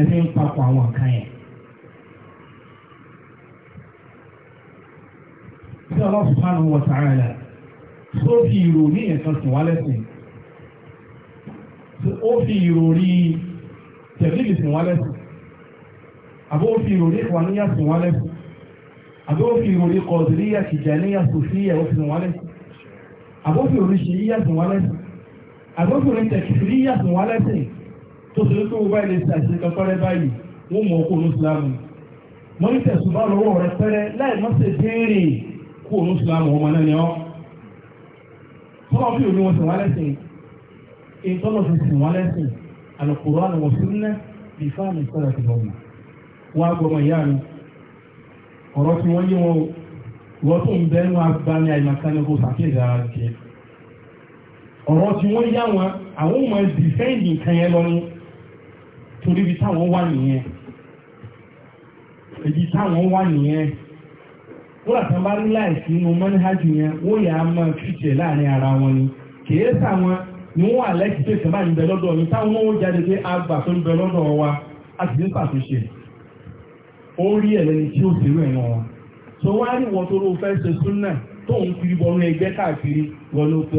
ẹ fi ń papọ̀ àwọn nǹkan yẹn. tí Allah subhanahu wa ta'ala tó fi ìròrí ẹ̀sán sùn wá lẹ́sìn ó fi ìròrí tẹ̀lé ìsìn wá lẹ́sìn àbó ó fi ìròrí ìwà níyà sùn wá lẹ́sìn àbí ó fi ìròrí kọ̀ọ̀dúríyà tìjàníyà sòfíyà ó fi wọ́n lẹ́sìn àbí ó fi ìròrí ṣìyíyà fi wọ́n lẹ́sìn àbí ó fi ìròrí tẹ̀kìfìríyà fi wọ́n lẹ́sìn tó ṣe tó wọ́n lè ṣe àṣẹ kankanrẹ́ báyìí wọ́n mọ̀ ọkọ̀ oníṣìlámù wọ́n ní tẹ̀sùn bá lọ́wọ́ rẹ pẹ́rẹ́ láì má ṣe béèrè kú oníṣìlámù ọmọ náà ni ọ́ tọ́lọ́ fi wọn sì wọ́n lẹ́sìn èyí tọ́lọ́ fi sí ń ná bí wọ́n á gbọ́mọ ìyá mi ọ̀rọ̀ tí wọ́n yé wọn o wọ́n tó ń bẹ́ẹ̀ wọn bá ní àìmọ̀kánná kó sàkíyèsí ara tiẹ̀ ọ̀rọ̀ tí wọ́n yá wọn àwọn ọmọ dìfẹ́ǹdì nǹkan yẹn lọ torí ibi táwọn wà nìyẹn ibi táwọn wà nìyẹn wọ́n àti bá rí láìsí inú mọ́níhájú yẹn wọ́n yà á máa láàrin ara wọn ni sáwọn ni wọ́n bẹ lọ́dọ̀ táwọn jáde pé tó ń bẹ wa a ó rí ẹ̀lẹ́ni tí ó sèrú ẹ̀nà wọn so wọ́n á rí wọn tó ló fẹ́ ṣe tó ń kiri bọnú ẹgbẹ́ káàkiri wọn ló pe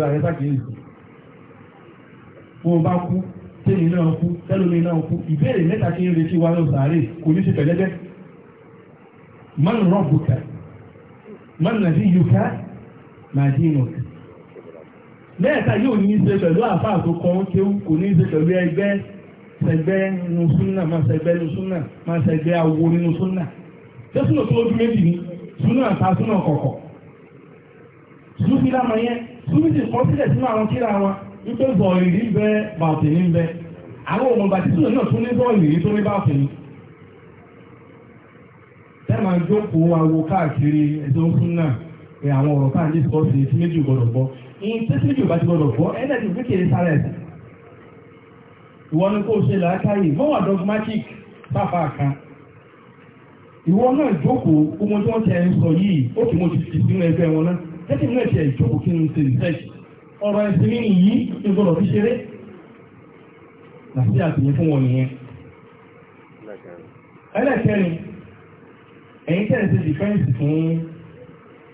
wọn bá kú tẹ́mi náà kú náà kú ìbéèrè mẹ́ta kí ń retí wa lọ sàárè kò ní ṣe pẹ̀lẹ́gbẹ́ mẹ́ta yóò ní í ṣe pẹ̀lú sẹgbẹ́ nínú súnà máa sẹgbẹ́ nínú súnà máa sẹgbẹ́ awo nínú súnà ṣé súnà tó lójú méjì ni súnà ta súnà kọ̀kọ̀ súnfì lámà yẹn súnfì sì kọ́ sílẹ̀ sínú àwọn kíra wọn wípé bọ̀ọ̀lì rí bẹ bàtì ní bẹ àwọn ọmọ bàtì súnà náà tún ní bọ̀ọ̀lì rí tó ní bàtì ní. tẹ́ máa jókòó awo káàkiri ẹ̀sọ́ súnà àwọn ọ̀rọ̀ káàkiri sọ́ọ̀sì tí méjì gbọ́dọ̀ gbọ́ ìwọ ní kó ṣe làákàyè mọ́wà dogmatic pápá kan ìwọ náà jókòó ohun tí wọ́n ti ẹ̀ ń sọ yìí ó kì mo ti fi sínú ẹgbẹ́ wọn náà tẹ́tí náà ti ẹ̀ jókòó kí n ṣe research ọ̀rọ̀ ẹ̀sìn mi nìyí ní gbọ́dọ̀ fi ṣeré làtí àtìyẹ fún wọn nìyẹn ẹlẹ́kẹ́rin ẹ̀yin tẹ́ ẹ̀ ṣe dìfẹ́ǹsì fún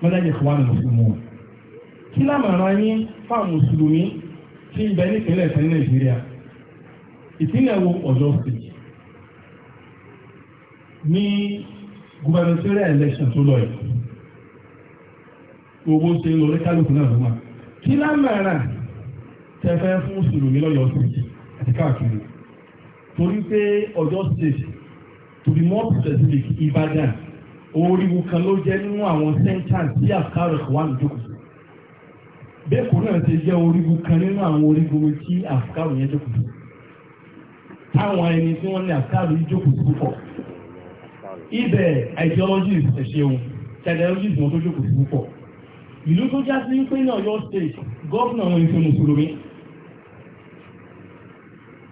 mọ́lẹ́jẹ̀ fún wa ní mùsùlùmí kí lámàrán yín fáwọn mùsùlùmí tí ń bẹ nípìnlẹ̀ ẹ̀sẹ̀ ní Nàìjíríà ìpínlẹ̀ wo ọ̀yọ́ state ní gubernatorial election tó lọ yìí owó ṣe ń lọ ní kálukú náà lọ́wọ́ kí lámàrà tẹ́fẹ́ fún sùlùmí lọ́yọ́ state àti káàkiri torí pé ọ̀yọ́ state to be more specific Ìbàdàn oríwu kan ló jẹ́ nínú àwọn centers tí àkàrẹ̀ wà lójú bẹ́ẹ̀ kò náà ti jẹ́ orígun kan nínú àwọn orígun tí àfikàrò yẹn jókòó táwọn ẹni tí wọ́n ní àkàrò ìjókòó sí púpọ̀ ibẹ̀ ideologies ẹ̀ṣẹ̀hun ideologies wọn tó jókòó sí púpọ̀ ìlú tó já sí pé náà yọ state gọ́ọ̀nà wọn ìfẹ́ mùsùlùmí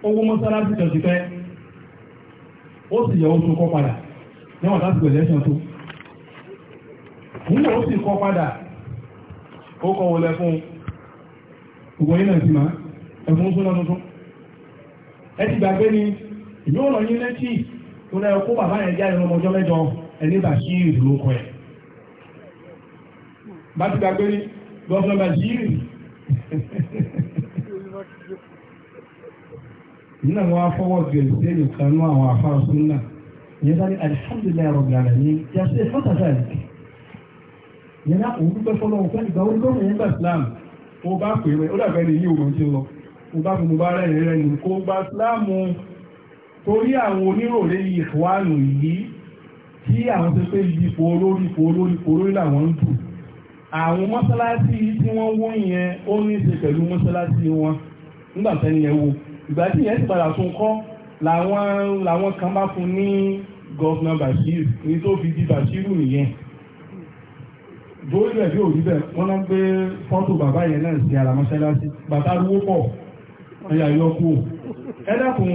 owó mọ́sálásí kan ti fẹ́ ó sì yẹ oṣù kọ́ padà níwọ̀n lásìkò election tó nílò ó sì kọ́ padà ó kọ́ wọlé fún gbogbo yìí náà sí máa ẹ̀fún súnà tuntun ẹtì gbàgbé ni yóò lọ yín létí tó náà kó bàbá yẹn jáde lọ́mọ ọjọ́ mẹ́jọ ẹni bàṣíìrì ló kọ ẹ̀ bá ti gbàgbé ni gọ́ọ̀fẹ́ bàṣíìrì nínú àwọn afọwọ́ gbèsè nìkan nú àwọn afárá súnà yẹn bá ní alihamdulilayi rabbil alamin yàtọ̀ ìfọ́tàfẹ́ àdìgbì yẹn náà òun dúpẹ́ fọlọ́wọ́ fẹ́ ìgbà wo lóhùn gbà sílámù ó bá pè é ìbáfẹ́mú bá rẹ̀ rẹ̀ ní kó gba síláàmù torí àwọn oníròlé ìfọ̀hánù yìí tí àwọn tó pé ipò olórí ipò olórí ipò olórí làwọn ń dù àwọn mọ́sálásí tí wọ́n wó yẹn ó ní í ṣe pẹ̀lú mọ́sálásí wọn nígbà tẹ́ni yẹn wo ìgbà tí yẹn ti padà tún kọ́ làwọn làwọn kan bá fún ní gọ́fúnà Bashir ní tó fi di Bashir nìyẹn bóyá bí òbí bẹ́ẹ̀ wọ́n náà gbé fọ́tò bàbá yẹn náà sí ara mọ́sálásí bàtà pọ̀ ẹ̀yà yọkú ẹ̀dàkùn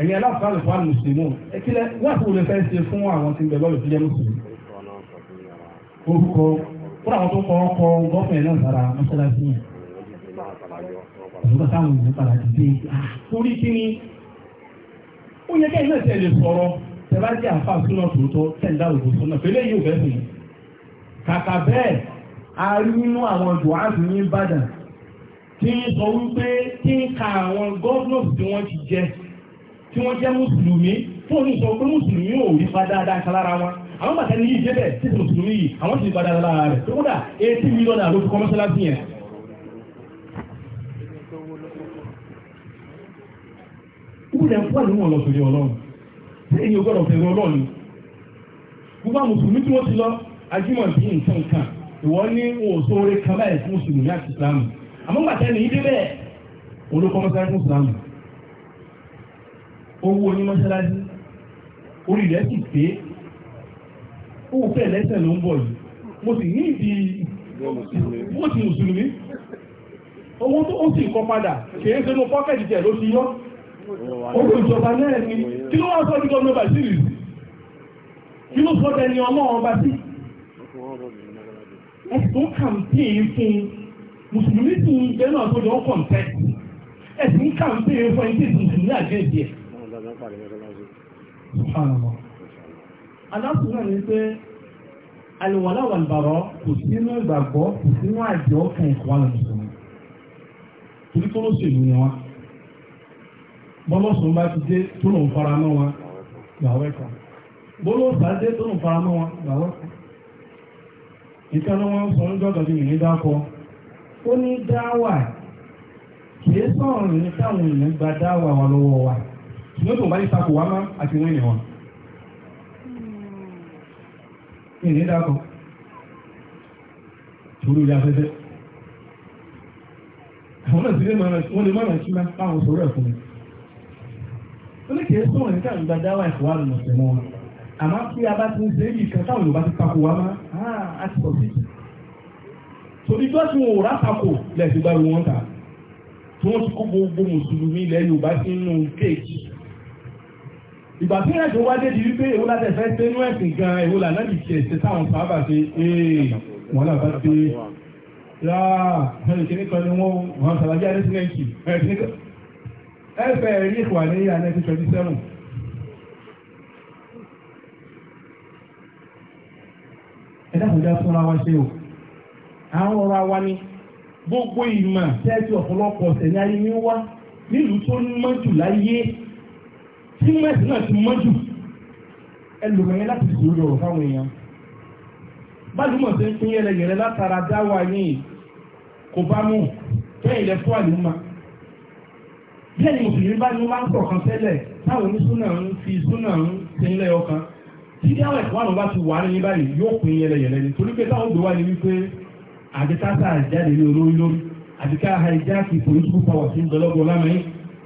ẹ̀yìn aláfààlù fún àwọn mùsùlùmù ẹ̀kílẹ̀ wọ́n àti olè fẹ́ ṣe fún àwọn tí ń bẹ̀ lọ́lọ́ ìfúnjẹ́ mùsùlùmù orúkọ fún àwọn tó kọ́ ọkọ̀ gọ́fìn náà sára mọ́sálásí yẹn àtúntà táwọn ìlú padà ti dé torí kí ni ó yẹ kẹ́yìn náà tẹ̀lé sọ̀rọ̀ tẹ̀lá jẹ́ àfáà súnà tòótọ́ tẹ̀lá òkú súnà fẹ́lẹ́ yóò fẹ́ fún yìí kàkà bẹ́ẹ̀ a rí nínú àwọn dùn tí ń sọ wípé tí ń ka àwọn gọ́ọ̀nọ̀sì tí wọ́n ti jẹ tí wọ́n jẹ́ mùsùlùmí fún òní sọ pé mùsùlùmí ò rí bá dáadáa kan lára wọn àwọn bàtà ní yìí débẹ̀ tí ti mùsùlùmí yìí àwọn sì bá dáadáa lára rẹ̀ tó kódà eighty million naira ló fi kọ́ mọ́sálásí yẹn. kúrẹ̀ fún àlùmọ̀ ọlọ́sọ̀rẹ́ ọlọ́run tí èyí ọgọ́rọ̀ fẹ̀rẹ̀ ọlọ́run gbogbo mùsùlùmí tí wọ́n ti lọ ajímọ̀ bí nǹkan kan ìwọ ní òṣòro kan báyìí fún mùsùlùmí àti ìsìlámù àmúgbàtẹ́ ní ibi bẹ́ẹ̀ olókọ́ mọ́sálásí fún ìsìlámù owó oní mọ́sálásí orí rẹ̀ sì pé ó fẹ́ lẹ́sẹ̀ ló ń bọ̀ yìí mo sì ní ìdí mo sì mùsùlùmí owó tó ó sì kọ padà kìí sínú pọ́kẹ́tì tẹ̀ ló ti yọ owó ìjọba náà ni kí ló wá sọ ní gọ́ọ̀mù bàṣírì kí ló sọ tẹni ọmọ ọba sí ẹ̀sùn kàmpéyìn fún un mùsùlùmí sì ń gbé náà tó jọ ń kọ̀ǹtẹ́ ẹ̀sìn ń kà ń béèrè fún ẹni tí èsì mùsùlùmí àjẹ́ ìdí ẹ̀. aláṣùwọ̀n ni pé àlùwàlá wà lùbàrọ̀ kò sínú ìgbàgbọ́ kò sínú àjọ kan ìkọ́ àlọ́ mùsùlùmí torí tó ló ṣèlú ni wọn bọ́lọ́sùn bá ti dé tó lòun fara mọ́ wọn gbàwẹ́ kan bọ́lọ́sùn bá dé tó fara mọ́ wọn gbàwẹ́ kan ìkànnì wọn sọ ní gbàgbọ́ ó ní dáwà kìí sọ̀rọ̀ ní táwọn èèyàn gba dáwà wa lọ́wọ́ wa bá ní wá àti wọ́n ènìyàn torí ìyá àwọn náà wọ́n lè máa sọ̀rọ̀ ó ní kìí sọ̀rọ̀ ní táwọn gba dáwà ẹ̀kọ́ wa lọ́sẹ̀ mọ́ àmọ́ tí a bá ti ń ṣe é yìí kan táwọn Yorùbá ti wá torí tó ti wọn ò rápapò lẹ́sìn gbárù wọn ta tí wọ́n ti kó gbogbo mùsùlùmí ilẹ̀ Yorùbá sí inú kéèkì ìgbà tí ẹ̀sìn wá dé di wípé èwo láti ẹ̀fẹ́ ṣe inú ẹ̀sìn gan èwo là náà lè ṣe ṣe táwọn sábà ṣe ee wọn náà bá ṣe yáà ẹ̀rì kìíní kan ni wọ́n wọn ṣàlàyé adé sí nẹ́ǹkì ẹ̀rì kìíní kan ẹ̀fẹ̀ rí ìwà ní ìyá 1927 ẹ̀dá kò já fúnra wa ṣe o. àwọn ọ̀rọ̀ ni gbogbo ìmọ̀ tẹ́tí ọ̀pọ̀lọpọ̀ ọ̀sẹ̀ ní ayé ní wá nílùú tó mọ́ jù láyé tí mẹ́sì náà ti mọ́ jù ẹlòmíràn láti sòrò ọ̀rọ̀ fáwọn èèyàn bálùmọ̀ tó ń pín yẹlẹyẹlẹ látara kò bá mú bẹ́ẹ̀ ilẹ̀ ni mùsùlùmí bá ní wọ́n tẹ́lẹ̀ táwọn ọkàn ti wà ní báyìí yóò pín yẹlẹyẹlẹ pé táwọn ní wípé àbí káàkà jáde ní olórí lórí àbí káàkà ìjá kí political power sí ìdọ́lọ́gbọ̀ lámàáyí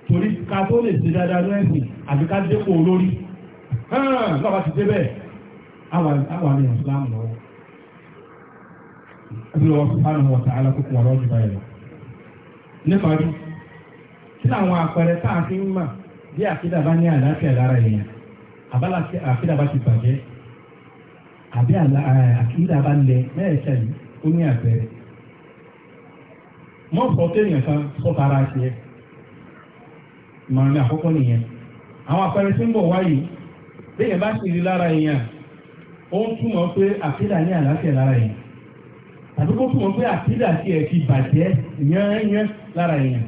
torí ká tó lè ṣe dáadáa lẹ́sìn àbí ká dépò olórí lọ́wọ́ ti dé bẹ́ẹ̀ àwọn ní ya lọ́wọ́ abúlọ́wọ́ subhanahu wa ya kókò wọ́n lọ́jọ́ báyìí lọ níparí àpẹẹrẹ mà bí ní lára èèyàn ti bàjẹ́ àbí lẹ mẹ́ẹ̀ẹ́sẹ̀ yìí ó ní àbẹ̀rẹ̀ mọ́ sọ téèyàn kan sọ́ta ara ṣe ẹ́ ìmọ̀ràn àkọ́kọ́ nìyẹn àwọn àpẹẹrẹ tí ń bọ̀ wáyé téèyàn bá sì rí lára èèyàn ó ń túmọ̀ pé àkídà ní àlàáfíà lára èèyàn tàbí kó túmọ̀ pé àkídà sí ẹ̀ ti bàjẹ́ yányán lára èèyàn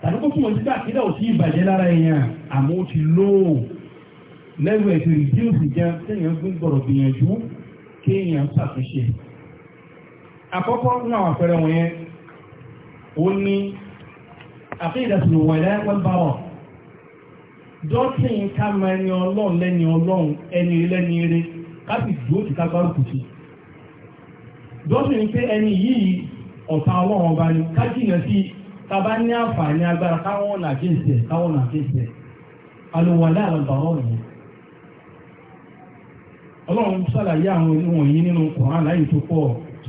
tàbí kó túmọ̀ sí pé àkídà ò sí ìbàjẹ́ lára èèyàn àmọ́ ó ti lóò lẹ́wọ̀ ẹ̀ ti rìdíòsì jẹun téèyàn gbọ́dọ̀ gbìyànjú kéèyàn ṣàtúnṣe àkọ́kọ́ onye o àpẹẹrẹ wọ̀nyẹn ó ní àfihàn wọ̀lẹ́ wẹ́bàrọ̀ dọ́tín ká mọ ẹni ọlọ́run lẹ́ni ọlọ́run ẹni lẹ́ni eré ká ti sí dọ́tín pé ẹni yìí ọlọ́run ọba ni sí tàbá ní àǹfààní agbára káwọn káwọn alùwàlẹ́ yìí ọlọ́run àwọn nínú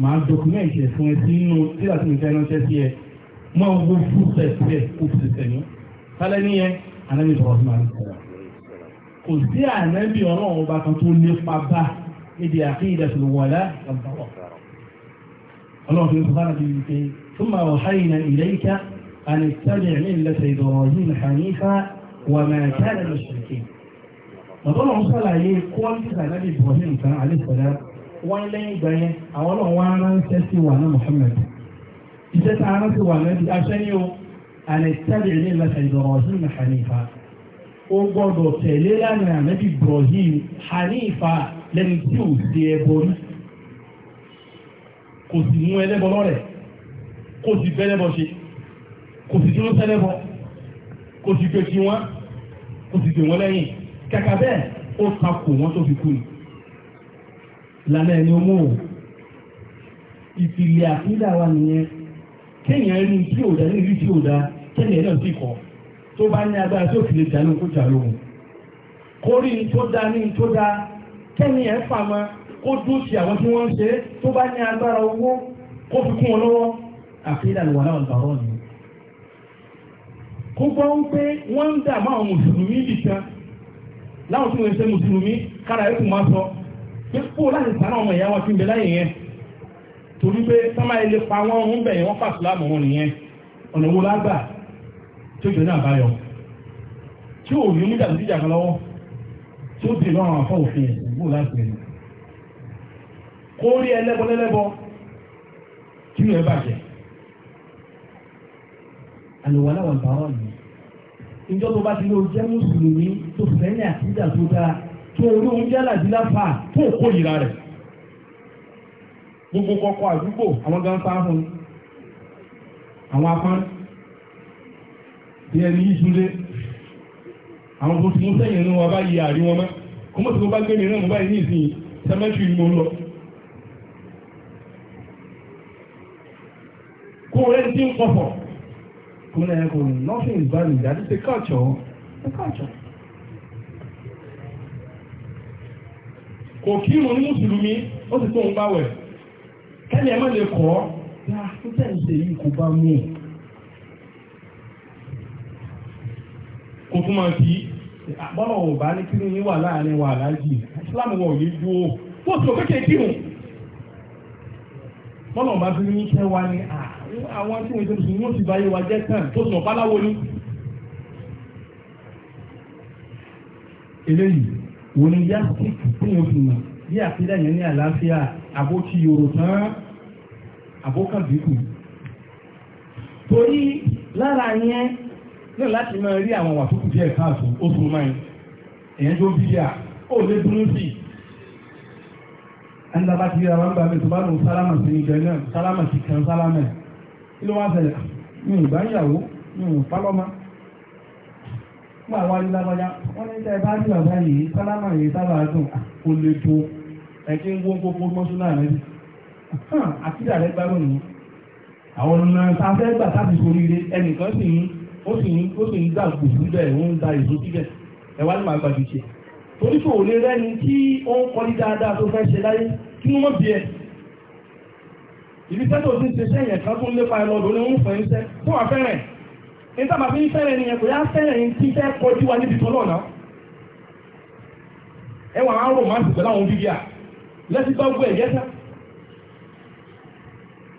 máa dọkumẹ́ǹtì ẹ̀ fún ẹ sí inú tíra tí mi fẹ́ ránṣẹ́ sí ẹ máa wo fún pẹ̀pẹ̀ kó fi tẹ̀lé sálẹ̀ níyẹn anábì sọ̀rọ̀ sí máa ń sọ̀rọ̀ kò sí ànábì ọlọ́run ọba kan tó lépa bá níbi àkíyèdàtò wọ̀lá ọ̀bọ̀wọ̀ ọlọ́run fi ń sọ fánà bíi pé tó máa wọ̀ háyìn náà ilẹ̀ ìka àni tẹ́lẹ̀ ní ìlẹ́sẹ̀ ìdọ̀rọ̀ yìí wọ́n lẹ́yìn ìgbà yẹn àwọn náà wọ́n ránṣẹ́ sí wà náà Muhammad iṣẹ́ tá a rán sí wà náà di aṣẹ́ ní o àlẹ́ tẹ́lẹ̀ ní ìlànà Ibrahim Hanifa ó gbọ́dọ̀ tẹ̀lé lánàá ànábì Ibrahim Hanifa lẹ́ni tí ò sí ẹbọ rí kò sì mú ẹlẹ́bọ lọ́rẹ̀ kò sì bẹ́lẹ́bọ ṣe kò sì dúró sẹ́lẹ́bọ kò sì gbé kí kò sì gbé wọ́n lẹ́yìn kàkà bẹ́ẹ̀ ó takò wọ́n tó fi kú ni lànà ẹni mú o ìfìlẹ̀ àkídà wa nìyẹn kéèyàn rí tí ò dá níbi tí ò dá kéèyàn náà sì kọ tó bá ní agbára tó fi lè dá lóhùn kó jà lóhùn kó rí ní tó dá ní tó dá kéèyàn fà máa kó dúró sí àwọn tí wọ́n ń ṣe tó bá ní agbára owó kó fi kún wọn lọ́wọ́ àkídà lọ́wọ́ náà lọ́rọ́ nìyẹn kó gbọ́ ń pé wọ́n ń dààmú àwọn mùsùlùmí nìkan láwọn tí wọ́n ń ṣe mùsùlùmí kára ẹ̀kú máa sọ pípò láti sànà ọmọ ìyá wọn fi ń bẹ láyé yẹn torí pé sọ́mà ilé pa wọ́n ń bẹ̀yẹ̀ wọ́n pàṣílámù wọn nìyẹn ọ̀nà owó lágbà tí ó jẹ́ náà báyọ̀ tí ò rí oníjà lójú ìjàkan lọ́wọ́ tí ó dìrọ̀ àwọn afọ òfin ìgbò láti rẹ̀ kó rí ẹlẹ́bọ lẹ́lẹ́bọ kí ni ẹ bàjẹ́ àlùwàláwà bàrọ̀ yìí ìjọba bá ti ní o jẹ́ mùsùlùmí tó fẹ́ ní àtijọ́ tó dáa tó orí oúnjẹ làdíláfà tó kó ìra rẹ̀ gbogbo kọkọ àdúgbò àwọn gan sá fún àwọn apán tí ẹni yìí súnlé àwọn tó ti mú sẹ́yìn ní wọn bá yí àrí wọn mọ́ kó mọ̀ tí wọ́n bá gbé mi náà mo báyìí ní ìsìn sẹ́mẹ́tì mo lọ kó rẹ̀ ti ń pọ̀pọ̀ kó náà kò nothing is valid that is a culture a culture kò kí ìrùn ní mùsùlùmí ó sì tó ń gbáwẹ̀ kẹ́lì ẹ̀mọ́ lè kọ́ yá títẹ̀ ìṣe yìí kò bá mú kò tún máa kí bọ́lọ̀ ò bá ní kírun yín wà láàrin wà láàjì ìsìlámù wọ̀ yé dúró wọ́n sì òkèké kírun bọ́lọ̀ bá fi ní kẹ́ wa ni àwọn tí wọ́n ti mùsùlùmí ó sì báyé wa jẹ́ tán tó sùn ọ̀pá láwo ni. eléyìí wọ́n ni yá sí tíyàn fi mọ̀ bí àfídà yẹn ní àlàáfíà àbó ti yòrò tán àbó kan dínkù torí lára yẹn náà láti máa rí àwọn wà tó kù díẹ̀ káàtó ó tún máa ń èyàn tó bí yà ó lé dúró sí i ẹnìdàbà ti yàrá ń bá mi tó bá lòun sálámà sí ìjọ náà sálámà sí kan sálámà kí ló wá ṣẹlẹ̀ mi ò bá yàwó mi ò pálọ́mà fún àwọn alúlágbájá wọ́n ní tẹ́ bá rí bàbá yìí sálámà yìí sábà dùn kò lè tó ẹ̀kí ń wó gbogbo mọ́súnà rẹ̀ bí àkídà rẹ̀ gbárùn ní àwọn ọ̀nà sáfẹ́ gbà tàbí soríire ẹnìkan sì ń ó sì ń ó sì ń gbà gbòsú bẹ́ẹ̀ ó ń da èso síbẹ̀ ẹ wá ní màá gbàgbé ṣe torí kò lè rẹ́ni tí ó ń kọ́lí dáadáa tó fẹ́ ṣe láyé kí wọ́n bí ẹ ìbí tẹ́tò ti ṣe sẹ́yìn ẹ̀ka tó ń lépa ẹ lọ́dún ní wọ́n fẹ́ ń sẹ́ fún àfẹ́rẹ́ níta màá fi ń fẹ́rẹ̀ ni ẹ̀kọ́ yá fẹ́rẹ̀ ni tí wa níbi tọ́lọ́ náà ẹ á rò máa ń pẹ̀lú àwọn lẹ́sí gbọ́gbọ́ sá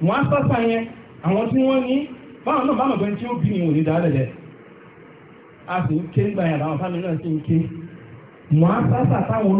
wọ́n á sọ́sà yẹn àwọn tí wọ́n ní báwọn náà bá mọ̀ tí ó bí òní a sì ń ké yàrá àwọn fámìlì náà sì ń ké wọ́n á sọ́sà táwọn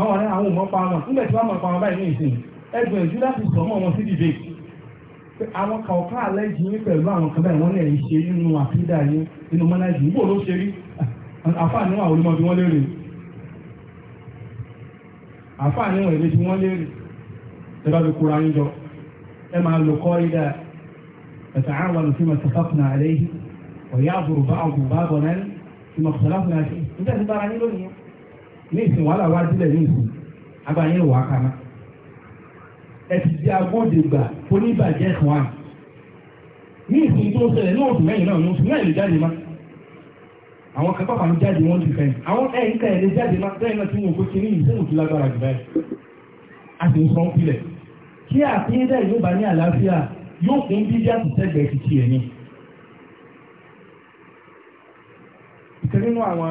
àwọn ọ̀rẹ́ àwọn ọmọ pa wọn nígbà tí wọ́n mọ̀ pa wọn báyìí ní ìsìn ẹgbẹ́ ìjú láti sọ mọ́ wọn sí dìde àwọn kọ̀ọ̀kan àlẹ́jì yín pẹ̀lú àwọn kan báyìí wọ́n lè ṣe nínú àfídà yín nínú mọ́nájì níbo ló ṣe rí àfáàní àwọn olùmọ̀ bí wọ́n lérè àfáàní àwọn èdè bí wọ́n lérè ẹ bá fi kóra yín jọ ẹ máa lò kọ́ ìdá تعاونوا فيما اتفقنا عليه ويعذر بعض بعضنا ní ìsìn wàhálà wá sílẹ̀ ní ìsìn agbáyé wà kama ẹ ti di agbóde gbà oníbàjẹ́ wà ní ìsìn tó ṣẹlẹ̀ ní oṣù mẹ́yìn náà ní oṣù mẹ́yìn lè jáde má àwọn kan pàpà ń jáde wọ́n ti fẹ́ àwọn ẹ̀ ń ka ẹ̀ lè jáde má bẹ́ẹ̀ náà tí wọn kò ṣe ní ìsìn òtún lágbára jù báyìí a sì ń sọ ń pilẹ̀ kí àpéyédà ìlú bá ní àlàáfíà yóò kún bíbí àtúntẹ̀gbẹ̀ ti tiẹ̀ ni. ìkẹ́ nínú àwọn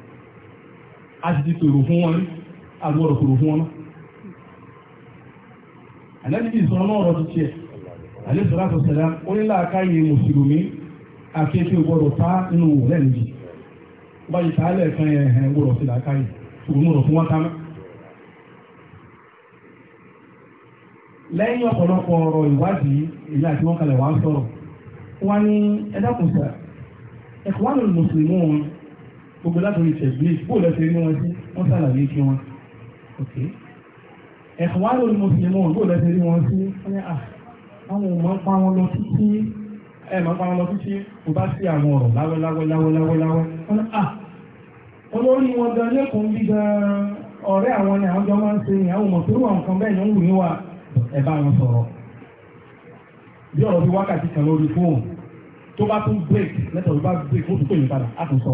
a ti ti pèrò fún wọn agbọ́dọ̀ pèrò fún wọn àlẹ́bí ìsọ̀rọ̀ náà rọ̀ títí ẹ̀ àlẹ́sọ̀rọ̀ sẹ̀dá onílàákáyè mùsùlùmí akéèké gbọ́dọ̀ tá nínú òwúrẹ́ nìyí wọ́n bá yìí tá lẹ́ẹ̀kan yẹn ẹ̀hẹ́n gbọ́dọ̀ sí làákáyè ṣùgbọ́n mọ̀rọ̀ fún wọn tá lẹ́yìn ọ̀pọ̀lọpọ̀ ọ̀rọ̀ ìwádìí àti wọn kalẹ̀ wá sọ̀rọ̀ wọn ni ẹ̀kọ́ mùsùlùmí gbogbo látòrí ìṣẹ̀gbìn bó lẹ́sẹ̀ inú wọn sí wọ́n sàlàyé kí wọn ok ẹ̀kọ́ wá lórí mùsùlùmí bó lẹ́sẹ̀ inú wọn sí àwọn ọmọ pa wọn lọ títí ẹ máa pa wọn lọ títí kò bá sí àwọn ọ̀rọ̀ láwẹ́ láwẹ́ láwẹ́ láwẹ́ láwẹ́ wọn ni ah olórí wọn gan lẹ́kùn bí gan ọ̀rẹ́ àwọn ni àwọn jọ máa ń ṣe ìyàwó mọ̀ tó wọn nǹkan bẹ́ẹ̀ ló ń wù ní wa ẹ bá wọn sọ̀rọ̀ bí ọ̀rọ̀ bí wákàtí kan lórí fóònù tó bá tún break lẹ́tọ̀ọ́ bí bá break ó tún pè mí padà á tún sọ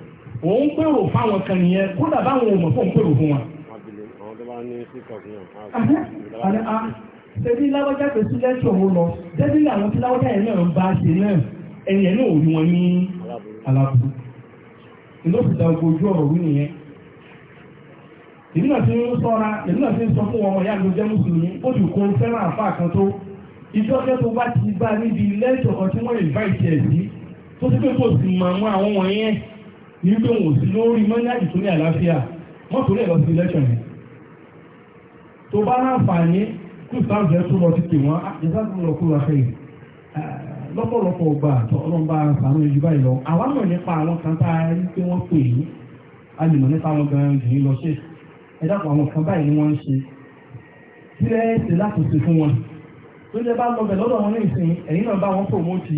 òun pèrò fáwọn kan nìyẹn kódà báwọn ò mọ̀ fóun pèrò fún wọn. ṣebí láwọ́jà tó sí lẹ́tọ̀ lọ ṣebí làwọn tí láwọ́jà yẹn náà ń bá ṣe náà ẹni náà ò rí wọn ní alábùú ìlọ́sìdá ojú ọ̀rọ̀ wí nìyẹn èmi náà ti ń sọ́ra èmi náà ti ń sọ fún ọmọ ìyá mi jẹ́ mùsùlùmí ó sì kó fẹ́ràn àfa kan tó ìjọ́jọ́ tó bá ti bá níbi lẹ́tọ̀ kan tí wọ́n invite ẹ̀ sí tó ti pé kò sì mọ̀ àwọn àwọn wọ̀nyẹn ní pé wọn ò sí lórí mọ́nyájì tó ní àlàáfíà wọ́n tó lè lọ sí election yẹn tó bá láǹfààní kú sáàbù ẹ̀ tó lọ sí tèwọ́n ìsáàbù ah, lọ kúrò afẹ́ yìí lọ́pọ̀lọpọ̀ ọgbà àtọ̀ ọlọ́mọba sàánú ẹ̀jú báyìí lọ àwọn náà nípa àwọn kan tá a rí pé wọ́n pè yín a lè mọ̀ nípa àwọn gan-an jù yín lọ sí ẹ dàpọ̀ àwọn kan báyìí ni wọ́n ń ṣe sílẹ̀ ṣe láti ṣe fún wọn tó jẹ́ bá lọ bẹ̀ lọ́dọ̀ wọn ní ìsìn ẹ̀yìn náà bá wọn promote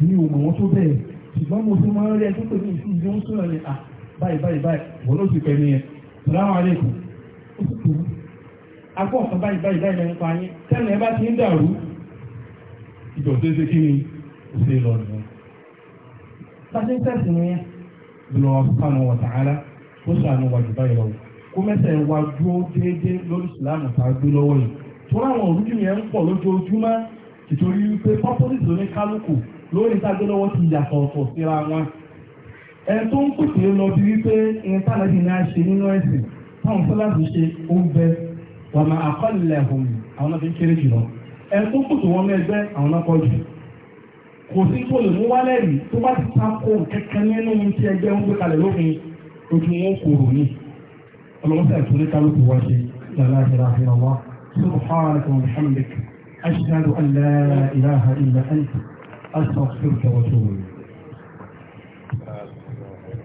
mi ò mọ̀ wọ́n tó bẹ́ẹ̀ ṣùgbọ́n mo fi máa ń rí ẹjọ́ pé ní ìsìn ìjọ ń sọ̀rọ̀ ni à báyìí báyìí báyìí wọ́n ló ti pẹ̀ ní ẹ̀ sàlámù aláìkùm ó sì tó akọ́ ọ̀sán báyìí báyìí báyìí lẹ́nu pa yín tẹ́lẹ̀ ẹ bá ti ń dàrú ìjọ tó ṣe kí ni ó ṣe lọ nù. sáṣẹ tẹ̀sí ni ìlú ọ̀sán wọn tààrà ó ṣàánú wájú báyìí lọ kó mẹ́sẹ̀ wá dúró déédéé lórí ìsìlámù lórí ìtagbé lọ́wọ́ ti yà sọ̀tọ̀ síra wọn ẹni tó ń pèsè lọ bí wípé ìyẹn tàbí ní a ṣe nínú ẹ̀sìn táwọn sọ́láàbù ṣe ó ń bẹ wọ́n máa àkọlẹ̀ ẹ̀hùn àwọn náà fi ń kéré jùlọ ẹni tó pèsè wọn mẹ́gbẹ́ àwọn náà kọ́ jù kò sí tó lè mú wálẹ̀ rí tó bá ti ta kó kẹ́kẹ́ nínú ohun ẹgbẹ́ ń gbé kalẹ̀ lófin ojú wọn kò rò ní ọlọ́mọsẹ̀ tó ní kálukú wá ṣe lálẹ́ àṣírà àṣírà أستغفرك وأتوب إليك